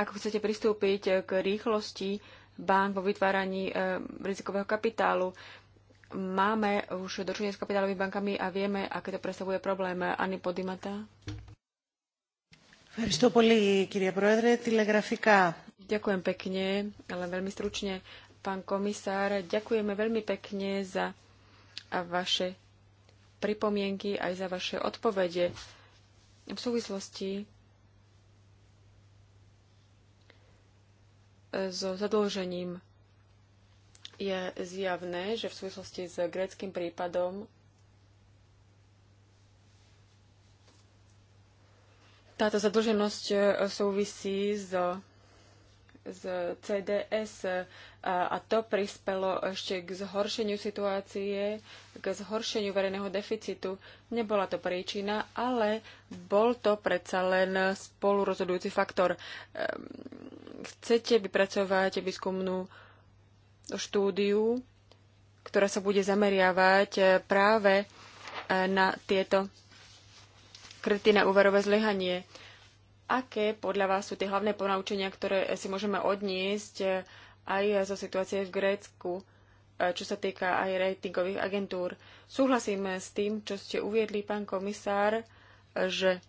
ako chcete pristúpiť k rýchlosti bank vo vytváraní e, rizikového kapitálu. Máme už dočenie s kapitálovými bankami a vieme, aké to predstavuje problém. Ani Podimata? Ďakujem pekne, ale veľmi stručne. Pán komisár, ďakujeme veľmi pekne za vaše pripomienky, aj za vaše odpovede v súvislosti so zadlžením je zjavné, že v súvislosti s gréckým prípadom táto zadlženosť e, súvisí s so z CDS a to prispelo ešte k zhoršeniu situácie, k zhoršeniu verejného deficitu. Nebola to príčina, ale bol to predsa len spolurozhodujúci faktor. Ehm, chcete vypracovať výskumnú štúdiu, ktorá sa bude zameriavať e, práve e, na tieto kryty na úverové zlyhanie Aké podľa vás sú tie hlavné ponaučenia, ktoré si môžeme odniesť eh, aj zo situácie v Grécku, eh, čo sa týka aj ratingových agentúr? Súhlasíme eh, s tým, čo ste uviedli, pán komisár, že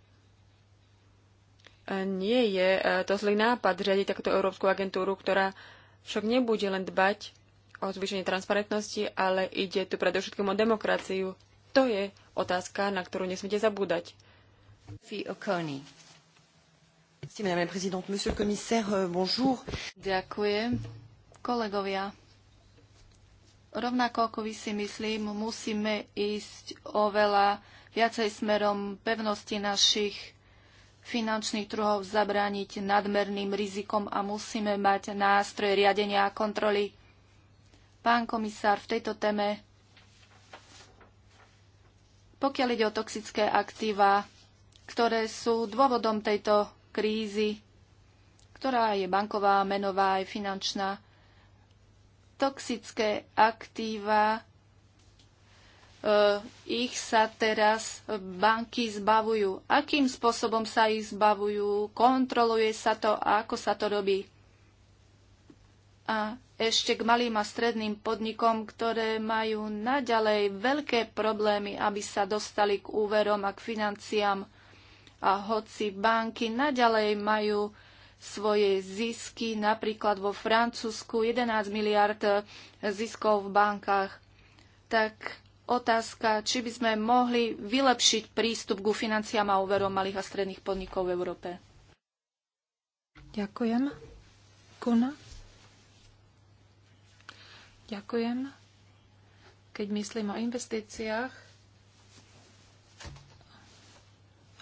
nie je to zlý nápad riadiť takúto európsku agentúru, ktorá však nebude len dbať o zvýšenie transparentnosti, ale ide tu predovšetkým o demokraciu. To je otázka, na ktorú nesmiete zabúdať. Fee Merci, madame la présidente. Monsieur le commissaire, euh, bonjour. Ďakujem. Kolegovia, rovnako ako vy si myslím, musíme ísť oveľa viacej smerom pevnosti našich finančných trhov zabrániť nadmerným rizikom a musíme mať nástroje riadenia a kontroly. Pán komisár, v tejto téme, pokiaľ ide o toxické aktíva, ktoré sú dôvodom tejto krízy, ktorá je banková, menová aj finančná. Toxické aktíva, eh, ich sa teraz banky zbavujú. Akým spôsobom sa ich zbavujú? Kontroluje sa to a ako sa to robí? A ešte k malým a stredným podnikom, ktoré majú naďalej veľké problémy, aby sa dostali k úverom a k financiám. A hoci banky naďalej majú svoje zisky, napríklad vo Francúzsku 11 miliard ziskov v bankách, tak otázka, či by sme mohli vylepšiť prístup ku financiám a úverom malých a stredných podnikov v Európe. Ďakujem. Kuna? Ďakujem. Keď myslím o investíciách,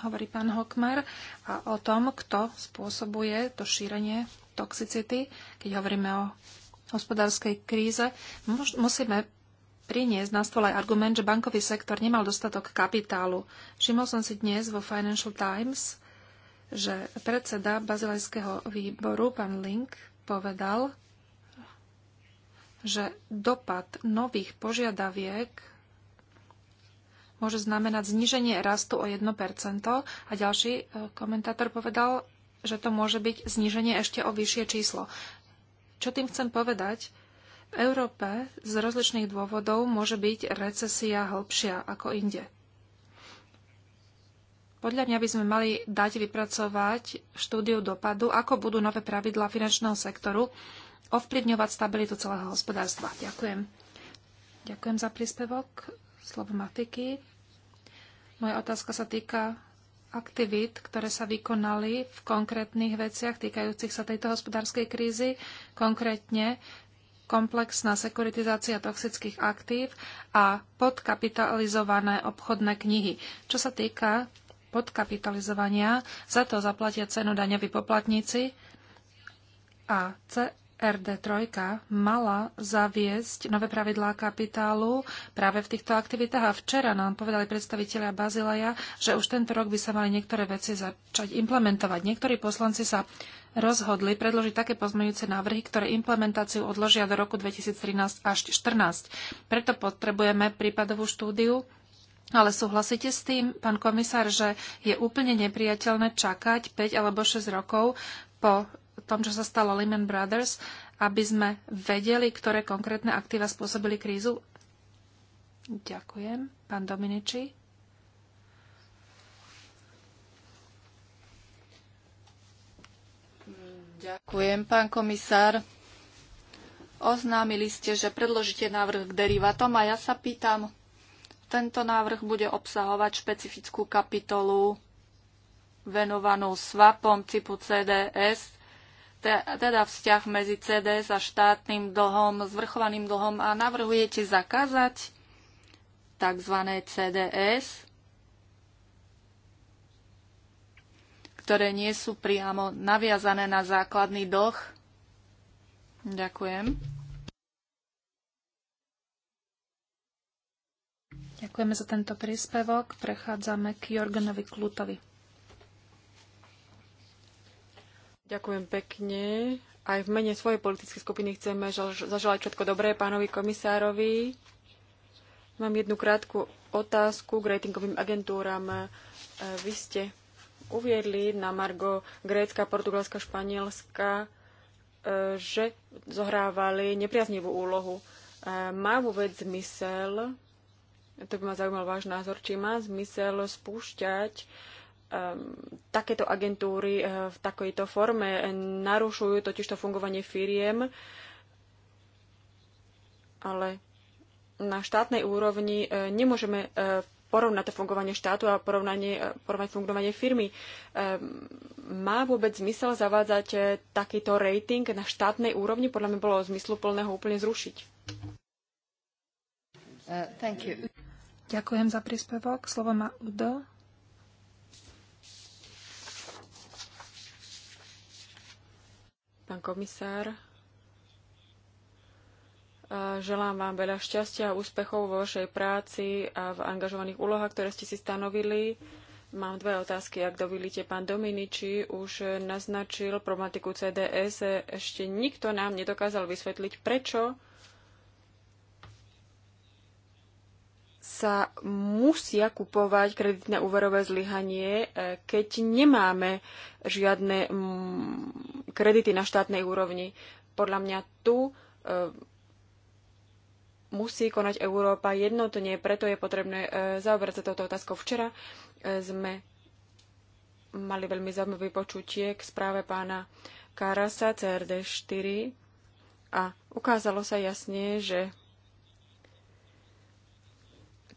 hovorí pán Hokmar, a o tom, kto spôsobuje to šírenie toxicity, keď hovoríme o hospodárskej kríze, musíme priniesť na stôl aj argument, že bankový sektor nemal dostatok kapitálu. Všimol som si dnes vo Financial Times, že predseda bazilejského výboru, pán Link, povedal, že dopad nových požiadaviek môže znamenať zníženie rastu o 1% a ďalší e, komentátor povedal, že to môže byť zníženie ešte o vyššie číslo. Čo tým chcem povedať? V Európe z rozličných dôvodov môže byť recesia hĺbšia ako inde. Podľa mňa by sme mali dať vypracovať štúdiu dopadu, ako budú nové pravidla finančného sektoru ovplyvňovať stabilitu celého hospodárstva. Ďakujem. Ďakujem za príspevok slovmatiky. Moja otázka sa týka aktivít, ktoré sa vykonali v konkrétnych veciach týkajúcich sa tejto hospodárskej krízy, konkrétne komplexná sekuritizácia toxických aktív a podkapitalizované obchodné knihy. Čo sa týka podkapitalizovania, za to zaplatia cenu daňoví poplatníci a RD3 mala zaviesť nové pravidlá kapitálu práve v týchto aktivitách a včera nám povedali predstavitelia Bazileja, že už tento rok by sa mali niektoré veci začať implementovať. Niektorí poslanci sa rozhodli predložiť také pozmeňujúce návrhy, ktoré implementáciu odložia do roku 2013 až 2014. Preto potrebujeme prípadovú štúdiu ale súhlasíte s tým, pán komisár, že je úplne nepriateľné čakať 5 alebo 6 rokov po tom, čo sa stalo Lehman Brothers, aby sme vedeli, ktoré konkrétne aktíva spôsobili krízu? Ďakujem. Pán Dominici. Ďakujem, pán komisár. Oznámili ste, že predložíte návrh k derivatom a ja sa pýtam, tento návrh bude obsahovať špecifickú kapitolu venovanú swapom typu CDS teda vzťah medzi CDS a štátnym dlhom, zvrchovaným dlhom a navrhujete zakázať tzv. CDS, ktoré nie sú priamo naviazané na základný dlh. Ďakujem. Ďakujeme za tento príspevok. Prechádzame k Jorgenovi Klutovi. Ďakujem pekne. Aj v mene svojej politickej skupiny chceme zaželať všetko dobré pánovi komisárovi. Mám jednu krátku otázku k ratingovým agentúram. E, vy ste uviedli na Margo Grécka, Portugalska, Španielska, e, že zohrávali nepriaznivú úlohu. E, má vôbec zmysel, to by ma zaujímal váš názor, či má zmysel spúšťať Ehm, takéto agentúry eh, v takejto forme eh, narušujú totižto fungovanie firiem, ale na štátnej úrovni eh, nemôžeme porovnať to fungovanie štátu a porovnanie, porovnať fungovanie firmy. Ehm, má vôbec zmysel zavádzať takýto rating na štátnej úrovni? Podľa mňa bolo zmysluplné ho úplne zrušiť. Uh, Ďakujem za príspevok. Slovo má Udo. pán komisár. E, želám vám veľa šťastia a úspechov vo vašej práci a v angažovaných úlohách, ktoré ste si stanovili. Mám dve otázky, ak dovolíte. Pán Dominiči už naznačil problematiku CDS. Ešte nikto nám nedokázal vysvetliť, prečo sa musia kupovať kreditné úverové zlyhanie, e, keď nemáme žiadne kredity na štátnej úrovni. Podľa mňa tu e, musí konať Európa jednotne, preto je potrebné e, zaoberať sa touto otázkou. Včera sme mali veľmi zaujímavé počutie k správe pána Karasa CRD 4 a ukázalo sa jasne, že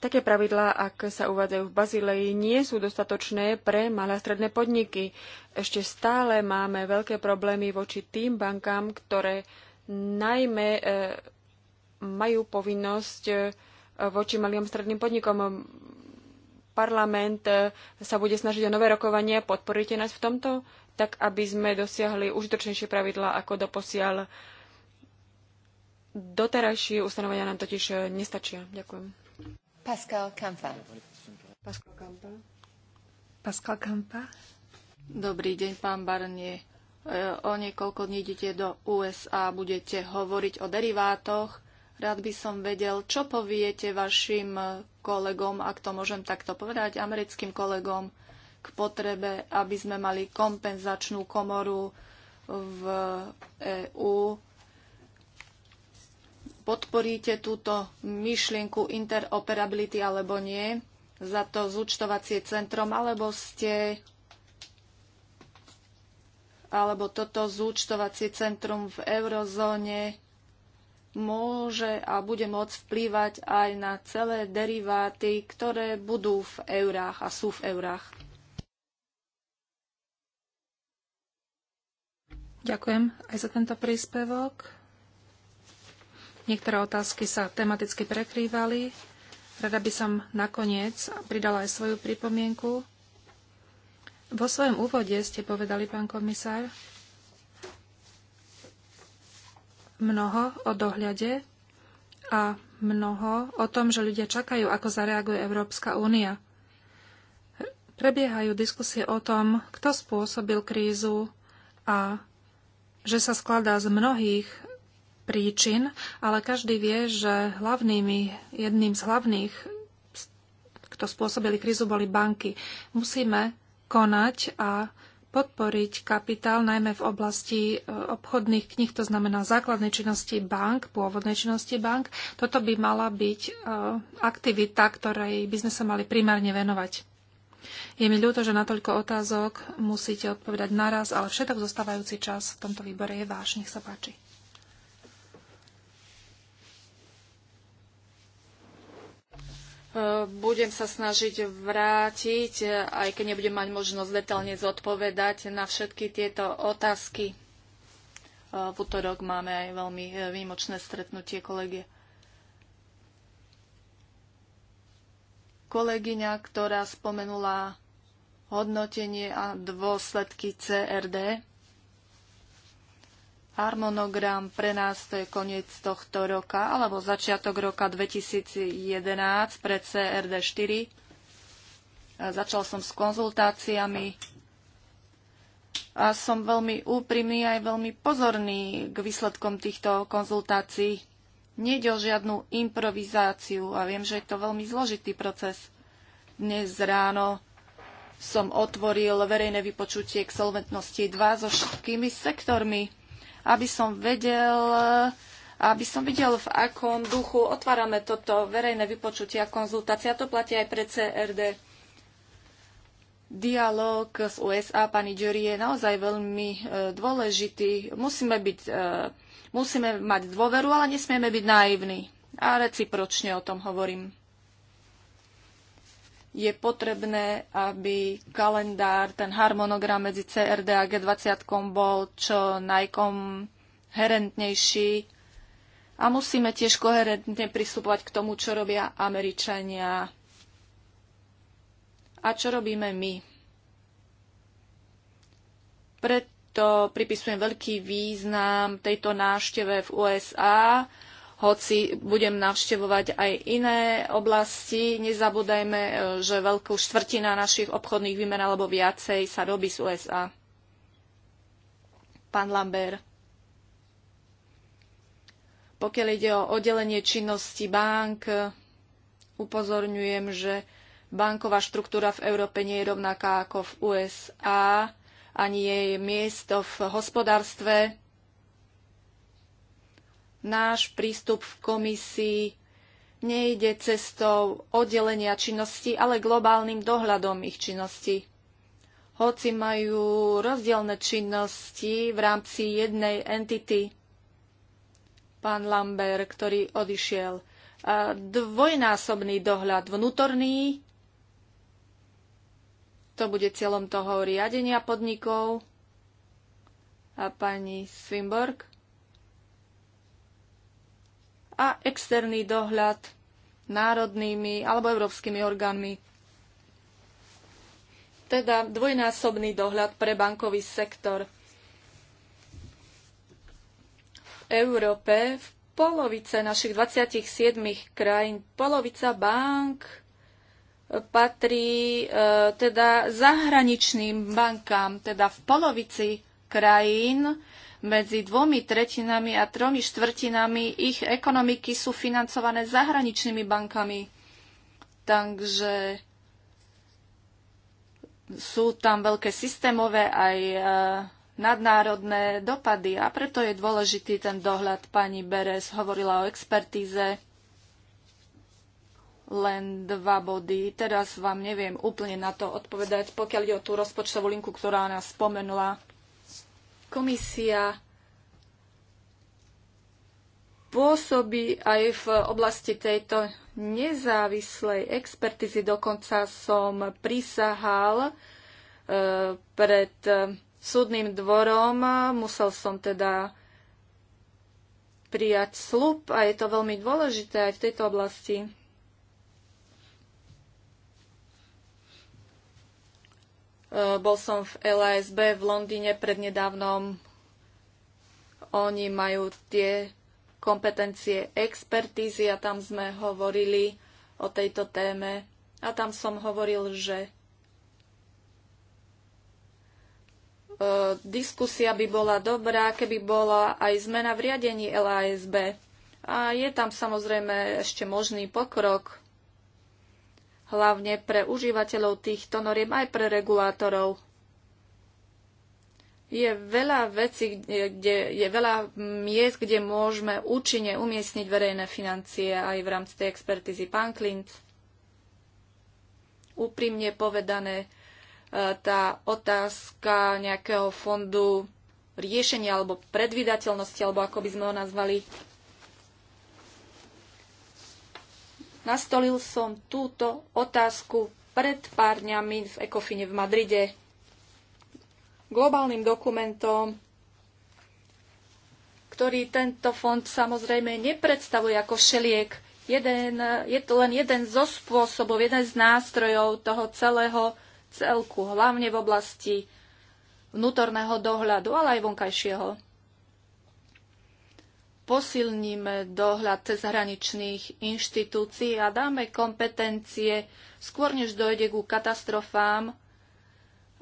Také pravidlá, ak sa uvádzajú v Bazileji, nie sú dostatočné pre malé a stredné podniky. Ešte stále máme veľké problémy voči tým bankám, ktoré najmä e, majú povinnosť e, voči malým stredným podnikom. Parlament e, sa bude snažiť o nové rokovanie, podporíte nás v tomto, tak aby sme dosiahli užitočnejšie pravidlá ako doposiaľ. Doterajšie ustanovenia nám totiž nestačia. Ďakujem. Pascal Kampa. Pascal Kampa. Pascal Kampa. Dobrý deň, pán Barnier. E, o niekoľko dní idete do USA, budete hovoriť o derivátoch. Rád by som vedel, čo poviete vašim e, kolegom, ak to môžem takto povedať, americkým kolegom k potrebe, aby sme mali kompenzačnú komoru v EÚ podporíte túto myšlienku interoperability alebo nie za to zúčtovacie centrom, alebo ste alebo toto zúčtovacie centrum v eurozóne môže a bude môcť vplývať aj na celé deriváty, ktoré budú v eurách a sú v eurách. Ďakujem aj za tento príspevok. Niektoré otázky sa tematicky prekrývali. Rada by som nakoniec pridala aj svoju pripomienku. Vo svojom úvode ste povedali, pán komisár, mnoho o dohľade a mnoho o tom, že ľudia čakajú, ako zareaguje Európska únia. Prebiehajú diskusie o tom, kto spôsobil krízu a že sa skladá z mnohých príčin, ale každý vie, že hlavnými, jedným z hlavných, kto spôsobili krízu, boli banky. Musíme konať a podporiť kapitál najmä v oblasti e, obchodných kníh, to znamená základnej činnosti bank, pôvodnej činnosti bank. Toto by mala byť e, aktivita, ktorej by sme sa mali primárne venovať. Je mi ľúto, že na toľko otázok musíte odpovedať naraz, ale všetok zostávajúci čas v tomto výbore je váš. Nech sa páči. Budem sa snažiť vrátiť, aj keď nebudem mať možnosť detálne zodpovedať na všetky tieto otázky. V útorok máme aj veľmi e, výmočné stretnutie kolegie. Kolegyňa, ktorá spomenula hodnotenie a dôsledky CRD, harmonogram pre nás to je koniec tohto roka alebo začiatok roka 2011 pre CRD 4. Začal som s konzultáciami a som veľmi úprimný aj veľmi pozorný k výsledkom týchto konzultácií. Nede o žiadnu improvizáciu a viem, že je to veľmi zložitý proces. Dnes ráno som otvoril verejné vypočutie k solventnosti 2 so všetkými sektormi aby som vedel, aby som videl, v akom duchu otvárame toto verejné vypočutie a konzultácia. To platí aj pre CRD. Dialóg s USA, pani Jury, je naozaj veľmi e, dôležitý. Musíme, byť, e, musíme mať dôveru, ale nesmieme byť naivní. A recipročne o tom hovorím je potrebné, aby kalendár, ten harmonogram medzi CRD a G20 bol čo najkoherentnejší a musíme tiež koherentne pristupovať k tomu, čo robia Američania a čo robíme my. Preto pripisujem veľký význam tejto nášteve v USA, hoci budem navštevovať aj iné oblasti. Nezabúdajme, e, že veľkú štvrtina našich obchodných výmen alebo viacej sa robí z USA. Pán Lambert. Pokiaľ ide o oddelenie činnosti bank, upozorňujem, že banková štruktúra v Európe nie je rovnaká ako v USA, ani jej miesto v hospodárstve náš prístup v komisii nejde cestou oddelenia činnosti, ale globálnym dohľadom ich činnosti. Hoci majú rozdielne činnosti v rámci jednej entity, pán Lambert, ktorý odišiel, dvojnásobný dohľad vnútorný, to bude cieľom toho riadenia podnikov, a pani Swinburg, a externý dohľad národnými alebo európskymi orgánmi. Teda dvojnásobný dohľad pre bankový sektor. V Európe v polovice našich 27 krajín, polovica bank patrí e, teda zahraničným bankám, teda v polovici krajín medzi dvomi tretinami a tromi štvrtinami ich ekonomiky sú financované zahraničnými bankami. Takže sú tam veľké systémové aj e, nadnárodné dopady a preto je dôležitý ten dohľad. Pani Beres hovorila o expertíze. Len dva body. Teraz vám neviem úplne na to odpovedať, pokiaľ ide o tú rozpočtovú linku, ktorá nás spomenula. Komisia pôsobí aj v oblasti tejto nezávislej expertizy. Dokonca som prisahal e, pred e, súdnym dvorom. Musel som teda prijať slub a je to veľmi dôležité aj v tejto oblasti. Eh, bol som v LASB v Londýne prednedávnom. Oni majú tie kompetencie expertízy a tam sme hovorili o tejto téme. A tam som hovoril, že eh, diskusia by bola dobrá, keby bola aj zmena v riadení LASB. A je tam samozrejme ešte možný pokrok hlavne pre užívateľov týchto noriem, aj pre regulátorov. Je veľa vecí, kde, kde je veľa miest, kde môžeme účinne umiestniť verejné financie aj v rámci tej expertizy. Pán Klinc, úprimne povedané, e, tá otázka nejakého fondu riešenia alebo predvydateľnosti, alebo ako by sme ho nazvali, Nastolil som túto otázku pred pár dňami v Ekofine v Madride. Globálnym dokumentom, ktorý tento fond samozrejme nepredstavuje ako šeliek. Jeden, je to len jeden zo spôsobov, jeden z nástrojov toho celého celku, hlavne v oblasti vnútorného dohľadu, ale aj vonkajšieho posilníme dohľad cezhraničných inštitúcií a dáme kompetencie skôr, než dojde ku katastrofám,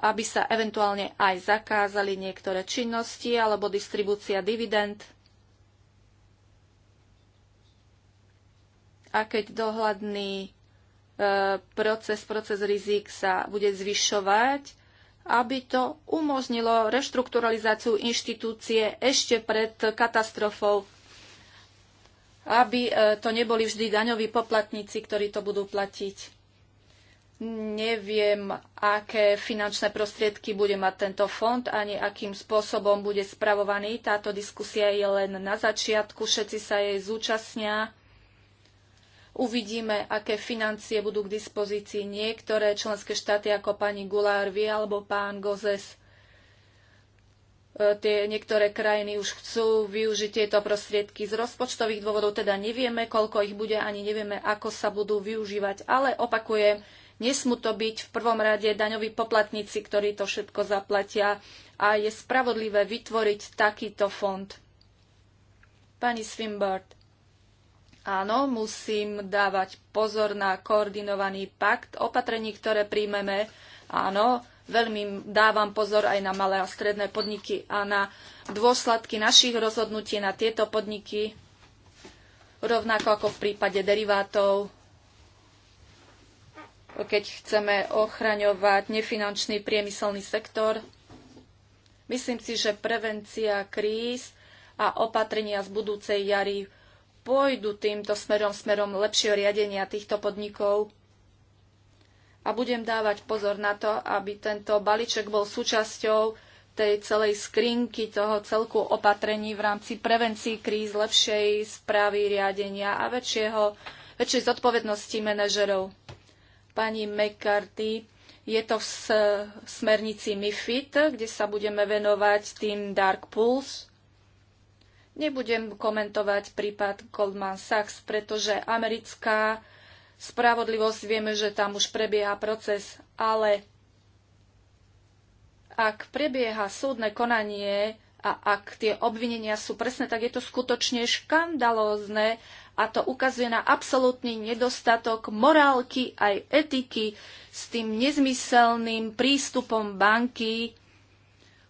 aby sa eventuálne aj zakázali niektoré činnosti alebo distribúcia dividend. A keď dohľadný e, proces, proces rizik sa bude zvyšovať, aby to umožnilo reštrukturalizáciu inštitúcie ešte pred katastrofou aby e, to neboli vždy daňoví poplatníci, ktorí to budú platiť. Neviem, aké finančné prostriedky bude mať tento fond, ani akým spôsobom bude spravovaný. Táto diskusia je len na začiatku, všetci sa jej zúčastnia. Uvidíme, aké financie budú k dispozícii niektoré členské štáty, ako pani Gulár alebo pán Gozes, E, tie niektoré krajiny už chcú využiť tieto prostriedky z rozpočtových dôvodov, teda nevieme, koľko ich bude, ani nevieme, ako sa budú využívať. Ale opakujem, nesmú to byť v prvom rade daňoví poplatníci, ktorí to všetko zaplatia a je spravodlivé vytvoriť takýto fond. Pani Swimbert, áno, musím dávať pozor na koordinovaný pakt opatrení, ktoré príjmeme. Áno, Veľmi dávam pozor aj na malé a stredné podniky a na dôsledky našich rozhodnutí na tieto podniky, rovnako ako v prípade derivátov, keď chceme ochraňovať nefinančný priemyselný sektor. Myslím si, že prevencia kríz a opatrenia z budúcej jary pôjdu týmto smerom, smerom lepšieho riadenia týchto podnikov a budem dávať pozor na to, aby tento balíček bol súčasťou tej celej skrinky, toho celku opatrení v rámci prevencií kríz, lepšej správy riadenia a väčšieho, väčšej zodpovednosti manažerov. Pani McCarthy, je to v smernici MIFID, kde sa budeme venovať tým Dark Pools. Nebudem komentovať prípad Goldman Sachs, pretože americká spravodlivosť. Vieme, že tam už prebieha proces, ale ak prebieha súdne konanie a ak tie obvinenia sú presné, tak je to skutočne škandalózne a to ukazuje na absolútny nedostatok morálky aj etiky s tým nezmyselným prístupom banky,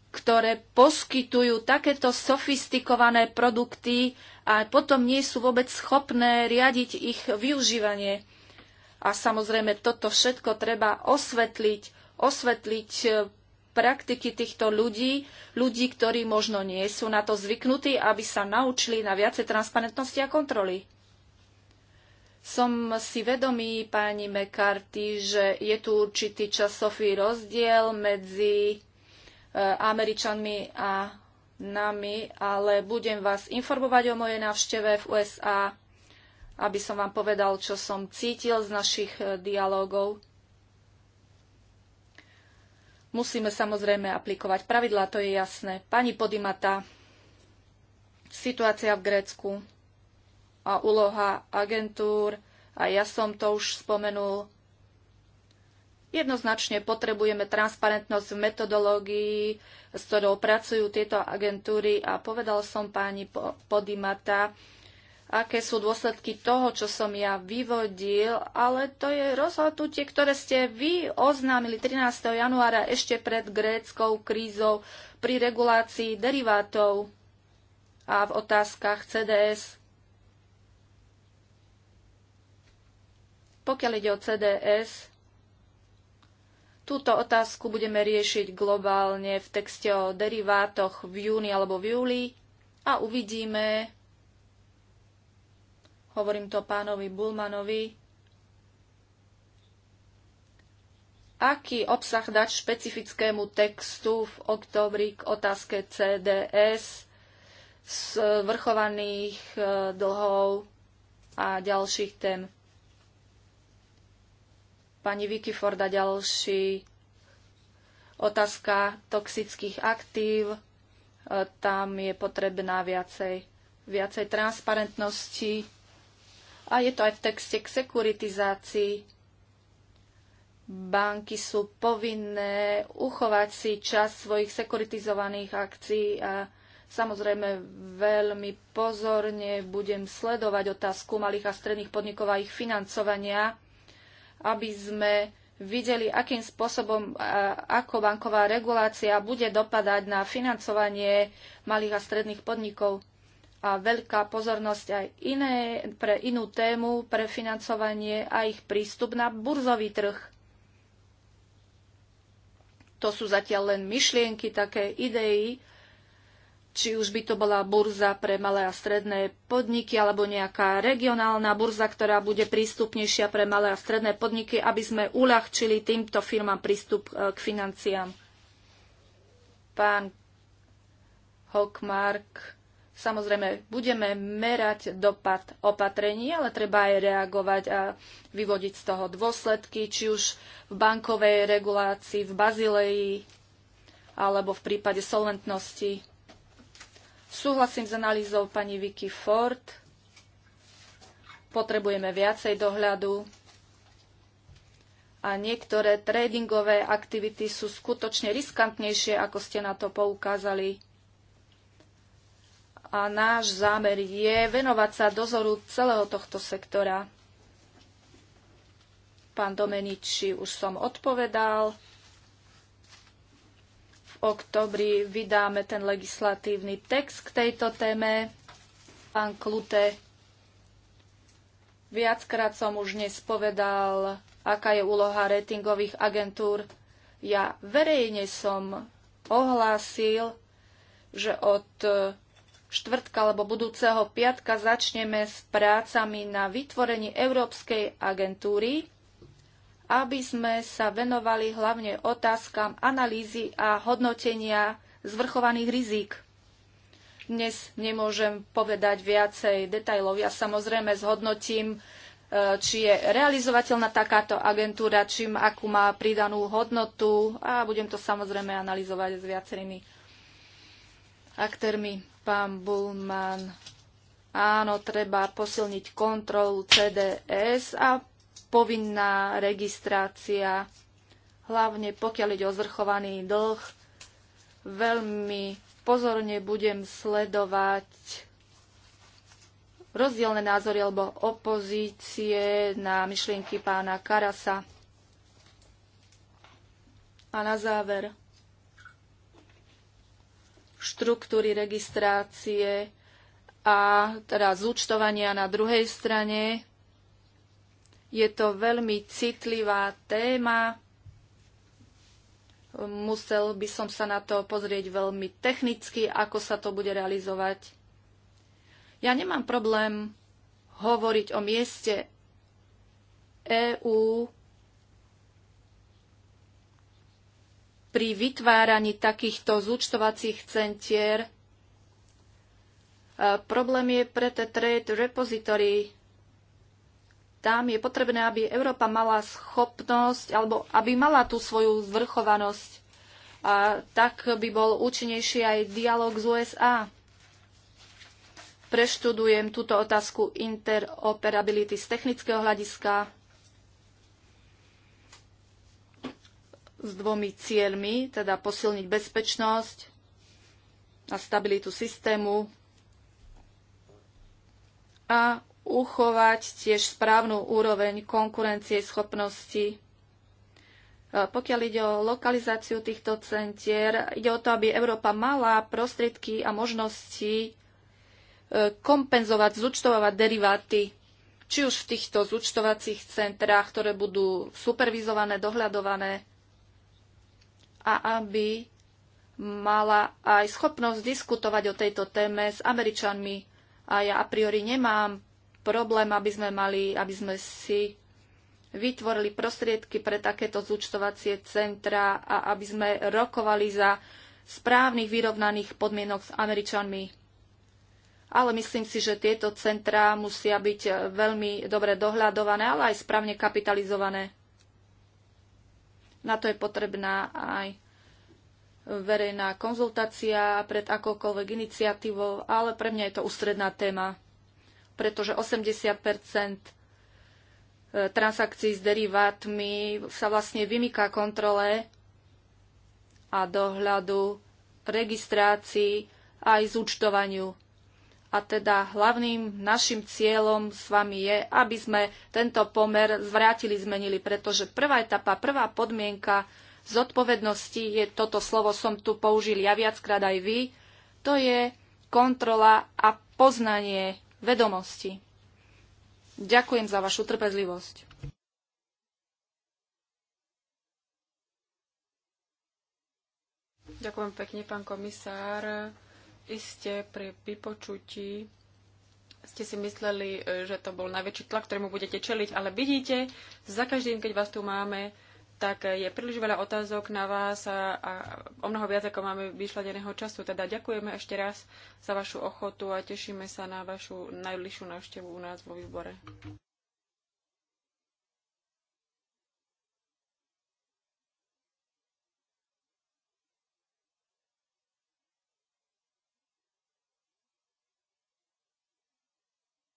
ktoré poskytujú takéto sofistikované produkty a potom nie sú vôbec schopné riadiť ich využívanie. A samozrejme, toto všetko treba osvetliť, osvetliť e, praktiky týchto ľudí, ľudí, ktorí možno nie sú na to zvyknutí, aby sa naučili na viacej transparentnosti a kontroly. Som si vedomý, pani McCarthy, že je tu určitý časový rozdiel medzi e, Američanmi a nami, ale budem vás informovať o mojej návšteve v USA aby som vám povedal, čo som cítil z našich e, dialogov. Musíme samozrejme aplikovať pravidlá, to je jasné. Pani Podimata, situácia v Grécku a úloha agentúr, a ja som to už spomenul, Jednoznačne potrebujeme transparentnosť v metodológii, s ktorou pracujú tieto agentúry a povedal som páni Podimata, aké sú dôsledky toho, čo som ja vyvodil, ale to je rozhodnutie, ktoré ste vy oznámili 13. januára ešte pred gréckou krízou pri regulácii derivátov a v otázkach CDS. Pokiaľ ide o CDS, túto otázku budeme riešiť globálne v texte o derivátoch v júni alebo v júli a uvidíme, hovorím to pánovi Bulmanovi, aký obsah dať špecifickému textu v oktobri k otázke CDS z vrchovaných e, dlhov a ďalších tém. Pani Vicky Forda ďalší otázka toxických aktív. E, tam je potrebná viacej, viacej transparentnosti a je to aj v texte k sekuritizácii. Banky sú povinné uchovať si čas svojich sekuritizovaných akcií a samozrejme veľmi pozorne budem sledovať otázku malých a stredných podnikov a ich financovania, aby sme videli, akým spôsobom, ako banková regulácia bude dopadať na financovanie malých a stredných podnikov a veľká pozornosť aj iné, pre inú tému, pre financovanie a ich prístup na burzový trh. To sú zatiaľ len myšlienky, také idei, či už by to bola burza pre malé a stredné podniky alebo nejaká regionálna burza, ktorá bude prístupnejšia pre malé a stredné podniky, aby sme uľahčili týmto firmám prístup e, k financiám. Pán Hockmark Samozrejme, budeme merať dopad opatrení, ale treba aj reagovať a vyvodiť z toho dôsledky, či už v bankovej regulácii, v Bazileji alebo v prípade solventnosti. Súhlasím s analýzou pani Vicky Ford. Potrebujeme viacej dohľadu a niektoré tradingové aktivity sú skutočne riskantnejšie, ako ste na to poukázali a náš zámer je venovať sa dozoru celého tohto sektora. Pán Domeniči, už som odpovedal. V oktobri vydáme ten legislatívny text k tejto téme. Pán Klute, viackrát som už dnes povedal, aká je úloha ratingových agentúr. Ja verejne som ohlásil, že od štvrtka alebo budúceho piatka začneme s prácami na vytvorení Európskej agentúry, aby sme sa venovali hlavne otázkam analýzy a hodnotenia zvrchovaných rizík. Dnes nemôžem povedať viacej detajlov. Ja samozrejme zhodnotím, e, či je realizovateľná takáto agentúra, čím akú má pridanú hodnotu a budem to samozrejme analyzovať s viacerými aktérmi. Pán Bulman, áno, treba posilniť kontrolu CDS a povinná registrácia, hlavne pokiaľ ide o zrchovaný dlh. Veľmi pozorne budem sledovať rozdielne názory alebo opozície na myšlienky pána Karasa. A na záver štruktúry registrácie a teda zúčtovania na druhej strane. Je to veľmi citlivá téma. Musel by som sa na to pozrieť veľmi technicky, ako sa to bude realizovať. Ja nemám problém hovoriť o mieste EÚ pri vytváraní takýchto zúčtovacích centier. E, problém je pre Trade Repository. Tam je potrebné, aby Európa mala schopnosť, alebo aby mala tú svoju zvrchovanosť. A tak by bol účinnejší aj dialog z USA. Preštudujem túto otázku interoperability z technického hľadiska s dvomi cieľmi, teda posilniť bezpečnosť a stabilitu systému a uchovať tiež správnu úroveň konkurencie schopnosti. E, pokiaľ ide o lokalizáciu týchto centier, ide o to, aby Európa mala prostriedky a možnosti e, kompenzovať, zúčtovať deriváty, či už v týchto zúčtovacích centrách, ktoré budú supervizované, dohľadované, a aby mala aj schopnosť diskutovať o tejto téme s Američanmi. A ja a priori nemám problém, aby sme, mali, aby sme si vytvorili prostriedky pre takéto zúčtovacie centra a aby sme rokovali za správnych vyrovnaných podmienok s Američanmi. Ale myslím si, že tieto centrá musia byť veľmi dobre dohľadované, ale aj správne kapitalizované. Na to je potrebná aj verejná konzultácia pred akoukoľvek iniciatívou, ale pre mňa je to ústredná téma, pretože 80 e, transakcií s derivátmi sa vlastne vymyká kontrole a dohľadu registrácii aj zúčtovaniu a teda hlavným našim cieľom s vami je, aby sme tento pomer zvrátili, zmenili, pretože prvá etapa, prvá podmienka zodpovednosti je toto slovo som tu použil ja viackrát aj vy, to je kontrola a poznanie vedomosti. Ďakujem za vašu trpezlivosť. Ďakujem pekne, pán komisár. Iste pri vypočutí ste si mysleli, že to bol najväčší tlak, ktorému budete čeliť, ale vidíte, za každým, keď vás tu máme, tak je príliš veľa otázok na vás a, a o mnoho viac, ako máme vyšladeného času. Teda ďakujeme ešte raz za vašu ochotu a tešíme sa na vašu najbližšiu návštevu u nás vo výbore.